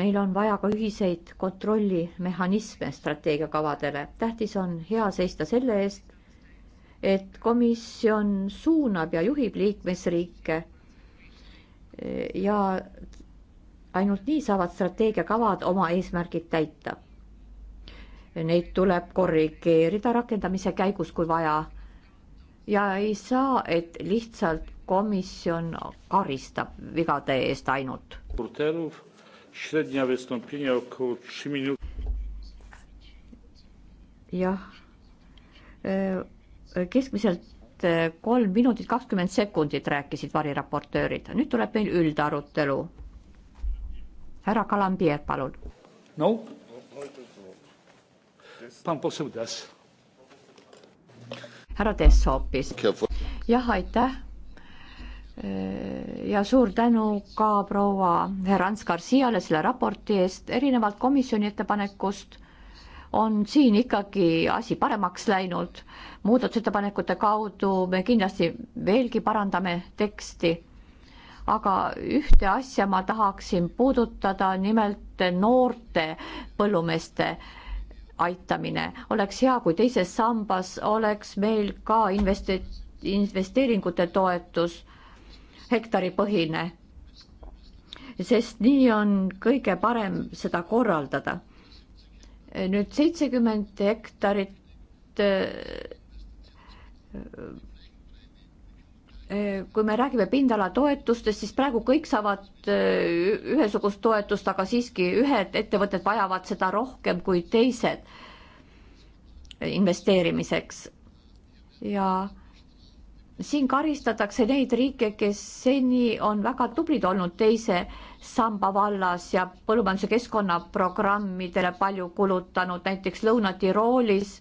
meil on vaja ka ühiseid kontrollimehhanisme strateegiakavadele. tähtis on hea seista selle eest, et komisjon suunab ja juhib liikmesriike ja ainult nii saavad strateegiakavad oma eesmärgid täita. Neid tuleb korrigeerida rakendamise käigus, kui vaja ja ei saa, et lihtsalt komisjon karistab vigade eest ainult. jah, e, keskmiselt e, kolm minutit kakskümmend sekundit rääkisid variraportöörid, nüüd tuleb meil üldarutelu. härra Kalambier, palun. no. Pan poseł Das härra Tess hoopis. jah, aitäh. ja suur tänu ka proua Herans Garciale selle raporti eest, erinevalt komisjoni ettepanekust on siin ikkagi asi paremaks läinud. muudatusettepanekute kaudu me kindlasti veelgi parandame teksti. aga ühte asja ma tahaksin puudutada, nimelt noorte põllumeeste äh, aitamine. oleks hea, kui teises sambas oleks meil ka investe-, investeeringute toetus hektaripõhine, sest nii on kõige parem seda korraldada. nüüd seitsekümmend hektarit äh, Äh, kui me räägime pindalatoetustest, siis praegu kõik saavad äh, ühesugust toetust, aga siiski ühed ettevõtted vajavad seda rohkem kui teised investeerimiseks. ja siin karistatakse neid riike, kes seni on väga tublid olnud teise samba vallas ja põllumajanduse keskkonnaprogrammidele palju kulutanud, näiteks Lõuna-Tiroolis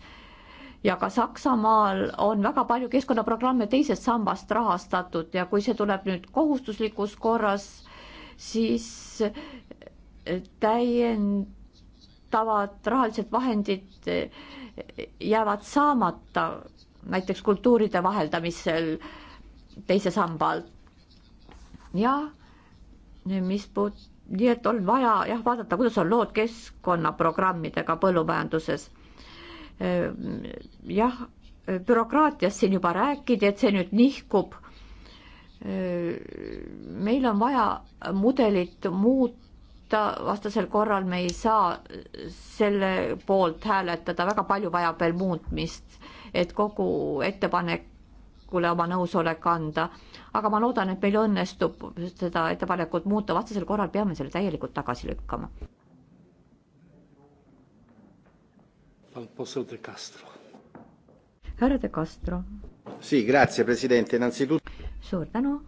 ja ka Saksamaal on väga palju keskkonnaprogramme teisest sambast rahastatud ja kui see tuleb nüüd kohustuslikus korras, siis eh, täiendavad rahalised vahendid eh, jäävad saamata näiteks kultuuride vaheldamisel teise samba alt. ja eh, mis puut-, nii et on vaja jah, vaadata, kuidas on lood keskkonnaprogrammidega põllumajanduses Äh, jah, bürokraatiast siin juba räägiti, et see nüüd nihkub. Äh, meil on vaja mudelit muuta, vastasel korral me ei saa selle poolt hääletada, väga palju vajab veel muutmist, et kogu ettepanekule oma nõusolek anda. aga ma loodan, et meil õnnestub seda ettepanekut muuta, vastasel korral peame selle täielikult tagasi lükkama. härra De Castro. Sì, grazie, president, innanzitutto. suur tänu.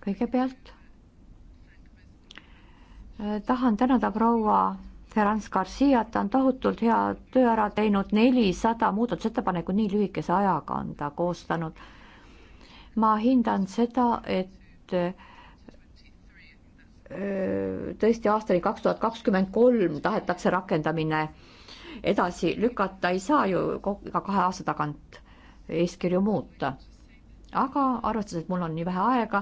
kõigepealt eh, tahan tänada proua Ferrans Garciat, ta on tohutult hea töö ära teinud, nelisada muudatusettepanekut nii lühikese ajaga on ta koostanud. ma hindan seda, et eh, tõesti aastani kaks tuhat kakskümmend kolm tahetakse rakendamine edasi lükata, ei saa ju iga kahe aasta tagant eeskirju muuta. aga arvestades, et mul on nii vähe aega,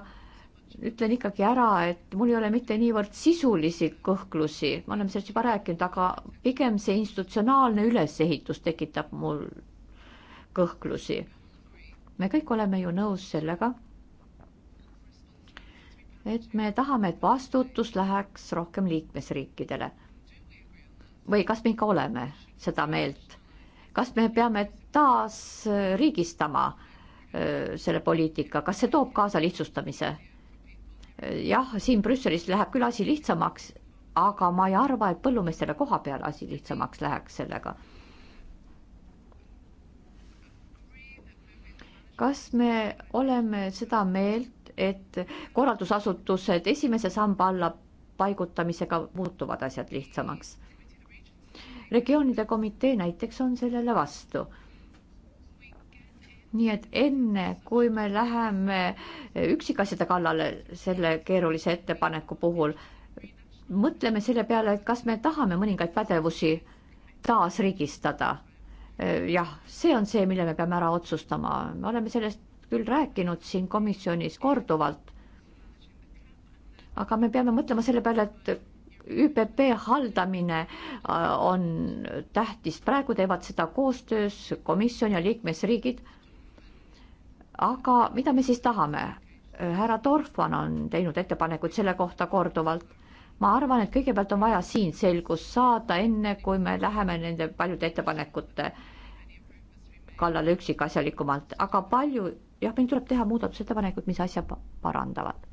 ütlen ikkagi ära, et mul ei ole mitte niivõrd sisulisi kõhklusi, me oleme sellest juba rääkinud, aga pigem see institutsionaalne ülesehitus tekitab mul kõhklusi. me kõik oleme ju nõus sellega, et me tahame, et vastutus läheks rohkem liikmesriikidele või kas me ikka oleme seda meelt? kas me peame taas äh, riigistama äh, selle poliitika, kas see toob kaasa lihtsustamise? Äh, jah, siin Brüsselis läheb küll asi lihtsamaks, aga ma ei arva, et põllumeestele koha peal asi lihtsamaks läheks sellega. kas me oleme seda meelt, et korraldusasutused esimese samba alla paigutamisega muutuvad asjad lihtsamaks? regioonide komitee näiteks on sellele vastu. nii et enne, kui me läheme üksikasjade kallale selle keerulise ettepaneku puhul, mõtleme selle peale, et kas me tahame mõningaid pädevusi taasriigistada. jah, see on see, mille me peame ära otsustama, me oleme sellest küll rääkinud siin komisjonis korduvalt. aga me peame mõtlema selle peale, et ÜPP haldamine äh, on tähtis, praegu teevad seda koostöös komisjon ja liikmesriigid. aga mida me siis tahame? Äh, härra Dorfman on teinud ettepanekuid selle kohta korduvalt. ma arvan, et kõigepealt on vaja siin selgust saada, enne kui me läheme nende paljude ettepanekute kallale üksikasjalikumalt, aga palju, jah, meil tuleb teha muudatusettepanekuid, mis asja parandavad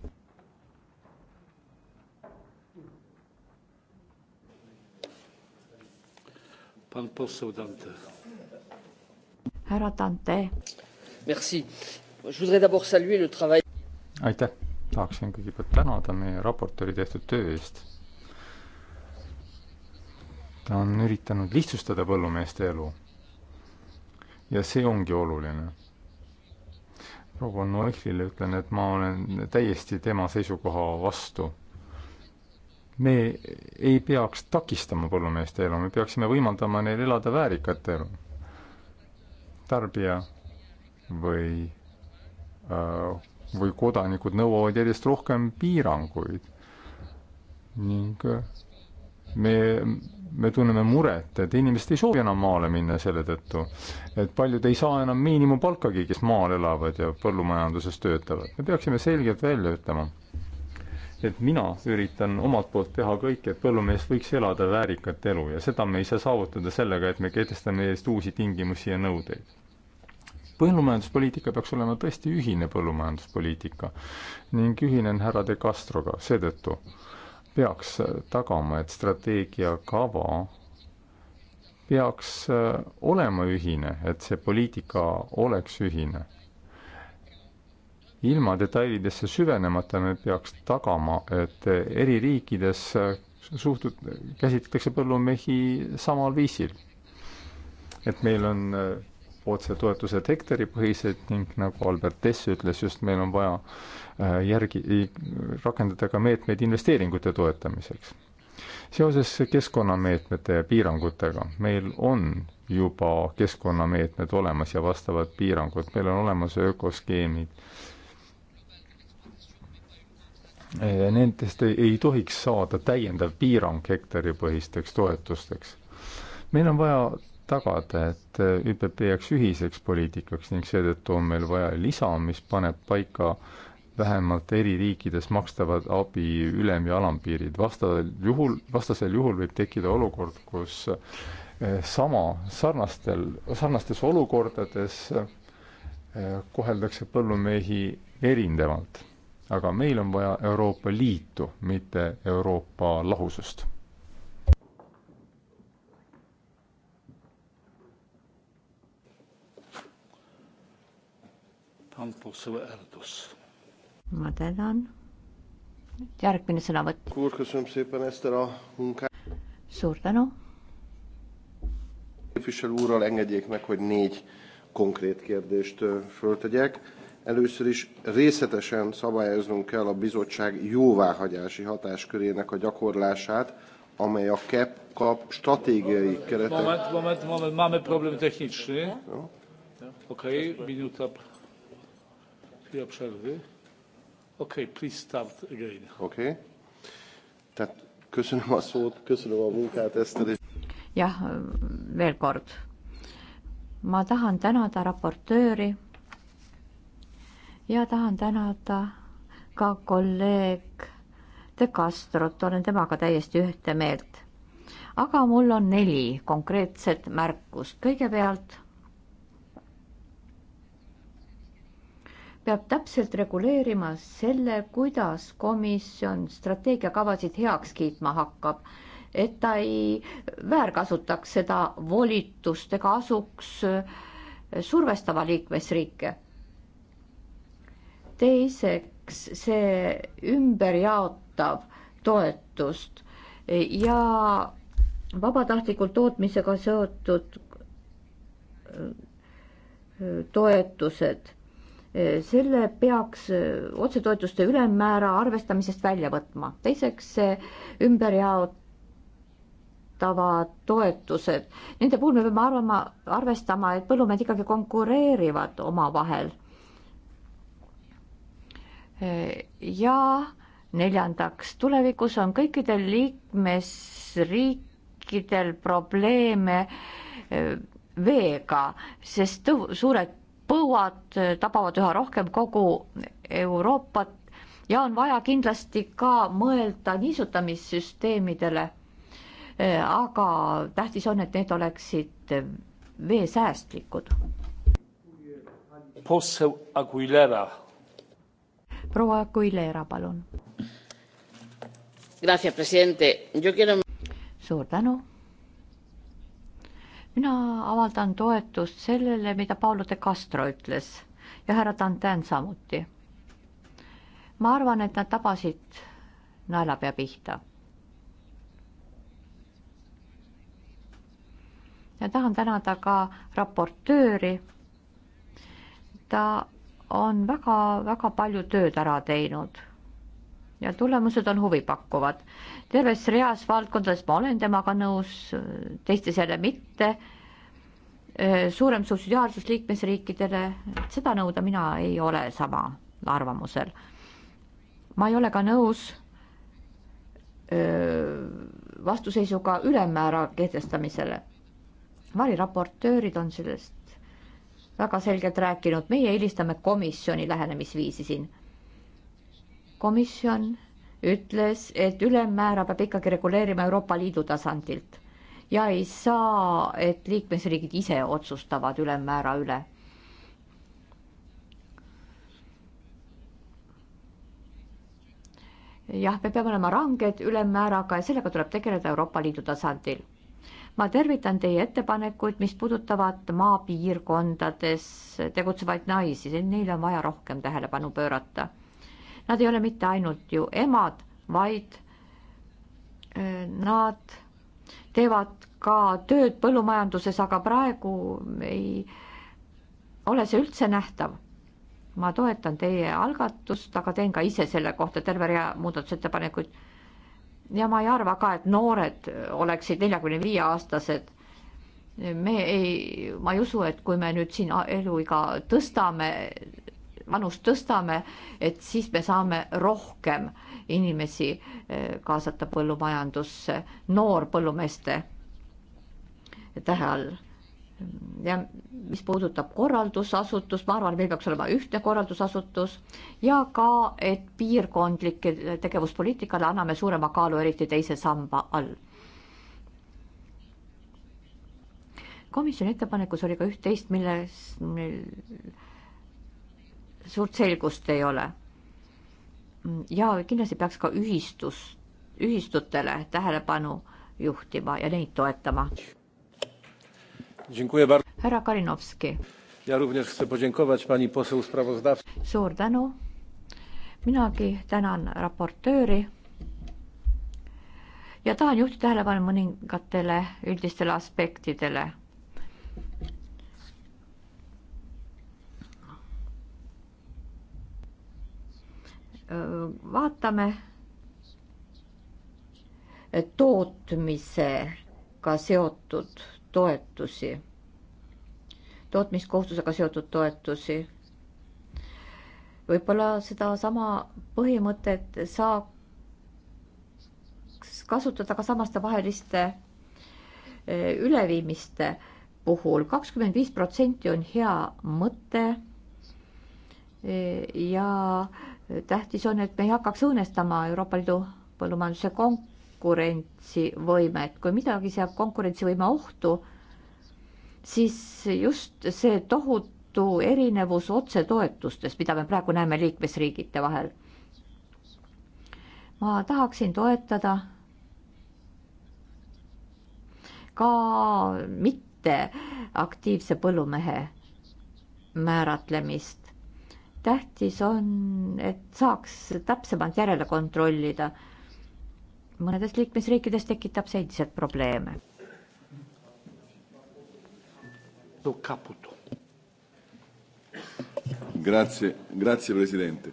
pan poseł Dante. härra Dante. Merci, je voudrais d'abord saluer le travail. aitäh, tahaksin kõigepealt tänada meie raportööri tehtud töö eest. ta on üritanud lihtsustada põllumeeste elu. ja see ongi oluline proua Noihlile ütlen, et ma olen täiesti tema seisukoha vastu me ei peaks takistama põllumeeste elu, me peaksime võimaldama neil elada väärikat elu. tarbija või, äh, või kodanikud nõuavad järjest rohkem piiranguid ning me, me tunneme muret, et inimesed ei soovi enam maale minna selle tõttu, et paljud ei saa enam miinimumpalkagi, kes maal elavad ja põllumajanduses töötavad. me peaksime selgelt välja ütlema, et mina üritan omalt poolt teha kõik, et põllumees võiks elada väärikat elu ja seda me ei saa saavutada sellega, et me kehtestame eest uusi tingimusi ja nõudeid. põllumajanduspoliitika peaks olema tõesti ühine põllumajanduspoliitika ning ühinen härra De Castroga, seetõttu peaks tagama, et strateegiakava peaks äh, olema ühine, et see poliitika oleks ühine ilma detailidesse süvenemata me peaks tagama, et eri riikides suhtud, käsitletakse põllumehi samal viisil. et meil on äh, otsetoetused hektaripõhised ning nagu Albert Tess ütles, just meil on vaja äh, järgi, rakendada ka meetmeid investeeringute toetamiseks. seoses keskkonnameetmete ja piirangutega, meil on juba keskkonnameetmed olemas ja vastavad piirangud, meil on olemas ökoskeemid Äh, nendest ei, ei tohiks saada täiendav piirang hektaripõhisteks toetusteks. meil on vaja tagada, et äh, ÜPP jääks ühiseks poliitikaks ning seetõttu on meil vaja lisa, mis paneb paika vähemalt eri riikides makstavad abi ülem- ja alampiirid. vastavalt juhul, vastasel juhul võib tekkida olukord, kus äh, sama, sarnastel, sarnastes olukordades koheldakse põllumehi erinevalt aga meil on vaja Euroopa Liitu, mitte Euroopa lahusust. ma tänan. järgmine sõnavõtt. Ah, suur tänu. képviselő úrral engedjék meg, hogy négy konkrét kérdést föltegyek. Először is részletesen szabályoznunk kell a bizottság jóváhagyási hatáskörének a gyakorlását, amely a KEP kap stratégiai keretek... Moment, moment, moment, mamy problem techniczny. No. Okej, okay, minuta, chwila przerwy. Okej, okay, please start again. Oké. Okay. Tehát köszönöm a szót, köszönöm a munkát, Eszter. És... Jah, veel kord. Ma tahan tänada raportööri ja tahan tänada ka kolleeg De Castrot, olen temaga täiesti ühte meelt. aga mul on neli konkreetset märkust. kõigepealt peab täpselt reguleerima selle, kuidas komisjon strateegiakavasid heaks kiitma hakkab, et ta ei väärkasutaks seda volitust ega asuks survestama liikmesriike teiseks see ümberjaotav toetust ja vabatahtlikult tootmisega seotud äh, toetused, selle peaks otsetoetuste ülemmäära arvestamisest välja võtma. teiseks see ümberjaotavad toetused, nende puhul me peame arvama, arvestama, et põllumehed ikkagi konkureerivad omavahel ja neljandaks, tulevikus on kõikidel liikmesriikidel probleeme eh, veega, sest tõu-, suured põuad eh, tabavad üha rohkem kogu Euroopat ja on vaja kindlasti ka mõelda niisutamissüsteemidele. Eh, aga tähtis on, et need oleksid veesäästlikud. Poseł Aguilera proua Guilera, palun. Quiero... suur tänu. mina avaldan toetust sellele, mida Paulo de Castro ütles ja härra Dantin samuti. ma arvan, et nad tabasid naelapea pihta ja tahan tänada ka raportööri. ta on väga-väga palju tööd ära teinud ja tulemused on huvipakkuvad. terves reas valdkondades ma olen temaga nõus, teistes jälle mitte. suurem subsidiaarsus liikmesriikidele, seda nõuda mina ei ole sama arvamusel. ma ei ole ka nõus vastuseisuga ülemmäära kehtestamisele. variraportöörid on sellest väga selgelt rääkinud, meie eelistame komisjoni lähenemisviisi siin. komisjon ütles, et ülemmäära peab ikkagi reguleerima Euroopa Liidu tasandilt ja ei saa, et liikmesriigid ise otsustavad ülemmäära üle. jah, me peame olema ranged ülemmääraga ja sellega tuleb tegeleda Euroopa Liidu tasandil ma tervitan teie ettepanekuid, mis puudutavad maapiirkondades tegutsevaid naisi, neile on vaja rohkem tähelepanu pöörata. Nad ei ole mitte ainult ju emad, vaid äh, nad teevad ka tööd põllumajanduses, aga praegu ei ole see üldse nähtav. ma toetan teie algatust, aga teen ka ise selle kohta terve rea muudatusettepanekuid ja ma ei arva ka, et noored oleksid neljakümne viie aastased. me ei, ma ei usu, et kui me nüüd siin eluiga tõstame, vanust tõstame, et siis me saame rohkem inimesi eh, kaasata põllumajandusse, noorpõllumeeste tähe all ja mis puudutab korraldusasutust, ma arvan, meil peaks olema ühtne korraldusasutus ja ka, et piirkondlike tegevuspoliitikale anname suurema kaalu, eriti teise samba all. komisjoni ettepanekus oli ka üht-teist, milles meil suurt selgust ei ole. ja kindlasti peaks ka ühistus, ühistutele tähelepanu juhtima ja neid toetama härra Kalinovski. suur tänu. minagi tänan raportööri ja tahan juhtida tähelepanu mõningatele üldistele aspektidele. vaatame tootmisega seotud toetusi, tootmiskohustusega seotud toetusi. võib-olla sedasama põhimõtet saaks kasutada ka samastevaheliste eh, üleviimiste puhul. kakskümmend viis protsenti on hea mõte. Eh, ja tähtis on, et me ei hakkaks õõnestama Euroopa Liidu põllumajanduse konk-, konkurentsivõimet, kui midagi seab konkurentsivõime ohtu, siis just see tohutu erinevus otsetoetustes, mida me praegu näeme liikmesriigite vahel. ma tahaksin toetada ka mitteaktiivse põllumehe määratlemist. tähtis on, et saaks täpsemalt järele kontrollida mõnedes liikmesriikides tekitab see endiselt probleeme. Grazie, grazie, president.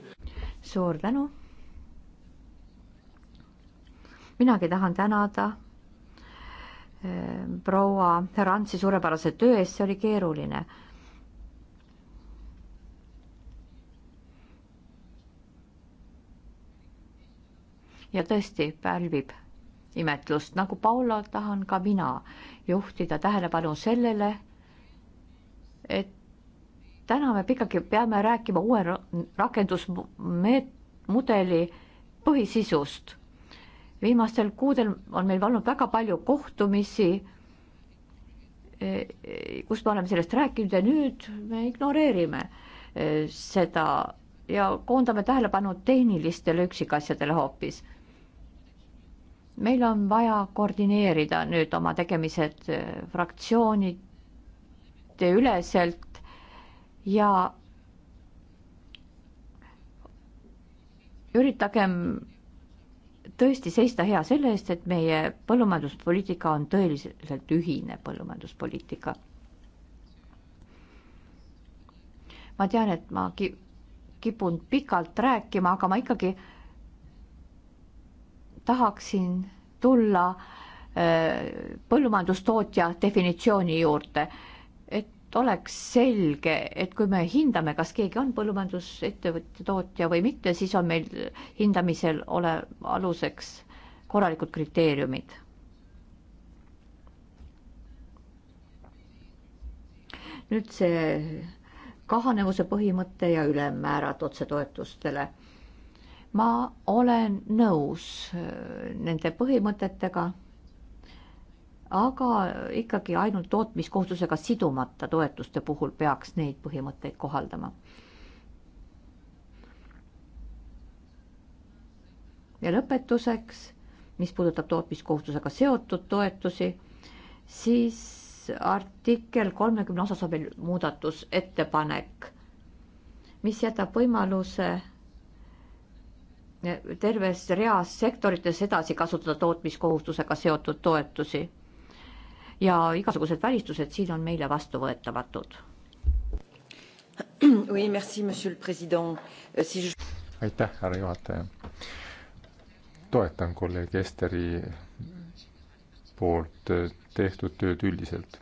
suur tänu. minagi tahan tänada eh, proua Rantsi suurepärase töö eest, see oli keeruline ja tõesti pälvib imetlust. nagu Paula, tahan ka mina juhtida tähelepanu sellele, et täna me ikkagi peame rääkima uue rakendusmudeli põhisisust. viimastel kuudel on meil olnud väga palju kohtumisi, e, e, kus me oleme sellest rääkinud ja nüüd me ignoreerime e, seda ja koondame tähelepanu tehnilistele üksikasjadele hoopis meil on vaja koordineerida nüüd oma tegemised äh, fraktsioonide üleselt ja üritagem tõesti seista hea selle eest, et meie põllumajanduspoliitika on tõeliselt ühine põllumajanduspoliitika. ma tean, et ma ki-, kipun pikalt rääkima, aga ma ikkagi äh, tahaksin tulla äh, põllumajandustootja definitsiooni juurde, et oleks selge, et kui me hindame, kas keegi on põllumajandusettevõtja tootja või mitte, siis on meil hindamisel ole aluseks korralikud kriteeriumid. nüüd see kahanevuse põhimõte ja ülemmäärad otsetoetustele ma olen nõus äh, nende põhimõtetega, aga ikkagi ainult tootmiskohustusega sidumata toetuste puhul peaks neid põhimõtteid kohaldama. ja lõpetuseks, mis puudutab tootmiskohustusega seotud toetusi, siis artikkel kolmekümne osas on veel muudatusettepanek, mis jätab võimaluse terves reas sektorites edasi kasutada tootmiskohustusega seotud toetusi. ja igasugused välistused siin on meile vastuvõetamatud. Euh, aitäh, härra juhataja. toetan kolleeg Esteri poolt äh, tehtud tööd üldiselt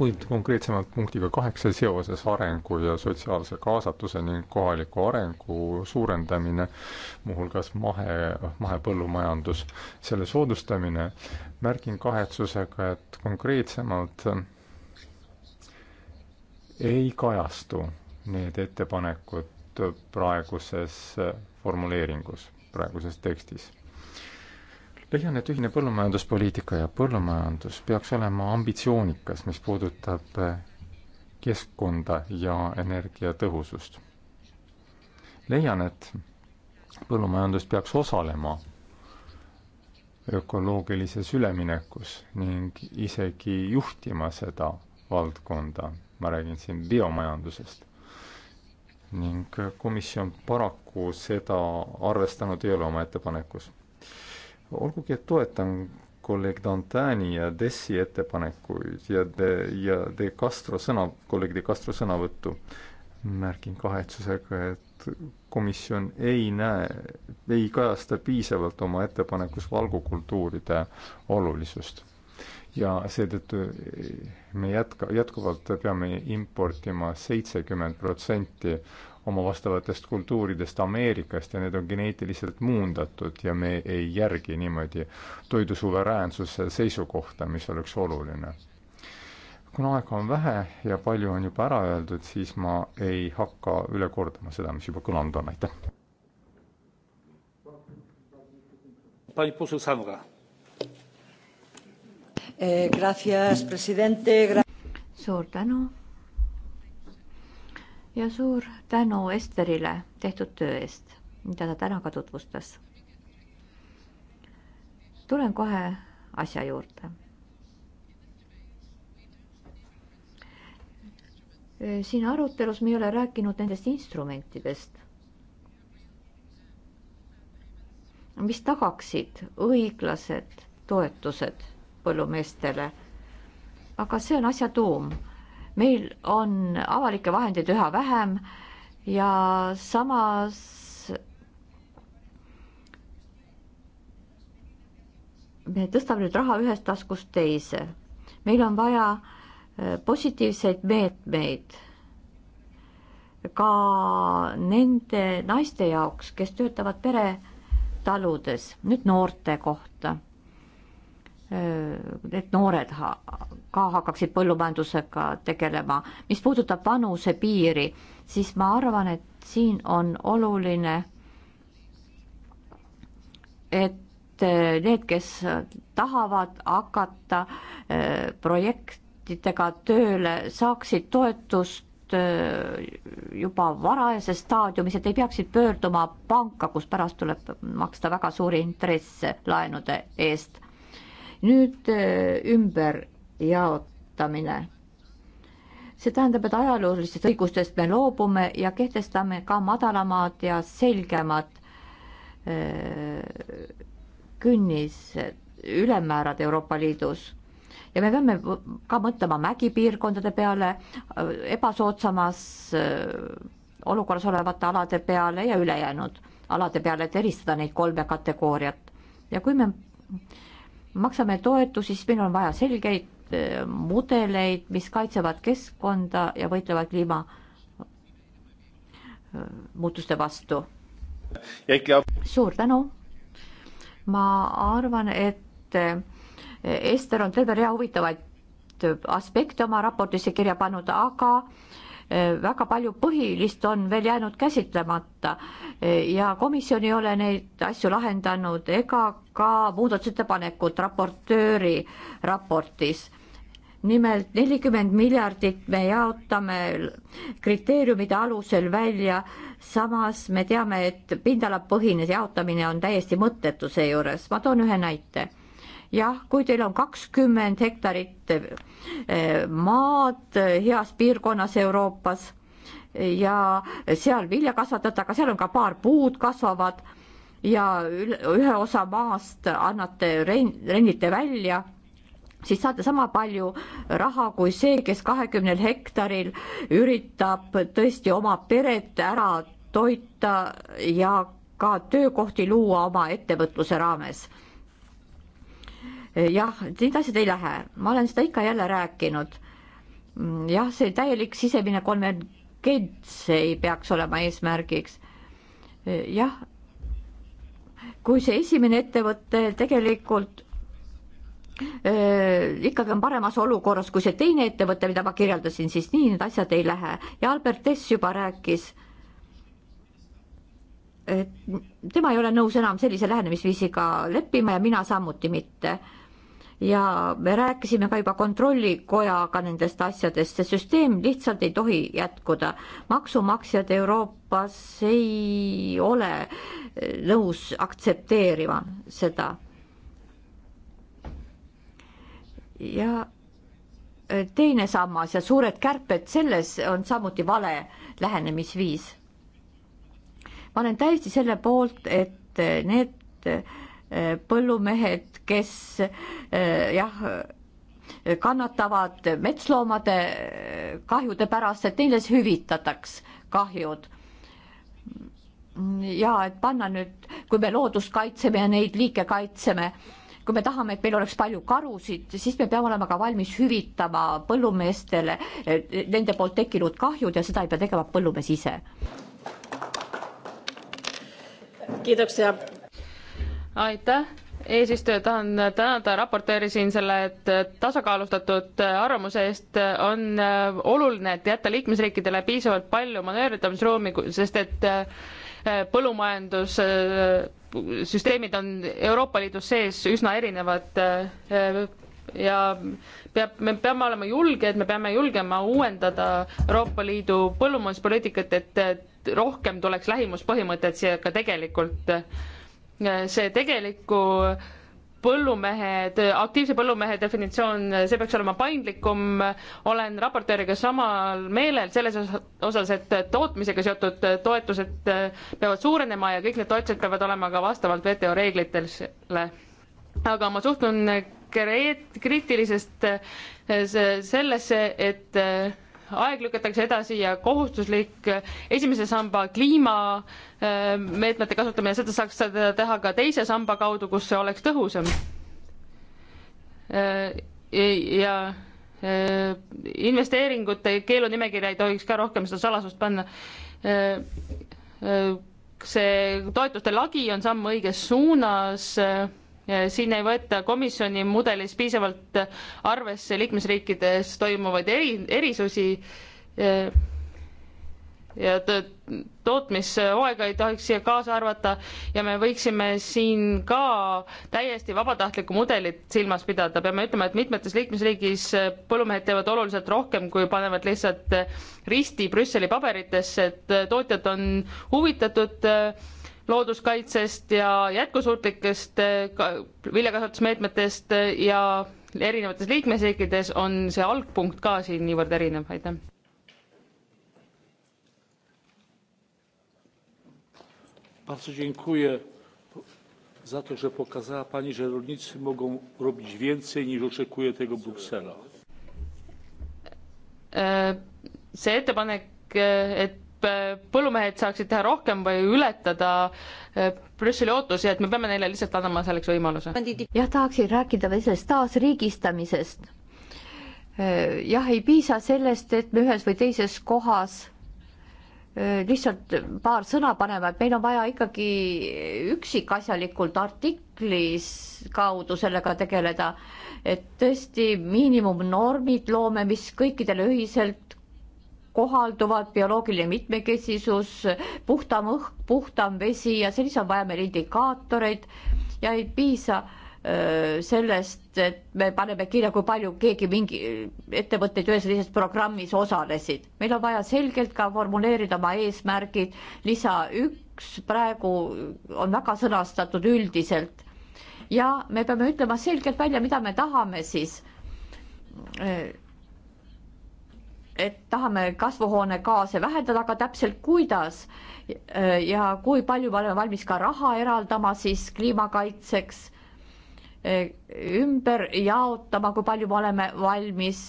kuid konkreetsemalt punktiga kaheksa seoses arengu ja sotsiaalse kaasatuse ning kohaliku arengu suurendamine, muuhulgas mahe, mahepõllumajandus, selle soodustamine, märgin kahetsusega, et konkreetsemalt ei kajastu need ettepanekud praeguses formuleeringus, praeguses tekstis leian, et ühine põllumajanduspoliitika ja põllumajandus peaks olema ambitsioonikas, mis puudutab eh, keskkonda ja energiatõhusust. leian, et põllumajandus peaks osalema ökoloogilises üleminekus ning isegi juhtima seda valdkonda, ma räägin siin biomajandusest. ning komisjon paraku seda arvestanud ei ole oma ettepanekus olgugi, et toetan kolleeg Dantani ja Dessi ettepanekuid ja De, ja De Castro sõna, kolleeg De Castro sõnavõttu, märgin kahetsusega, et komisjon ei näe, ei kajasta piisavalt oma ettepanekus valgukultuuride olulisust. ja seetõttu me jätka, jätkuvalt peame importima seitsekümmend protsenti oma vastavatest kultuuridest Ameerikast ja need on geneetiliselt muundatud ja me ei järgi niimoodi toidusuveräänsuse seisukohta, mis oleks oluline. kuna aega on vähe ja palju on juba ära öeldud, siis ma ei hakka üle kordama seda, mis juba kõlanud on, aitäh. Eh, suur tänu ja suur tänu Esterile tehtud töö eest, mida ta täna ka tutvustas. tulen kohe asja juurde. siin arutelus me ei ole rääkinud nendest instrumentidest, mis tagaksid õiglased toetused põllumeestele. aga see on asja tuum meil on avalikke vahendeid üha vähem ja samas me tõstame nüüd raha ühest taskust teise. meil on vaja äh, positiivseid meetmeid ka nende naiste jaoks, kes töötavad peretaludes, nüüd noorte kohta Äh, et noored ha ka hakkaksid põllumajandusega tegelema. mis puudutab vanusepiiri, siis ma arvan, et siin on oluline, et äh, need, kes tahavad hakata äh, projektidega tööle, saaksid toetust juba varajases staadiumis, et ei peaksid pöörduma panka, kus pärast tuleb maksta väga suuri intresse laenude eest nüüd äh, ümberjaotamine. see tähendab, et ajaloolistest õigustest me loobume ja kehtestame ka madalamad ja selgemad äh, künnised, ülemmäärad Euroopa Liidus ja me peame ka mõtlema mägipiirkondade peale, äh, ebasoodsamas olukorras olevate alade peale ja ülejäänud alade peale, et eristada neid kolme kategooriat. ja kui me maksame toetusi, siis meil on vaja selgeid eh, mudeleid, mis kaitsevad keskkonda ja võitlevad kliima eh, muutuste vastu. suur tänu. ma arvan, et eh, Ester on terve rea huvitavaid aspekte oma raportisse kirja pannud, aga Eh, väga palju põhilist on veel jäänud käsitlemata eh, ja komisjon ei ole neid asju lahendanud ega ka muudatusettepanekut raportööri raportis nimelt nelikümmend miljardit me jaotame kriteeriumide alusel välja, samas me teame, et pindalapõhine jaotamine on täiesti mõttetu seejuures. ma toon ühe näite jah, kui teil on kakskümmend hektarit eh, maad eh, heas piirkonnas Euroopas ja seal vilja kasvatada, aga seal on ka paar puud kasvavad ja ühe osa maast annate ren-, rendite välja, siis saate sama palju raha kui see, kes kahekümnel hektaril üritab tõesti oma peret ära toita ja ka töökohti luua oma ettevõtluse raames jah, need asjad ei lähe, ma olen seda ikka jälle rääkinud. jah, see täielik sisemine konvergents ei peaks olema eesmärgiks. jah, kui see esimene ettevõte tegelikult Üh, ikkagi on paremas olukorras kui see teine ettevõte, mida ma kirjeldasin, siis nii need asjad ei lähe ja Albert Tess juba rääkis, et tema ei ole nõus enam sellise lähenemisviisiga leppima ja mina samuti mitte ja me rääkisime ka juba kontrollikojaga nendest asjadest, see süsteem lihtsalt ei tohi jätkuda. maksumaksjad Euroopas ei ole eh, nõus aktsepteerima seda. ja eh, teine sammas ja suured kärped, selles on samuti vale lähenemisviis. ma olen täiesti selle poolt, et eh, need põllumehed, kes eh, jah, kannatavad metsloomade eh, kahjude pärast, et neile siis hüvitataks kahjud. ja et panna nüüd, kui me loodust kaitseme ja neid liike kaitseme, kui me tahame, et meil oleks palju karusid, siis me peame olema ka valmis hüvitama põllumeestele nende poolt tekkinud kahjud ja seda ei pea tegema põllumees ise. kiitoksia. aitäh eesistuja, tahan tänada raportööri siin selle tasakaalustatud arvamuse eest. on äh, oluline, et jätta liikmesriikidele piisavalt palju manööverdamisruumi, sest et äh, põllumajandussüsteemid äh, on Euroopa Liidus sees üsna erinevad ja peab, me peame olema julged, me peame julgema uuendada Euroopa Liidu põllumajanduspoliitikat, et rohkem tuleks lähimuspõhimõtet siia ka tegelikult äh, see tegeliku põllumehe, aktiivse põllumehe definitsioon, see peaks olema paindlikum, olen raportööriga samal meelel selles osas, et tootmisega seotud toetused peavad suurenema ja kõik need toetused peavad olema ka vastavalt WTO reeglitele. aga ma suhtun kreet-, kriitilisest eh, sellesse, et aeg lükatakse edasi ja kohustuslik esimese samba kliimameetmete äh, kasutamine, seda saaks seda teha ka teise samba kaudu, kus see oleks tõhusam. Äh, ja äh, investeeringute keelunimekirja ei tohiks ka rohkem seda salasust panna. see toetuste lagi on samm õiges suunas siin ei võeta komisjoni mudelis piisavalt arvesse liikmesriikides toimuvaid eri, erisusi ja tootmishooaega ei tohiks siia kaasa arvata ja me võiksime siin ka täiesti vabatahtlikku mudelit silmas pidada. peame ütlema, et mitmetes liikmesriigis põllumehed teevad oluliselt rohkem, kui panevad lihtsalt risti Brüsseli paberitesse, et tootjad on huvitatud äh, looduskaitsest ja jätkusuutlikest viljakasvatusmeetmetest ja erinevates liikmesriikides on see algpunkt ka siin niivõrd erinev, aitäh. Bardzo dziękuję za to, że pokazała Pani, że rolnicy mogą robić więcej niż oczekuje tego Bruksela. E, see ettepanek, e, et Äh, põllumehed saaksid teha rohkem või ületada äh, Brüsseli ootusi, et me peame neile lihtsalt andma selleks võimaluse. jah, tahaksin rääkida veel sellest taasriigistamisest. Äh, jah, ei piisa sellest, et me ühes või teises kohas lihtsalt paar sõna paneme, et meil on vaja ikkagi üksikasjalikult artiklis kaudu sellega tegeleda, et tõesti miinimumnormid loome, mis kõikidele ühiselt kohalduvad bioloogiline mitmekesisus, puhtam õhk, puhtam vesi ja selleks on vaja meil indikaatoreid ja ei piisa öö, sellest, et me paneme kirja, kui palju keegi mingi ettevõtteid ühes või teises programmis osalesid. meil on vaja selgelt ka formuleerida oma eesmärgid, lisa üks praegu on väga sõnastatud üldiselt ja me peame ütlema selgelt välja, mida me tahame siis öö, et tahame kasvuhoonegaase vähendada, aga täpselt kuidas ja kui palju me oleme valmis ka raha eraldama siis kliimakaitseks, ümber jaotama, kui palju me oleme valmis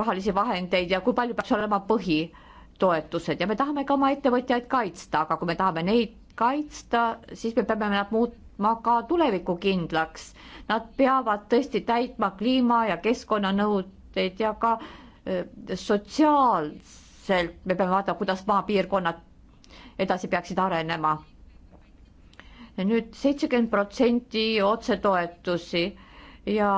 rahalisi vahendeid ja kui palju peaks olema põhitoetused ja me tahame ka oma ettevõtjaid kaitsta, aga kui me tahame neid kaitsta, siis me peame nad muutma ka tulevikukindlaks. Nad peavad tõesti täitma kliima ja keskkonnanõudeid ja ka äh, sotsiaalselt me peame vaatama, kuidas maapiirkonnad edasi peaksid arenema. nüüd seitsekümmend protsenti otsetoetusi ja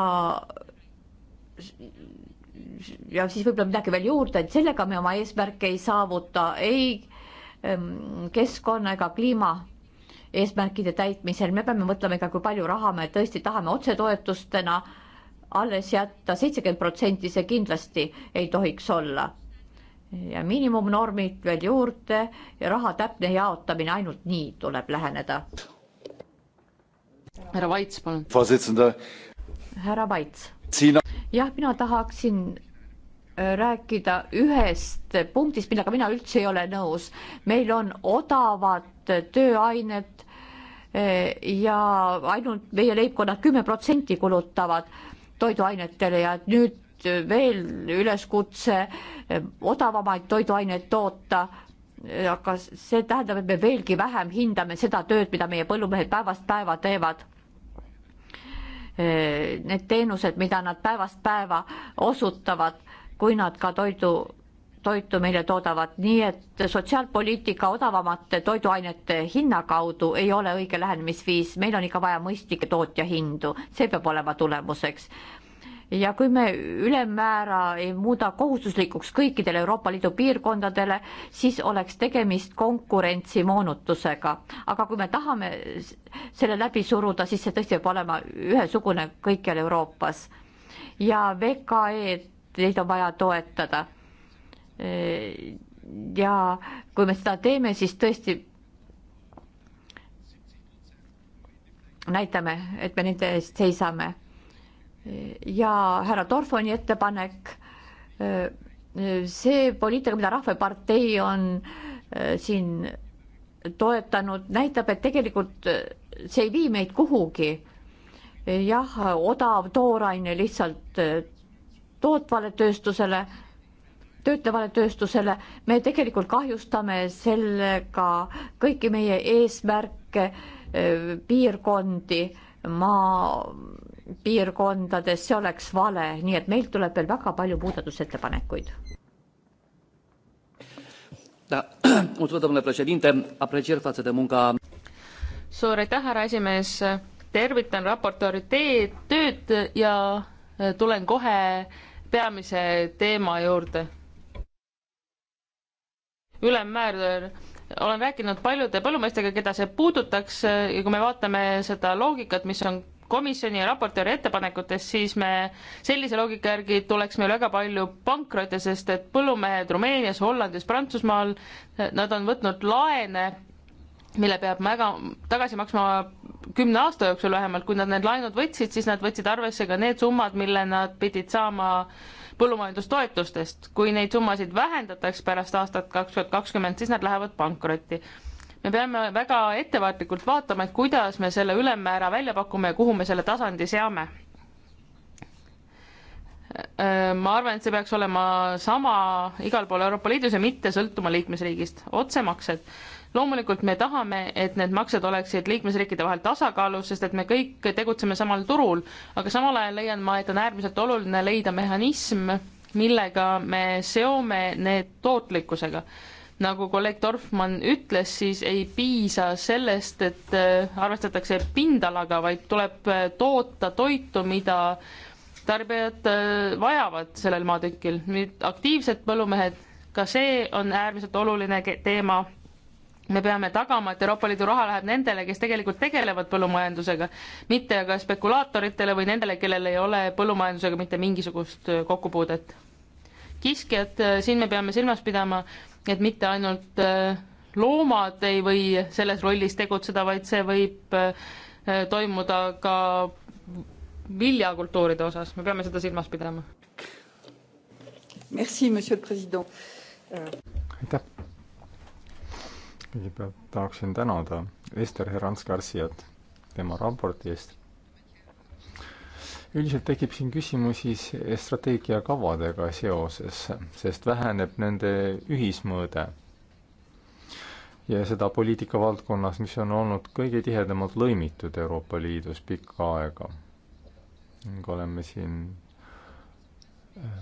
ja siis võib-olla midagi veel juurde, et sellega me oma eesmärke ei saavuta ei ehm, keskkonna ega kliima eesmärkide täitmisel, me peame mõtlema ikka, kui palju raha me tõesti tahame otsetoetustena äh, alles jätta seitsekümmend protsenti, see kindlasti ei tohiks olla. ja miinimumnormid veel juurde ja raha täpne jaotamine, ainult nii tuleb läheneda. härra Vaits, palun. härra Vaits. jah, mina tahaksin äh, rääkida ühest punktist, millega mina üldse ei ole nõus. meil on odavad tööained äh, ja ainult meie leibkonnad kümme protsenti kulutavad toiduainetele ja nüüd veel üleskutse odavamaid toiduaineid toota, aga see tähendab, et me veelgi vähem hindame seda tööd, mida meie põllumehed päevast päeva teevad. Need teenused, mida nad päevast päeva osutavad, kui nad ka toidu toitu meile toodavad, nii et sotsiaalpoliitika odavamate toiduainete hinna kaudu ei ole õige lähenemisviis, meil on ikka vaja mõistlikke tootjahindu, see peab olema tulemuseks ja kui me ülemmäära ei muuda kohustuslikuks kõikidele Euroopa Liidu piirkondadele, siis oleks tegemist konkurentsimoonutusega. aga kui me tahame selle läbi suruda, siis see tõesti peab olema ühesugune kõikjal Euroopas. ja VKE-d, neid on vaja toetada Äh, ja kui me seda teeme, siis tõesti näitame, et me nende eest seisame. ja härra Dorfoni ettepanek, äh, see poliitika, mida Rahvapartei on äh, siin toetanud, näitab, et tegelikult see ei vii meid kuhugi. jah, odav tooraine lihtsalt tootvale tööstusele töötlevale tööstusele, me tegelikult kahjustame sellega kõiki meie eesmärke, äh, piirkondi, maapiirkondades, see oleks vale, nii et meilt tuleb veel väga palju muudatusettepanekuid. suur aitäh, härra esimees, tervitan raportööri teed, tööd ja äh, tulen kohe peamise teema juurde ülemmäär olen rääkinud paljude põllumeestega, keda see puudutaks ja kui me vaatame seda loogikat, mis on komisjoni ja raportööri ettepanekutes, siis me sellise loogika järgi tuleks meil väga palju pankrotte, sest et põllumehed Rumeenias, Hollandis, Prantsusmaal, nad on võtnud laene, mille peab väga tagasi maksma kümne aasta jooksul vähemalt, kui nad need laenud võtsid, siis nad võtsid arvesse ka need summad, mille nad pidid saama äh, põllumajandustoetustest. kui neid summasid vähendatakse pärast aastat kaks tuhat kakskümmend, siis nad lähevad pankrotti. me peame väga ettevaatlikult vaatama, et kuidas me selle ülemmäära välja pakume ja kuhu me selle tasandi seame. Äh, ma arvan, et see peaks olema sama igal pool Euroopa Liidus ja mitte sõltuma liikmesriigist. otsemaksed loomulikult me tahame, et need maksed oleksid liikmesriikide vahel tasakaalus, sest et me kõik tegutseme samal turul, aga samal ajal leian ma, et on äärmiselt oluline leida mehhanism, millega me seome need tootlikkusega. nagu kolleeg Dorfmann ütles, siis ei piisa sellest, et äh, arvestatakse pindalaga, vaid tuleb äh, toota toitu, mida tarbijad äh, vajavad sellel maatükil. nüüd aktiivsed põllumehed, ka see on äärmiselt oluline teema me peame tagama, et Euroopa Liidu raha läheb nendele, kes tegelikult tegelevad põllumajandusega, mitte aga spekulaatoritele või nendele, kellel ei ole põllumajandusega mitte mingisugust äh, kokkupuudet. kiskjad, äh, siin me peame silmas pidama, et mitte ainult äh, loomad ei või selles rollis tegutseda, vaid see võib toimuda ka viljakultuuride osas, me peame seda silmas pidama. aitäh kõigepealt tahaksin tänada Ester Herrans-Garciat tema raporti eest. üldiselt tekib siin küsimusi strateegiakavadega seoses, sest väheneb nende ühismõõde. ja seda poliitikavaldkonnas, mis on olnud kõige tihedamalt lõimitud Euroopa Liidus pikka aega. ning oleme siin äh,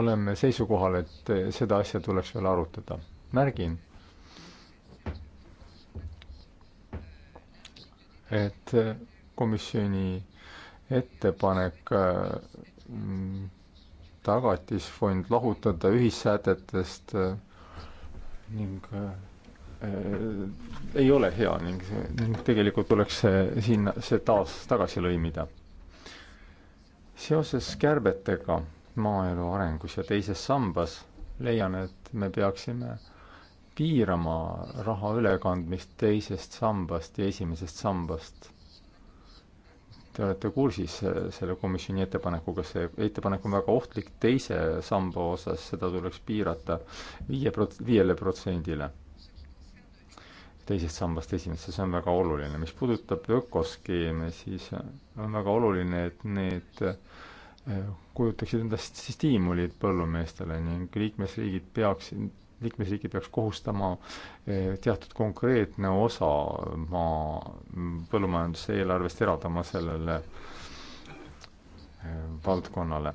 oleme seisukohal, et seda asja tuleks veel arutada märgin, et komisjoni ettepanek mm, tagatisfond lahutada ühissäädetest ning äh, ei ole hea ning, ning tegelikult tuleks see sinna, see taas tagasi lõimida. seoses kärbetega maaelu arengus ja teises sambas leian, et me peaksime äh, piirama raha ülekandmist teisest sambast ja esimesest sambast. Te olete kursis äh, selle komisjoni ettepanekuga, see ettepanek on väga ohtlik teise samba osas, seda tuleks piirata viie prot-, viiele protsendile teisest sambast esimesse, see on väga oluline. mis puudutab ökoskeeme, siis on väga oluline, et need äh, kujutaksid endast stiimulid põllumeestele ning liikmesriigid peaksid liikmesriigid peaks kohustama eh, teatud konkreetne osa maa põllumajanduse eelarvest eraldama sellele eh, valdkonnale.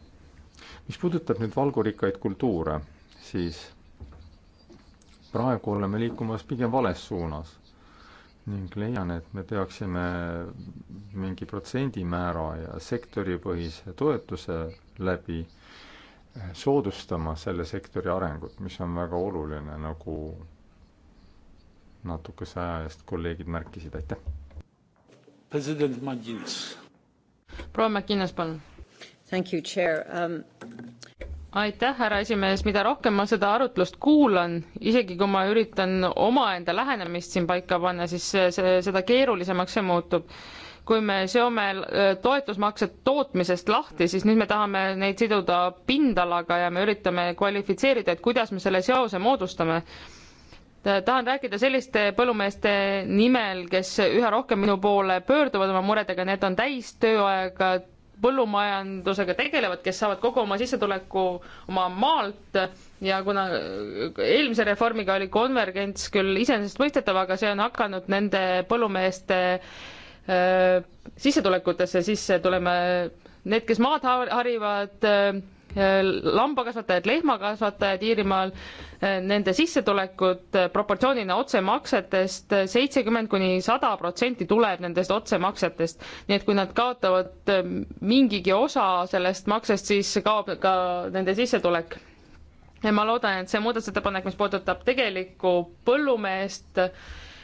mis puudutab nüüd valgurikkaid kultuure, siis praegu oleme liikumas pigem vales suunas ning leian, et me peaksime mingi protsendimäära ja sektoripõhise toetuse läbi soodustama selle sektori arengut, mis on väga oluline, nagu natukese aja eest kolleegid märkisid, aitäh. president Madins. proua McInnes, palun. Thank you, chair um.... aitäh, härra esimees, mida rohkem ma seda arutlust kuulan, isegi kui ma üritan omaenda lähenemist siin paika panna, siis see, see, seda keerulisemaks see muutub kui me seome äh, toetusmaksed tootmisest lahti, siis nüüd me tahame neid siduda pindalaga ja me üritame kvalifitseerida, et kuidas me selle seose moodustame. tahan rääkida selliste põllumeeste nimel, kes üha rohkem minu poole pöörduvad oma muredega, need on täistööaega põllumajandusega tegelevad, kes saavad kogu oma sissetuleku oma maalt ja kuna eelmise reformiga oli konvergents küll iseenesestmõistetav, aga see on hakanud nende põllumeeste äh, Äh, sissetulekutesse sisse tuleme, need, kes maad harivad, äh, lambakasvatajad, lehmakasvatajad Iirimaal, äh, nende sissetulekud proportsioonina otsemaksetest seitsekümmend kuni sada protsenti tuleb nendest otsemaksetest. nii et kui nad kaotavad mingigi osa sellest maksest, siis kaob ka nende sissetulek. ja ma loodan, et see muudatusettepanek, mis puudutab tegelikku põllumeest,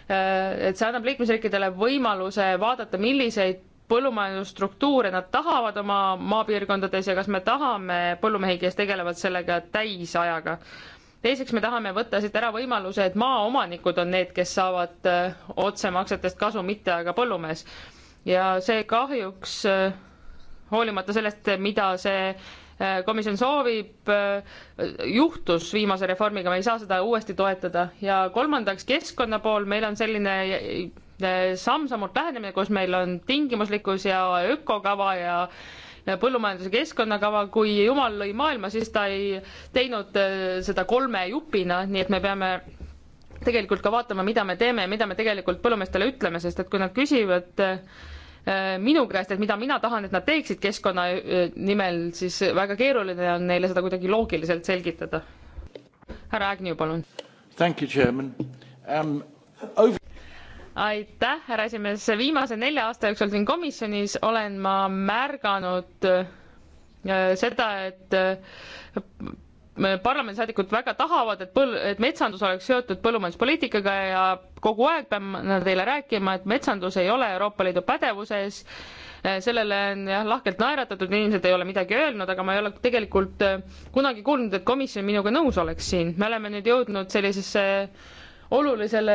Äh, et see annab liikmesriikidele võimaluse vaadata, milliseid põllumajandusstruktuure nad tahavad oma maapiirkondades ja kas me tahame põllumehi, kes tegelevad sellega täisajaga. teiseks, me tahame võtta siit ära võimaluse, et maaomanikud on need, kes saavad äh, otsemaksetest kasu, mitte aga põllumees. ja see kahjuks äh, hoolimata sellest, mida see Äh, komisjon soovib, äh, juhtus viimase reformiga, me ei saa seda uuesti toetada ja kolmandaks keskkonna pool, meil on selline äh, samm-sammult lähenemine, kus meil on tingimuslikkus ja ökokava ja põllumajanduse keskkonnakava, kui jumal lõi maailma, siis ta ei teinud seda kolme jupina, nii et me peame tegelikult ka vaatama, mida me teeme ja mida me tegelikult põllumeestele ütleme, sest et kui nad küsivad äh, Äh, minu käest, et mida mina tahan, et nad teeksid keskkonna äh, nimel, siis väga keeruline on neile seda kuidagi loogiliselt selgitada. härra Agnew, palun. Um, over... aitäh, härra esimees, viimase nelja aasta jooksul siin komisjonis olen ma märganud äh, seda, et parlamendisaadikud väga tahavad, et põl-, et metsandus oleks seotud põllumajanduspoliitikaga ja kogu aeg peame teile rääkima, et metsandus ei ole Euroopa Liidu pädevuses, sellele on jah, lahkelt naeratatud, inimesed ei ole midagi öelnud, aga ma ei ole tegelikult äh, kunagi kuulnud, et komisjon minuga nõus oleks siin. me oleme nüüd jõudnud sellisesse äh, olulisele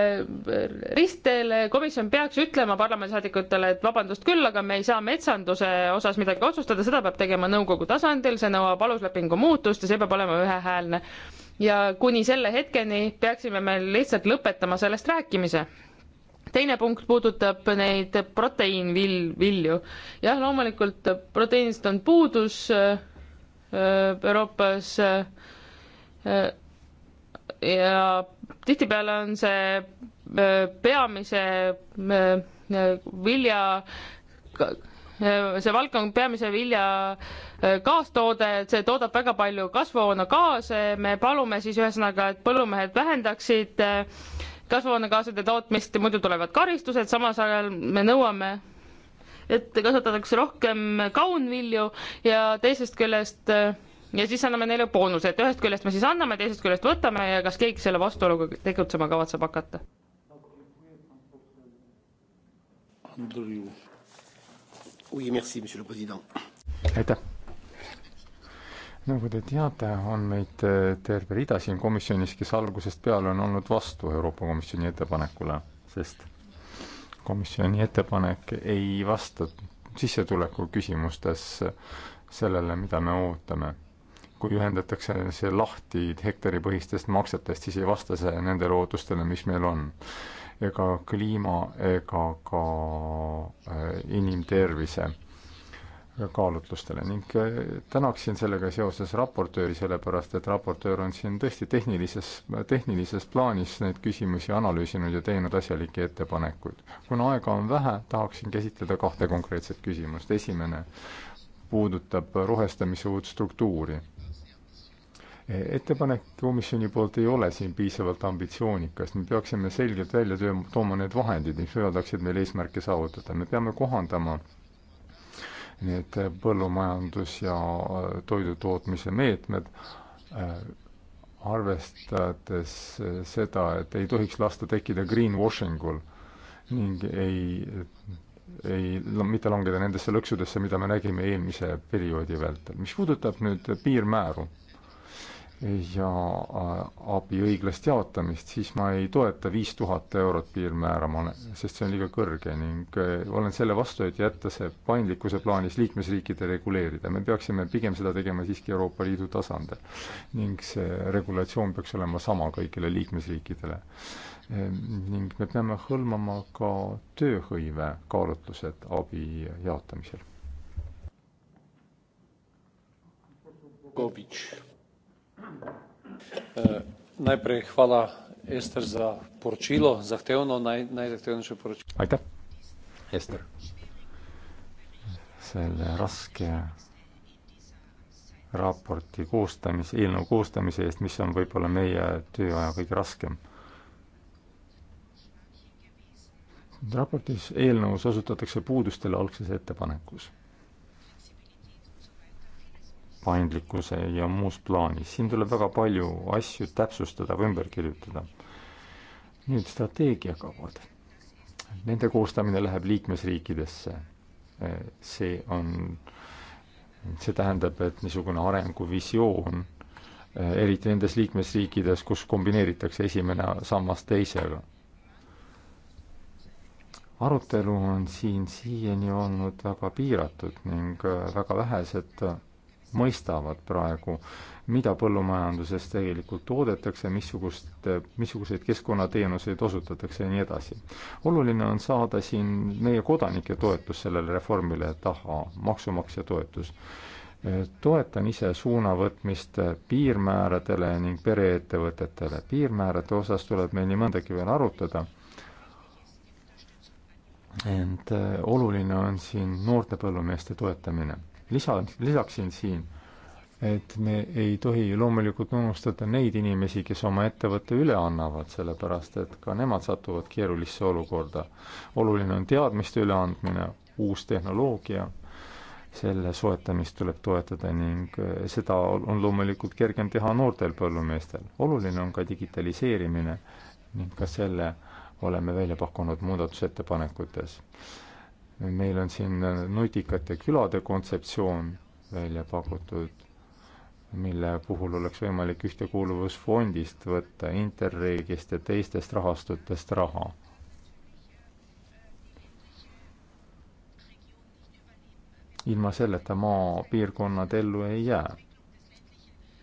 ristteele, komisjon peaks ütlema parlamendisaadikutele, et vabandust küll, aga me ei saa metsanduse osas midagi otsustada, seda peab tegema nõukogu tasandil, see nõuab aluslepingu muutust ja see peab olema ühehäälne. ja kuni selle hetkeni peaksime me lihtsalt lõpetama sellest rääkimise teine punkt puudutab neid proteiinvil-, vilju. jah, loomulikult proteiinist on puudus äh, Euroopas äh, ja tihtipeale on see äh, äh, äh, peamise vilja, see valdkond peamise vilja kaastoode, et see toodab väga palju kasvuhoonegaase, me palume siis ühesõnaga, et põllumehed vähendaksid kasvuhoonegaaside tootmist, muidu tulevad karistused, samas ajal me nõuame et kasvatatakse rohkem kaunvilju ja teisest küljest äh, ja siis anname neile boonuse, et ühest küljest me siis anname, teisest küljest võtame ja kas keegi selle vastuoluga tegutsema kavatseb hakata? aitäh. nagu te teate, on meid äh, terve rida siin komisjonis, kes algusest peale on olnud vastu Euroopa Komisjoni ettepanekule, sest komisjoni ettepanek ei vasta sissetuleku küsimustes sellele, mida me ootame kui ühendatakse see lahti hektaripõhistest maksetest, siis ei vasta see nendele ootustele, mis meil on. ega kliima ega ka äh, inimtervise kaalutlustele ning äh, tänaksin sellega seoses raportööri, sellepärast et raportöör on siin tõesti tehnilises, tehnilises plaanis neid küsimusi analüüsinud ja teinud asjalikke ettepanekuid. kuna aega on vähe, tahaksin käsitleda kahte konkreetset küsimust. esimene puudutab rohestamise uut struktuuri ettepanek komisjoni poolt ei ole siin piisavalt ambitsioonikas, me peaksime selgelt välja töö-, tooma need vahendid, mis võimaldaksid meil eesmärke saavutada, me peame kohandama need põllumajandus- ja äh, toidutootmise meetmed, äh, arvestades äh, seda, et ei tohiks lasta tekkida greenwashing ul ning ei, ei mitte langeda nendesse lõksudesse, mida me nägime eelmise perioodi vältel. mis puudutab nüüd piirmääru ja äh, abi õiglast jaotamist, siis ma ei toeta viis tuhat eurot piirmäära, ma olen, sest see on liiga kõrge ning äh, olen selle vastu, et jätta see paindlikkuse plaanis liikmesriikide reguleerida. me peaksime pigem seda tegema siiski Euroopa Liidu tasandil. ning see regulatsioon peaks olema sama kõigile liikmesriikidele. Ehm, ning me peame hõlmama ka tööhõive kaalutlused abi jaotamisel. Kovitš E, najprej hvala, Ester, za poročilo, zahtevno, naj, najzahtevnejše poročilo. aitäh, Ester, selle raske raporti koostamise, eelnõu koostamise eest, mis on võib-olla meie tööaja kõige raskem raportis, eelnõus osutatakse puudustele algses ettepanekus paindlikkuse ja muus plaanis. siin tuleb väga palju asju täpsustada või ümber kirjutada. nüüd strateegiakavad. Nende koostamine läheb liikmesriikidesse. see on, see tähendab, et niisugune arenguvisioon, eriti nendes liikmesriikides, kus kombineeritakse esimene sammas teisega arutelu on siin siiani olnud väga piiratud ning väga vähesed mõistavad praegu, mida põllumajanduses tegelikult toodetakse, missugust, missuguseid keskkonnateenuseid osutatakse ja nii edasi. oluline on saada siin meie kodanike toetus sellele reformile taha, maksumaksja toetus. toetan ise suunavõtmist piirmääradele ning pereettevõtetele. piirmäärade osas tuleb meil nii mõndagi veel arutada ent oluline on siin noorte põllumeeste toetamine lisa, lisaksin siin, et me ei tohi loomulikult unustada neid inimesi, kes oma ettevõtte üle annavad, sellepärast et ka nemad satuvad keerulisse olukorda. oluline on teadmiste üleandmine, uus tehnoloogia, selle soetamist tuleb toetada ning seda on loomulikult kergem teha noortel põllumeestel. oluline on ka digitaliseerimine ning ka selle oleme välja pakkunud muudatusettepanekutes meil on siin äh, nutikate külade kontseptsioon välja pakutud, mille puhul oleks võimalik Ühtekuuluvusfondist võtta Interregist ja teistest rahastutest raha. ilma selleta maapiirkonnad ellu ei jää.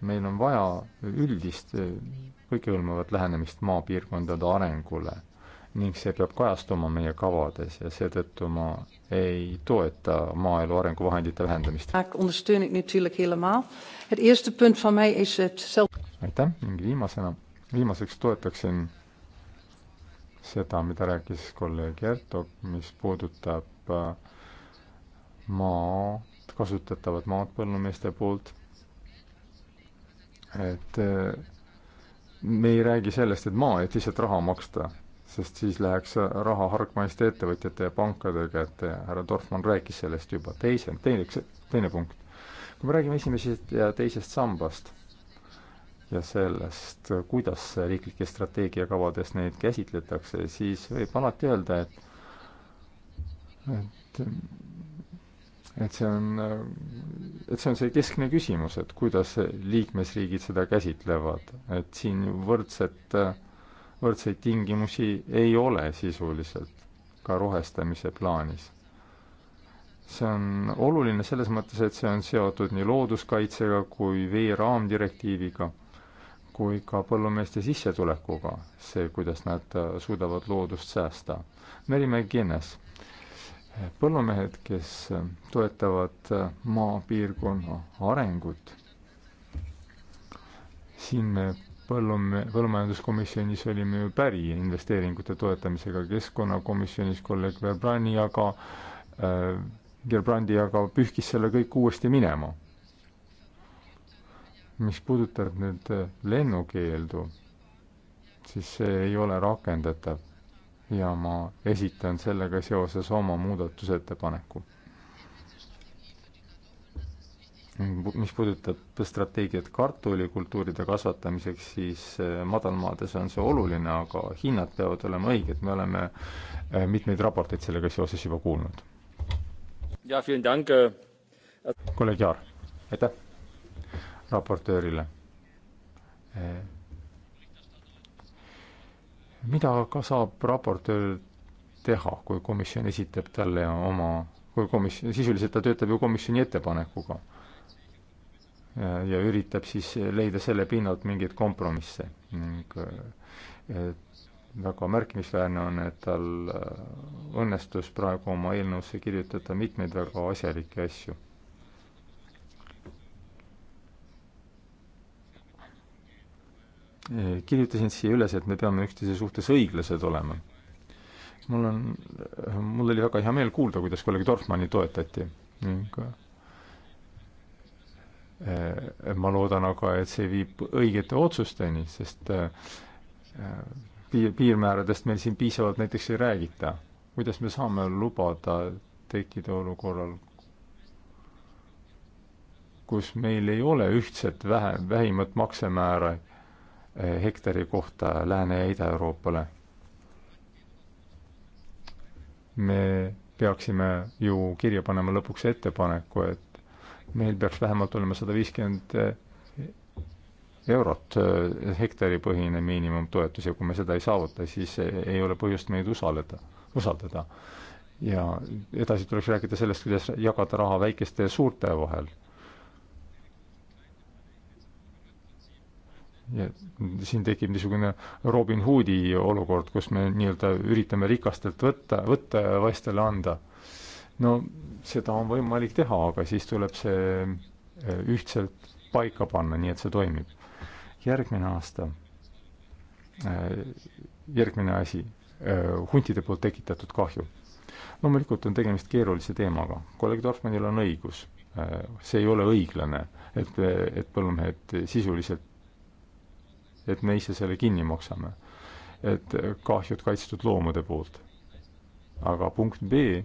meil on vaja üldist äh, kõikehõlmavat lähenemist maapiirkondade arengule ning see peab kajastuma meie kavades ja seetõttu ma ei toeta maaelu arenguvahendite vähendamist. aitäh ning viimasena, viimaseks toetaksin seda, mida rääkis kolleeg Ertog, mis puudutab äh, maa, kasutatavat maad põllumeeste poolt, et äh, me ei räägi sellest, et maa, et lihtsalt raha maksta sest siis läheks raha hargmaiste ettevõtjate ja pankade kätte ja härra Dorfmann rääkis sellest juba. teise, teiseks, teine punkt. kui me räägime esimesest ja teisest sambast ja sellest, kuidas riiklikes strateegiakavades neid käsitletakse, siis võib alati öelda, et et et see on, et see on see keskne küsimus, et kuidas liikmesriigid seda käsitlevad, et siin võrdset äh, võrdseid tingimusi ei ole sisuliselt ka rohestamise plaanis. see on oluline selles mõttes, et see on seotud nii looduskaitsega kui vee raamdirektiiviga kui ka põllumeeste sissetulekuga, see, kuidas nad äh, suudavad loodust säästa. Merimäe Guinness, põllumehed, kes äh, toetavad äh, maapiirkonna arengut, siin me põllum-, põllumajanduskomisjonis olime ju päri investeeringute toetamisega, keskkonnakomisjonis kolleeg Verbrani aga äh,, Gerbrandi aga pühkis selle kõik uuesti minema. mis puudutab nüüd äh, lennukeeldu, siis see ei ole rakendatav ja ma esitan sellega seoses oma muudatusettepaneku mis puudutab strateegiat kartulikultuuride kasvatamiseks, siis eh, madalmaades on see oluline, aga hinnad peavad olema õiged, me oleme eh, mitmeid raporteid sellega seoses juba kuulnud. Äh, kolleeg Jaar, aitäh raportöörile. Eh, mida ka saab raportöör teha, kui komisjon esitab talle oma, kui komisjon, sisuliselt ta töötab ju komisjoni ettepanekuga ja üritab siis leida selle pinnalt mingeid kompromisse ning äh, väga märkimisväärne on, et tal äh, õnnestus praegu oma eelnõusse kirjutada mitmeid väga asjalikke asju. Äh, kirjutasin siia üles, et me peame üksteise suhtes õiglased olema. mul on, mul oli väga hea meel kuulda, kuidas kolleeg Dorfmanni toetati ning Äh, ma loodan aga, et see viib õigete otsusteni, sest äh, piir, piirmääradest meil siin piisavalt näiteks ei räägita. kuidas me saame lubada tekkida olukorral, kus meil ei ole ühtset vähe, vähimat maksemäära äh, hektari kohta Lääne- ja Ida-Euroopale? me peaksime ju kirja panema lõpuks ettepaneku, et meil peaks vähemalt olema sada viiskümmend eh, eurot eh, hektaripõhine miinimumtoetus ja kui me seda ei saavuta, siis ei ole põhjust meid usaleda, usaldada. ja edasi tuleks rääkida sellest, kuidas jagada raha väikeste ja suurte vahel. ja siin tekib niisugune Robin Hoodi olukord, kus me nii-öelda üritame rikastelt võtta, võtta ja vaistele anda no seda on võimalik teha, aga siis tuleb see eh, ühtselt paika panna, nii et see toimib. järgmine aasta, eh, järgmine asi, eh, huntide poolt tekitatud kahju. loomulikult on tegemist keerulise teemaga, kolleeg Dorfmanil on õigus, see ei ole õiglane, et, et põllumehed sisuliselt, et me ise selle kinni maksame. et kahjud kaitstud loomade poolt. aga punkt B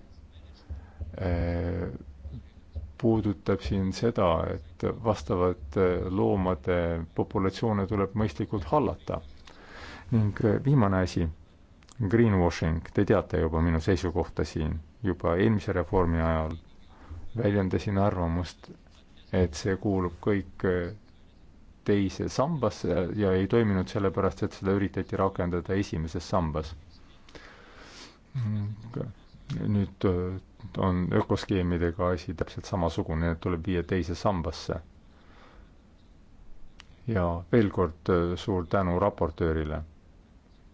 puudutab siin seda, et vastavad äh, loomade populatsioone tuleb mõistlikult hallata. ning äh, viimane asi, greenwashing, te teate juba minu seisukohta siin, juba eelmise reformi ajal väljendasin arvamust, et see kuulub kõik äh, teise sambasse ja ei toiminud sellepärast, et seda üritati rakendada esimeses sambas nüüd äh, on ökoskeemidega asi täpselt samasugune, need tuleb viia teise sambasse. ja veel kord äh, suur tänu raportöörile,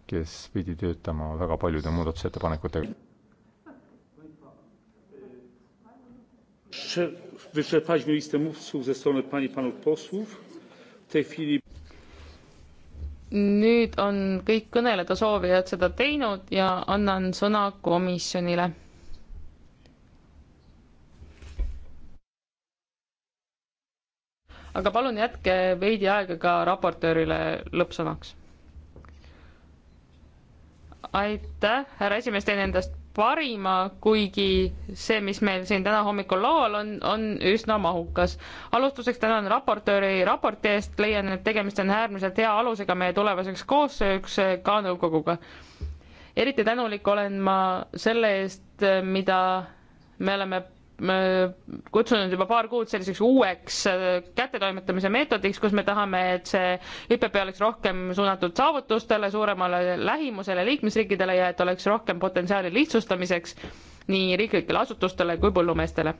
kes pidi töötama väga paljude muudatusettepanekutega. wyczerpaliśmy listę mówców ze strony pań i panów posłów. W tej chwili nüüd on kõik kõneleda soovijad seda teinud ja annan sõna komisjonile. aga palun jätke veidi aega ka raportöörile lõppsõnaks. aitäh, härra esimees, teen endast parima, kuigi see, mis meil siin täna hommikul laual on, on üsna mahukas. alustuseks tänan raportööri raporti eest, leian, et tegemist on äärmiselt hea alusega meie tulevaseks koostööks eh, ka nõukoguga. eriti tänulik olen ma selle eest, eh, mida me oleme kutsunud juba paar kuud selliseks uueks äh, kättetoimetamise meetodiks, kus me tahame, et see ÜPP oleks rohkem suunatud saavutustele, suuremale lähimusele liikmesriikidele ja et oleks rohkem potentsiaali lihtsustamiseks nii riiklikele asutustele kui põllumeestele.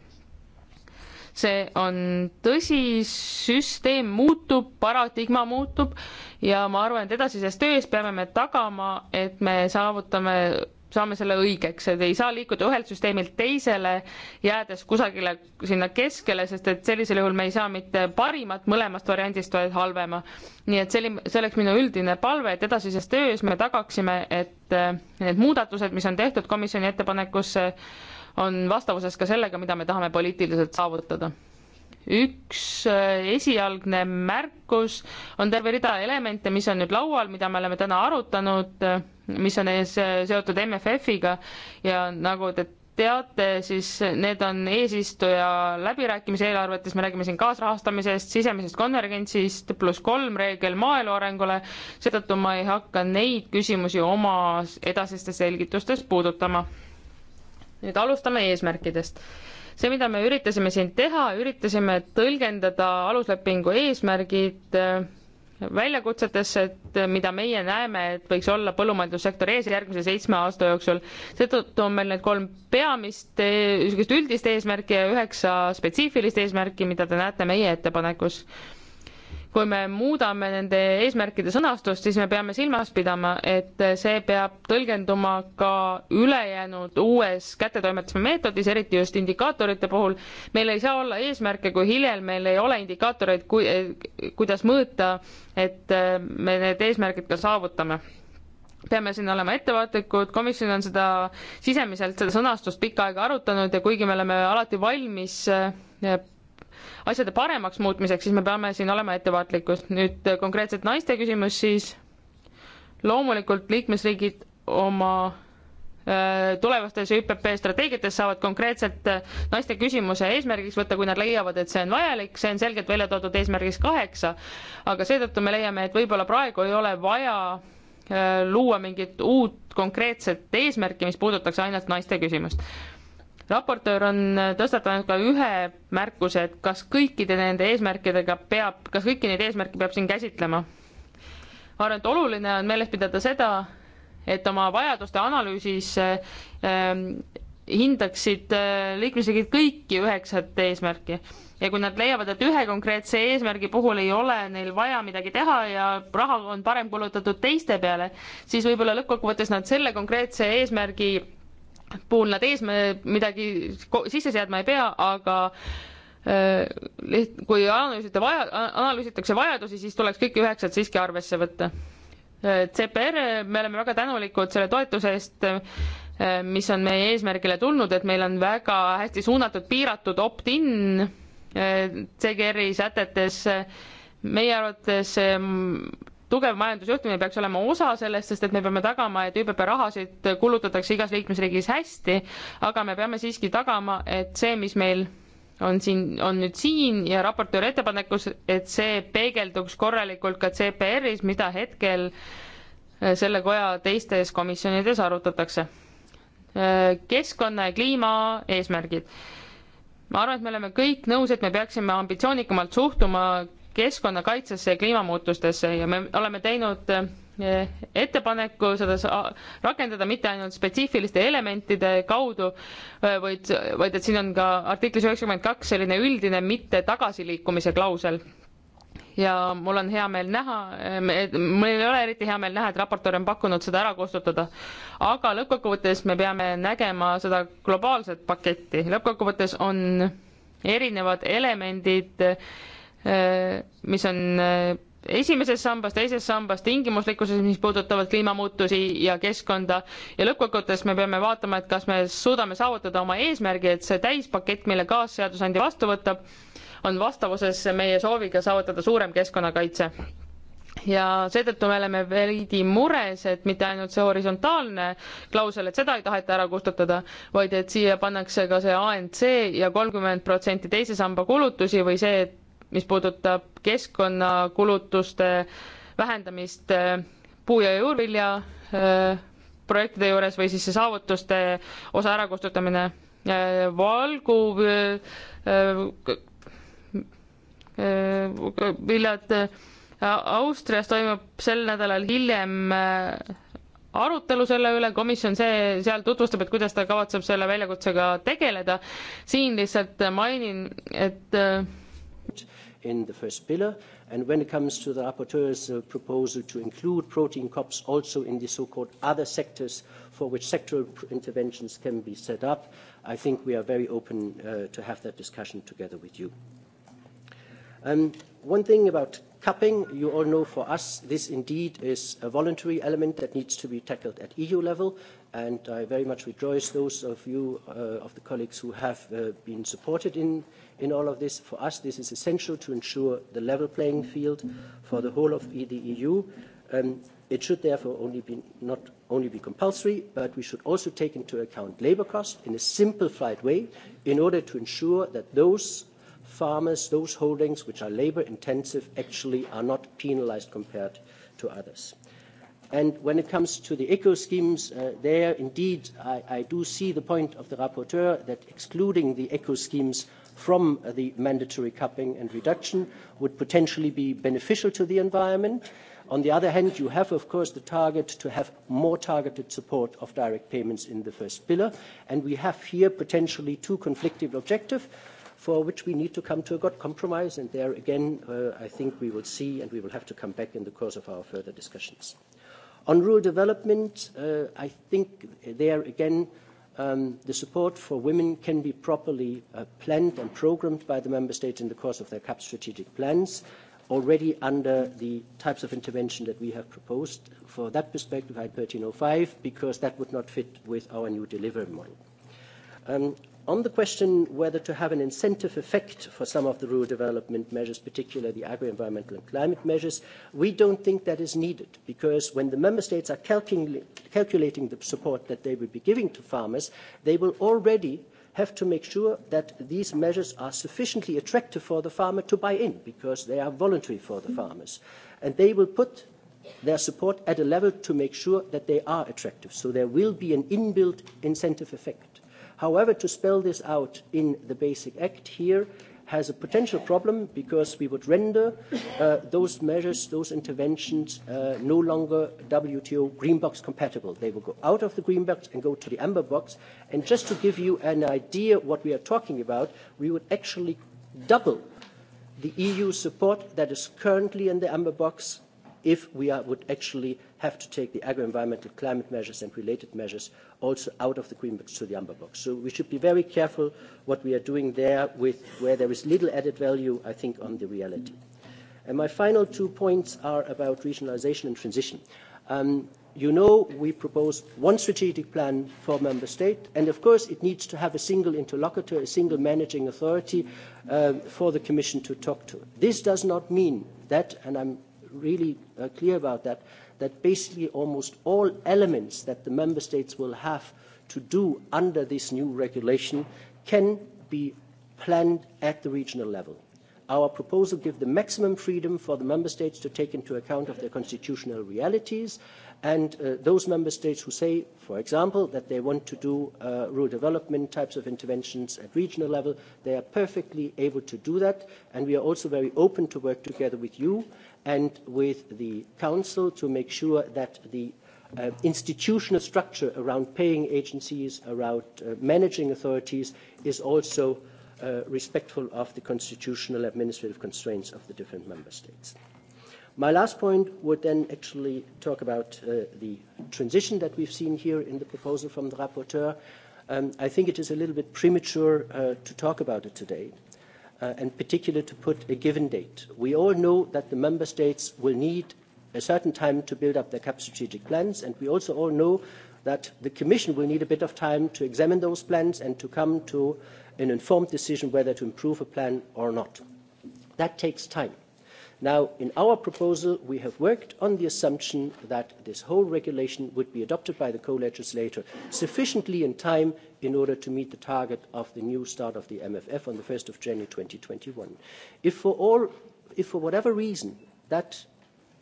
see on tõsi, süsteem muutub, paradigma muutub ja ma arvan, et edasises töös peame me tagama, et me saavutame saame selle õigeks, et ei saa liikuda ühelt süsteemilt teisele, jäädes kusagile sinna keskele, sest et sellisel juhul me ei saa mitte parimat mõlemast variandist, vaid halvema. nii et selline, see oleks minu üldine palve, et edasises töös me tagaksime, et äh, need muudatused, mis on tehtud komisjoni ettepanekusse, on vastavuses ka sellega, mida me tahame poliitiliselt saavutada üks äh, esialgne märkus, on terve rida elemente, mis on nüüd laual, mida me oleme täna arutanud, äh, mis on ees äh, seotud MFF-iga ja nagu te teate, siis need on eesistuja läbirääkimise eelarvetes, me räägime siin kaasrahastamisest, sisemisest konvergentsist, pluss kolm reegel maaelu arengule, seetõttu ma ei hakka neid küsimusi oma edasistes selgitustes puudutama. nüüd alustame eesmärkidest see, mida me üritasime siin teha, üritasime tõlgendada aluslepingu eesmärgid äh, väljakutsetesse, et äh, mida meie näeme, et võiks olla põllumajandussektori ees järgmise seitsme aasta jooksul. seetõttu on meil need kolm peamist äh, niisugust üldist eesmärki ja üheksa spetsiifilist eesmärki, mida te näete meie ettepanekus kui me muudame nende eesmärkide sõnastust, siis me peame silmas pidama, et see peab tõlgenduma ka ülejäänud uues kättetoimetamise meetodis, eriti just indikaatorite puhul. meil ei saa olla eesmärke, kui hiljem meil ei ole indikaatoreid, kui, kuidas mõõta, et me need eesmärgid ka saavutame peame siin olema ettevaatlikud, komisjon on seda sisemiselt, seda sõnastust pikka aega arutanud ja kuigi me oleme alati valmis asjade paremaks muutmiseks, siis me peame siin olema ettevaatlikud. nüüd äh, konkreetselt naiste küsimus, siis loomulikult liikmesriigid oma äh, tulevastes ÜPP strateegiates saavad konkreetselt äh, naiste küsimuse eesmärgiks võtta, kui nad leiavad, et see on vajalik, see on selgelt välja toodud eesmärgiks kaheksa, aga seetõttu me leiame, et võib-olla praegu ei ole vaja luua mingit uut konkreetset eesmärki, mis puudutaks ainult naiste küsimust raportöör on tõstatanud ka ühe märkuse, et kas kõikide nende eesmärkidega peab, kas kõiki neid eesmärke peab siin käsitlema. ma arvan, et oluline on meeles pidada seda, et oma vajaduste analüüsis ähm, hindaksid äh, liikmesriigid kõiki üheksat eesmärki ja kui nad leiavad, et ühe konkreetse eesmärgi puhul ei ole neil vaja midagi teha ja raha on parem kulutatud teiste peale, siis võib-olla lõppkokkuvõttes nad selle konkreetse eesmärgi puhul nad eesmärk, midagi sisse seadma ei pea, aga äh, kui analüüsite vaja, analüüsitakse vajadusi, siis tuleks kõik üheksad siiski arvesse võtta. Äh, CPR, me oleme väga tänulikud selle toetuse eest, äh, mis on meie eesmärgile tulnud, et meil on väga hästi suunatud piiratud opt-in CGR-i sätetes meie arvates ähm, tugev majandusjuhtimine peaks olema osa sellest, sest et me peame tagama, et ÜPP rahasid kulutatakse igas liikmesriigis hästi, aga me peame siiski tagama, et see, mis meil on siin, on nüüd siin ja raportööri ettepanekus, et see peegelduks korralikult ka CPR-is, mida hetkel äh, selle koja teistes komisjonides arutatakse. Äh, keskkonna ja kliima eesmärgid ma arvan, et me oleme kõik nõus, et me peaksime ambitsioonikamalt suhtuma keskkonnakaitsesse ja kliimamuutustesse ja me oleme teinud eh, ettepaneku seda rakendada mitte ainult spetsiifiliste elementide kaudu, eh, vaid, vaid et siin on ka artiklis üheksakümmend kaks selline üldine mitte tagasiliikumise klausel ja mul on hea meel näha, eh, mul ei ole eriti hea meel näha, et raportöör on pakkunud seda ära kustutada, aga lõppkokkuvõttes me peame nägema seda globaalset paketti, lõppkokkuvõttes on erinevad elemendid äh, Äh, mis on äh, esimeses sambas, teises sambas, tingimuslikkuses, mis puudutavad kliimamuutusi ja keskkonda ja lõppkokkuvõttes me peame vaatama, et kas me suudame saavutada oma eesmärgi, et see täispakett, mille kaasseadusandja vastu võtab, on vastavuses meie sooviga saavutada suurem keskkonnakaitse. ja seetõttu me oleme veidi mures, et mitte ainult see horisontaalne klausel, et seda ei taheta ära kustutada, vaid et siia pannakse ka see ANC ja kolmkümmend protsenti teise samba kulutusi või see, et mis puudutab keskkonnakulutuste vähendamist äh, puu- ja juurvilja äh, projektide juures või siis see saavutuste osa ärakustutamine, äh, valgu viljad. Austrias toimub sel nädalal hiljem arutelu selle üle, komisjon see, seal tutvustab, et kuidas ta kavatseb selle väljakutsega tegeleda. siin lihtsalt mainin, et äh, in the first pillar. And when it comes to the rapporteur's uh, proposal to include protein crops also in the so-called other sectors for which sectoral interventions can be set up, I think we are very open uh, to have that discussion together with you. Um, one thing about capping, you all know for us, this indeed is a voluntary element that needs to be tackled at EU level, and I very much rejoice those of you, uh, of the colleagues who have uh, been supported in, uh, in all of this. For us, this is essential to ensure the level playing field for the whole of the EU. Um, it should therefore only be, not only be compulsory, but we should also take into account labor costs in a simplified way in order to ensure that those farmers, those holdings which are labor intensive, actually are not penalized compared to others. And when it comes to the eco schemes, uh, there indeed I, I do see the point of the rapporteur that excluding the eco schemes from the mandatory capping and reduction would potentially be beneficial to the environment. On the other hand, you have, of course, the target to have more targeted support of direct payments in the first pillar, and we have here potentially two conflicting objectives for which we need to come to a good compromise. And there again, uh, I think we will see, and we will have to come back in the course of our further discussions. On rural development, uh, I think there again, uh, um, the support for women can be properly uh, planned and programmed by the member states in the course of their CAP strategic plans, already under the types of intervention that we have proposed. For that perspective, I had 1305, because that would not fit with our new delivery model. Um, On the question whether to have an incentive effect for some of the rural development measures, particularly the agri-environmental and climate measures, we don't think that is needed because when the member states are calcul calculating the support that they will be giving to farmers, they will already have to make sure that these measures are sufficiently attractive for the farmer to buy in because they are voluntary for the farmers. And they will put their support at a level to make sure that they are attractive. So there will be an inbuilt incentive effect. However, to spell this out in the Basic Act here has a potential problem because we would render uh, those measures, those interventions, uh, no longer WTO green box compatible. They will go out of the green box and go to the amber box. And just to give you an idea what we are talking about, we would actually double the EU support that is currently in the amber box if we are, would actually have to take the agro-environmental climate measures and related measures also out of the green box to the amber box. So we should be very careful what we are doing there with where there is little added value, I think, on the reality. And my final two points are about regionalization and transition. Um, you know we propose one strategic plan for member state and of course it needs to have a single interlocutor a single managing authority uh, for the commission to talk to this does not mean that and i'm really uh, clear about that, that basically almost all elements that the member states will have to do under this new regulation can be planned at the regional level. Our proposal gives the maximum freedom for the member states to take into account of their constitutional realities, and uh, those member states who say, for example, that they want to do uh, rural development types of interventions at regional level, they are perfectly able to do that, and we are also very open to work together with you uh, and with the Council to make sure that the uh, institutional structure around paying agencies, around uh, managing authorities is also uh, respectful of the constitutional administrative constraints of the different member states. My last point would then actually talk about uh, the transition that we've seen here in the proposal from the rapporteur. Um, I think it is a little bit premature uh, to talk about it today. Uh, uh, in particular to put a given date. We all know that the member states will need a certain time to build up their cap strategic plans, and we also all know that the Commission will need a bit of time to examine those plans and to come to an informed decision whether to improve a plan or not. That takes time. Now, in our proposal, we have worked on the assumption that this whole regulation would be adopted by the co-legislator sufficiently in time in order to meet the target of the new start of the MFF on the 1st of January 2021. If for, all, if for whatever reason that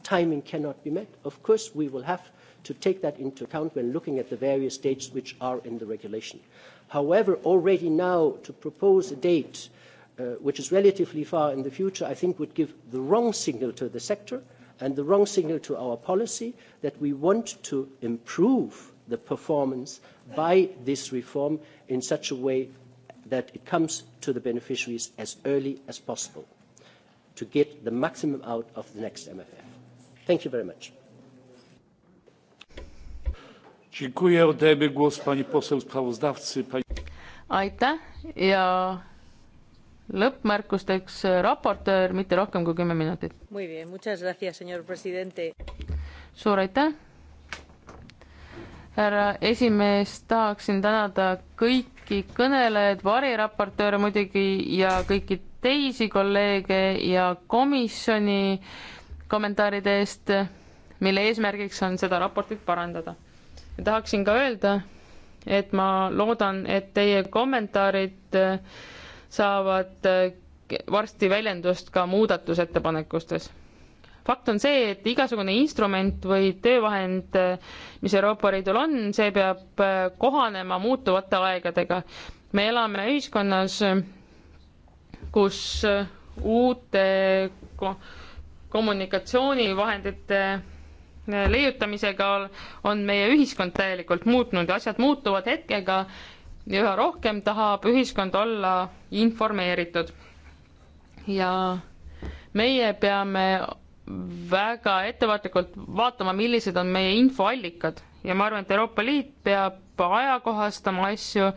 timing cannot be met, of course we will have to take that into account when looking at the various dates which are in the regulation. However, already now to propose a date uh, which is relatively far in the future, I think would give the wrong signal to the sector and the wrong signal to our policy that we want to improve the performance by this reform in such a way that it comes to the beneficiaries as early as possible to get the maximum out of the next MFF. Thank you very much. Dziękuję. Oddajemy głos pani poseł sprawozdawcy. Pani... Aitäh ja lõppmärkusteks raportöör, mitte rohkem kui kümme minutit. suur aitäh! härra esimees, tahaksin tänada kõiki kõnelejaid, variraportööre muidugi ja kõiki teisi kolleege ja komisjoni kommentaaride eest, mille eesmärgiks on seda raportit parandada. tahaksin ka öelda, et ma loodan, et teie kommentaarid äh, saavad eh, varsti väljendust ka muudatusettepanekustes. fakt on see, et igasugune instrument või töövahend, eh, mis Euroopa Liidul on, see peab eh, kohanema muutuvate aegadega. me elame ühiskonnas, kus uute kommunikatsioonivahendite leiutamisega on meie ühiskond täielikult muutnud ja asjad muutuvad hetkega ja üha rohkem tahab ühiskond olla informeeritud. ja meie peame väga ettevaatlikult vaatama, millised on meie infoallikad ja ma arvan, et Euroopa Liit peab ajakohastama asju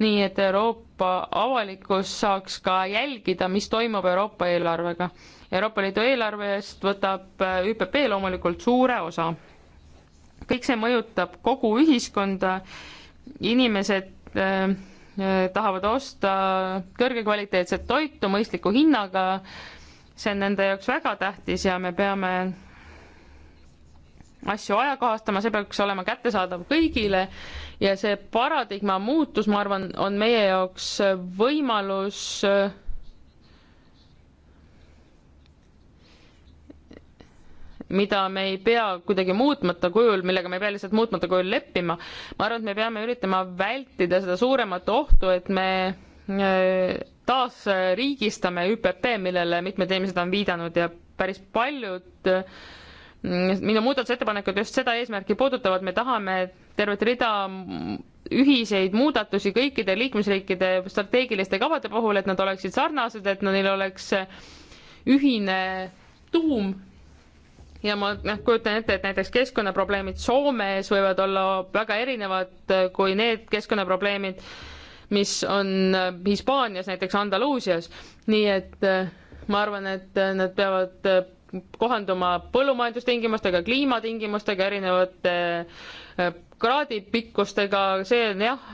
nii, et Euroopa avalikkus saaks ka jälgida, mis toimub Euroopa eelarvega. Euroopa Liidu eelarvest võtab äh, ÜPP loomulikult suure osa. kõik see mõjutab kogu ühiskonda, inimesed Äh, äh, tahavad osta kõrgekvaliteetset toitu mõistliku hinnaga. see on nende jaoks väga tähtis ja me peame asju ajakohastama, see peaks olema kättesaadav kõigile ja see paradigma muutus, ma arvan, on meie jaoks võimalus äh, mida me ei pea kuidagi muutmata kujul, millega me ei pea lihtsalt muutmata kujul leppima. ma arvan, et me peame üritama vältida seda suuremat ohtu, et me äh, taas riigistame ÜPP, millele mitmed inimesed on viidanud ja päris paljud äh, minu muudatusettepanekud just seda eesmärki puudutavad, me tahame tervet rida ühiseid muudatusi kõikide liikmesriikide strateegiliste kavade puhul, et nad oleksid sarnased, et neil oleks ühine tuum ja ma noh, kujutan ette, et näiteks keskkonnaprobleemid Soomes võivad olla väga erinevad äh, kui need keskkonnaprobleemid, mis on äh, Hispaanias, näiteks Andaluusias. nii et äh, ma arvan, et nad peavad kohanduma põllumajandustingimustega, kliimatingimustega, erinevate kraadipikkustega, see on jah,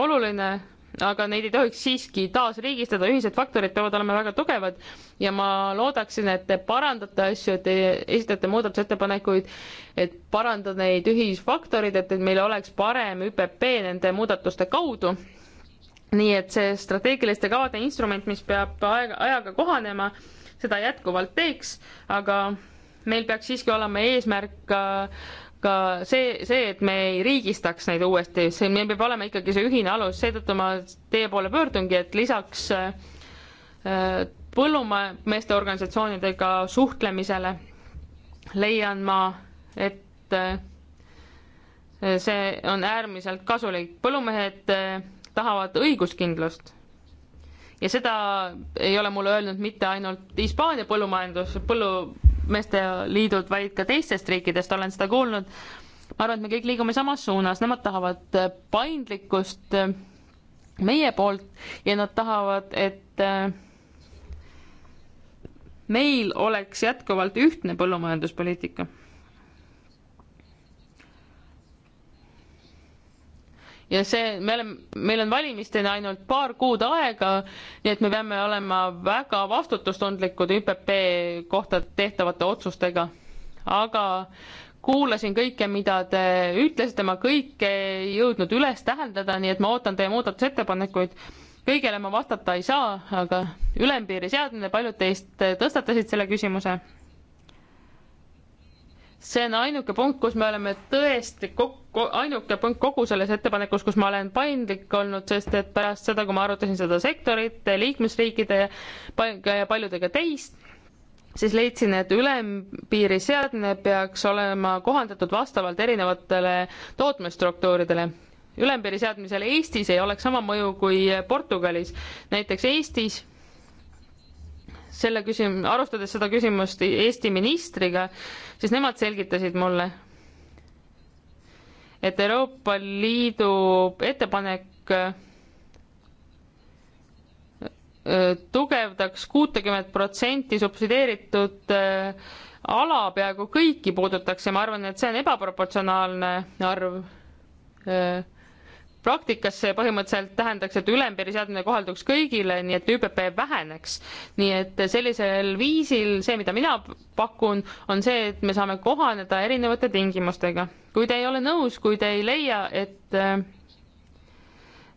oluline aga neid ei tohiks siiski taasriigistada, ühised faktorid peavad olema väga tugevad ja ma loodaksin, et te parandate asju, et te esitate muudatusettepanekuid, et parandada neid ühisfaktorid, et, et meil oleks parem ÜPP nende muudatuste kaudu. nii et see strateegiliste kavade instrument, mis peab aega, ajaga kohanema, seda jätkuvalt teeks, aga meil peaks siiski olema eesmärk äh, ka see, see, et me ei riigistaks neid uuesti, see, meil peab olema ikkagi see ühine alus, seetõttu ma teie poole pöördungi, et lisaks äh, põllumeeste organisatsioonidega suhtlemisele leian ma, et äh, see on äärmiselt kasulik. põllumehed äh, tahavad õiguskindlust ja seda ei ole mulle öelnud mitte ainult Hispaania põllumajandus, põllu, meeste liidult, vaid ka teistest riikidest olen seda kuulnud. ma arvan, et me kõik liigume samas suunas, nemad tahavad paindlikkust äh, meie poolt ja nad tahavad, et äh, meil oleks jätkuvalt ühtne põllumajanduspoliitika ja see, me oleme, meil on valimisteni ainult paar kuud aega, nii et me peame olema väga vastutustundlikud ÜPP kohta tehtavate otsustega. aga kuulasin kõike, mida te ütlesite, ma kõike ei jõudnud üles täheldada, nii et ma ootan teie muudatusettepanekuid. kõigele ma vastata ei saa, aga ülempiiri seadmine, paljud teist tõstatasid selle küsimuse see on ainuke punkt, kus me oleme tõesti kokku, ainuke punkt kogu selles ettepanekus, kus ma olen paindlik olnud, sest et pärast seda, kui ma arutasin seda sektorit liikmesriikide ja paljudega teist, siis leidsin, et ülempiiri seadmine peaks olema kohandatud vastavalt erinevatele tootmisstruktuuridele. ülempiiri seadmisel Eestis ei oleks sama mõju kui Portugalis. näiteks Eestis selle küsim-, arutades seda küsimust Eesti ministriga, siis nemad selgitasid mulle, et Euroopa Liidu ettepanek äh, tugevdaks kuutekümmet protsenti subsideeritud äh, ala peaaegu kõiki puudutaks ja ma arvan, et see on ebaproportsionaalne arv äh, praktikas see põhimõtteliselt tähendaks, et ülempiiri seadmine kohalduks kõigile, nii et ÜPP väheneks. nii et sellisel viisil see, mida mina pakun, on see, et me saame kohaneda erinevate tingimustega. kui te ei ole nõus, kui te ei leia, et äh,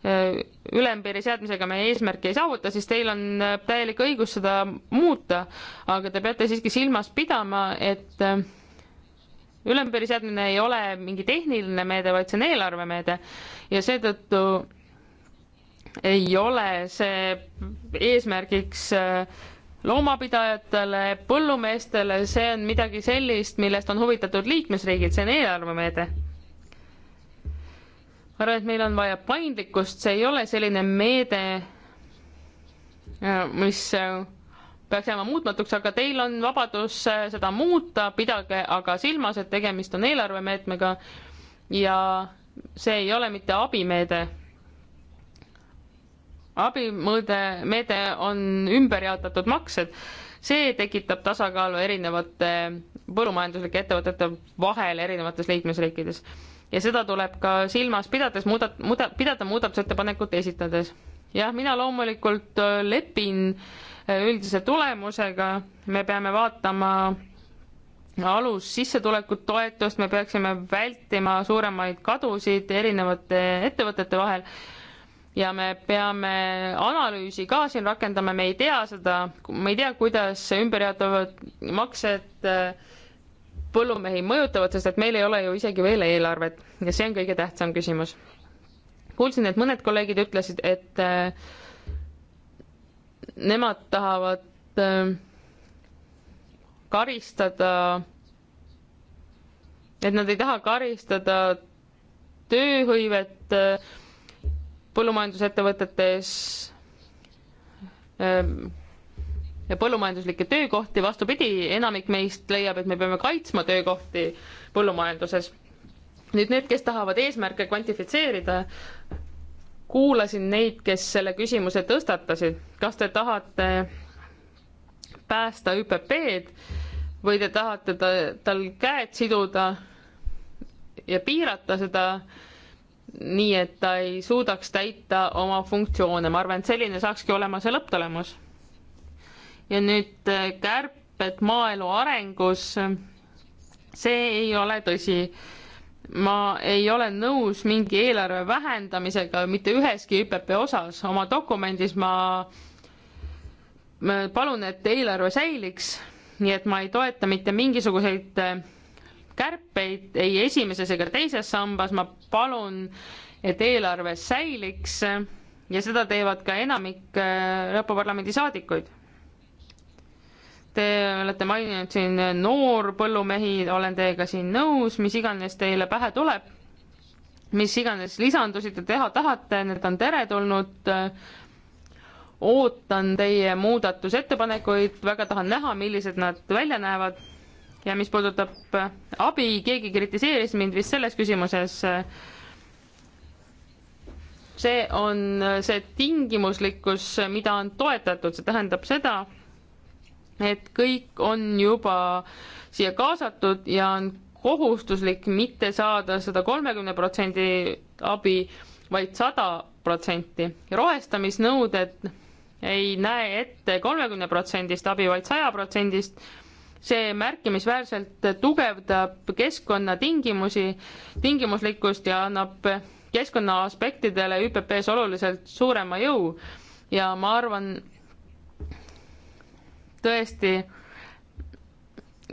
äh, ülempiiri seadmisega me eesmärki ei saavuta, siis teil on äh, täielik õigus seda muuta, aga te peate siiski silmas pidama, et ülempiiri seadmine ei ole mingi tehniline meede, vaid see on eelarvemeede ja seetõttu ei ole see eesmärgiks äh, loomapidajatele, põllumeestele, see on midagi sellist, millest on huvitatud liikmesriigid, see on eelarvemeede. ma arvan, et meil on vaja paindlikkust, see ei ole selline meede, äh, mis äh, peaks jääma muutmatuks, aga teil on vabadus äh, seda muuta, pidage aga silmas, et tegemist on eelarvemeetmega ja see ei ole mitte abimeede. abimõõde, meede on ümberjaotatud maksed, see tekitab tasakaalu erinevate põllumajanduslike ettevõtete vahel erinevates liikmesriikides. ja seda tuleb ka silmas pidades muudat-, muuda-, pidada muudatusettepanekut esitades jah, mina loomulikult äh, lepin äh, üldise tulemusega, me peame vaatama alussissetulekut, toetust, me peaksime vältima suuremaid kadusid erinevate ettevõtete vahel ja me peame analüüsi ka siin rakendama, me ei tea seda, ma ei tea, kuidas ümberjaotavad maksed äh, põllumehi mõjutavad, sest et meil ei ole ju isegi veel eelarvet ja see on kõige tähtsam küsimus. kuulsin, et mõned kolleegid ütlesid, et äh, nemad tahavad ähm, karistada, et nad ei taha karistada tööhõivet äh, põllumajandusettevõtetes ähm, ja põllumajanduslikke töökohti, vastupidi, enamik meist leiab, et me peame kaitsma töökohti põllumajanduses. nüüd need, kes tahavad eesmärke kvantifitseerida, kuulasin neid, kes selle küsimuse tõstatasid, kas te tahate päästa ÜPP-d või te tahate ta, tal käed siduda ja piirata seda nii, et ta ei suudaks täita oma funktsioone, ma arvan, et selline saakski olema see lõpptulemus. ja nüüd äh, kärped maaelu arengus, see ei ole tõsi ma ei ole nõus mingi eelarve vähendamisega mitte üheski ÜPP osas. oma dokumendis ma, ma palun, et eelarve säiliks, nii et ma ei toeta mitte mingisuguseid äh, kärpeid ei esimeses ega teises sambas, ma palun, et eelarve säiliks ja seda teevad ka enamik äh, Euroopa Parlamendi saadikuid Te olete maininud siin noorpõllumehi, olen teiega siin nõus, mis iganes teile pähe tuleb, mis iganes lisandusi te teha tahate, need on teretulnud. ootan teie muudatusettepanekuid, väga tahan näha, millised nad välja näevad. ja mis puudutab abi, keegi kritiseeris mind vist selles küsimuses see on see tingimuslikkus, mida on toetatud, see tähendab seda, Need kõik on juba siia kaasatud ja on kohustuslik mitte saada seda kolmekümne protsendi abi, vaid sada protsenti. rohestamisnõuded ei näe ette kolmekümne protsendist abi vaid, vaid saja protsendist. see märkimisväärselt tugevdab keskkonnatingimusi, tingimuslikkust ja annab keskkonna aspektidele ÜPP-s oluliselt suurema jõu. ja ma arvan, tõesti,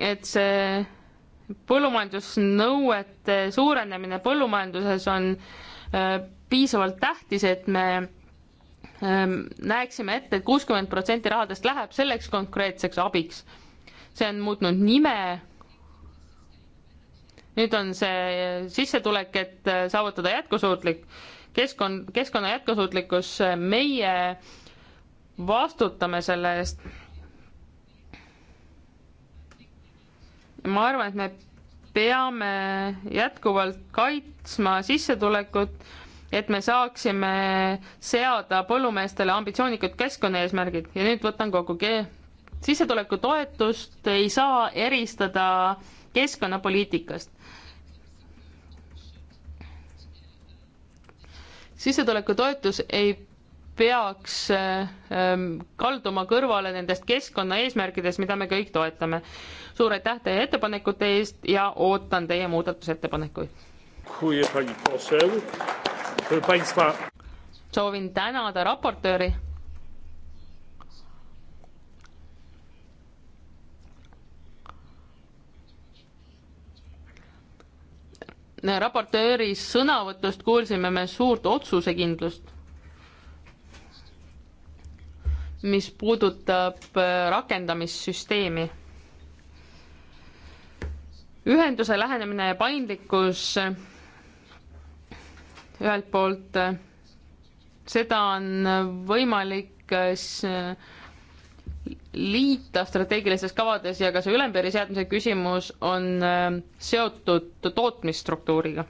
et see põllumajandusnõuete suurenemine põllumajanduses on äh, piisavalt tähtis, et me ähm, näeksime ette et, et kuuskümmend protsenti rahadest läheb selleks konkreetseks abiks. see on muutnud nime. nüüd on see äh, sissetulek, et äh, saavutada jätkusuutlik keskkond, keskkonna jätkusuutlikkus, meie vastutame selle eest ma arvan, et me peame jätkuvalt kaitsma sissetulekut, et me saaksime seada põllumeestele ambitsioonikud keskkonnaeesmärgid ja nüüd võtan kokku sissetulekutoetust ei saa eristada keskkonnapoliitikast. sissetulekutoetus ei peaks ähm, kalduma kõrvale nendest keskkonnaeesmärkidest, mida me kõik toetame. suur aitäh teie ettepanekute eest ja ootan teie muudatusettepanekuid. soovin tänada raportööri. raportööri sõnavõtust kuulsime me suurt otsusekindlust mis puudutab äh, rakendamissüsteemi. ühenduse lähenemine ja paindlikkus äh, ühelt poolt, äh, seda on võimalik liita strateegilistes kavades ja ka see ülempiiri seadmise küsimus on seotud tootmisstruktuuriga.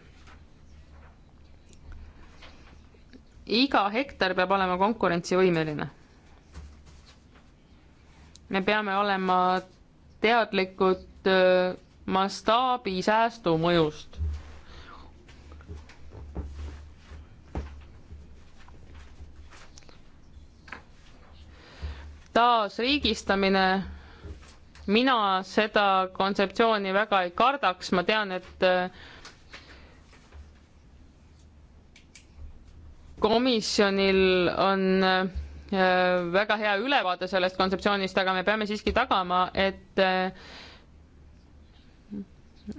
iga hektar peab olema konkurentsivõimeline me peame olema teadlikud mastaabi säästu mõjust. taasriigistamine, mina seda kontseptsiooni väga ei kardaks, ma tean, et komisjonil on Äh, väga hea ülevaade sellest kontseptsioonist, aga me peame siiski tagama, et äh,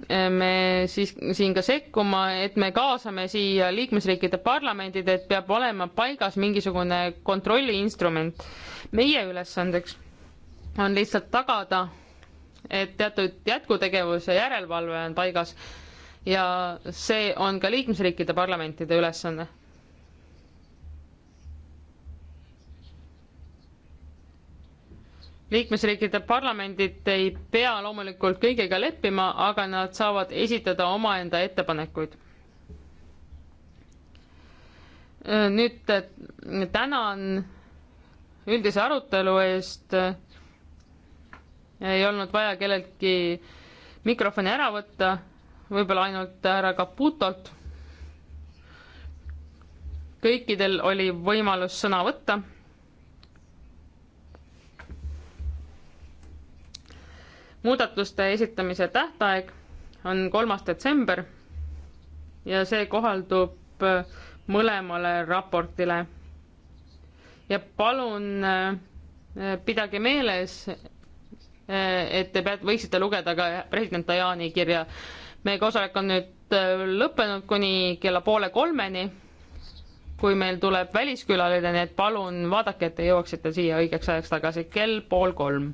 äh, me siis siin ka sekkuma, et me kaasame siia liikmesriikide parlamendid, et peab olema paigas mingisugune kontrolliinstrument. meie ülesandeks on lihtsalt tagada, et teatud jätkutegevus ja järelevalve on paigas ja see on ka liikmesriikide parlamentide ülesanne liikmesriikide parlamendid ei pea loomulikult kõigega leppima, aga nad saavad esitada omaenda ettepanekuid. nüüd tänan üldise arutelu eest. ei olnud vaja kelleltki mikrofoni ära võtta, võib-olla ainult härra Caputolt. kõikidel oli võimalus sõna võtta muudatuste esitamise tähtaeg on kolmas detsember ja see kohaldub äh, mõlemale raportile. ja palun äh, äh, pidage meeles, et te peate, võiksite lugeda ka president Tajani kirja. meie koosolek on nüüd lõppenud kuni kella poole kolmeni, kui meil tuleb väliskülaline, nii et palun vaadake, et te jõuaksite siia õigeks ajaks tagasi kell pool kolm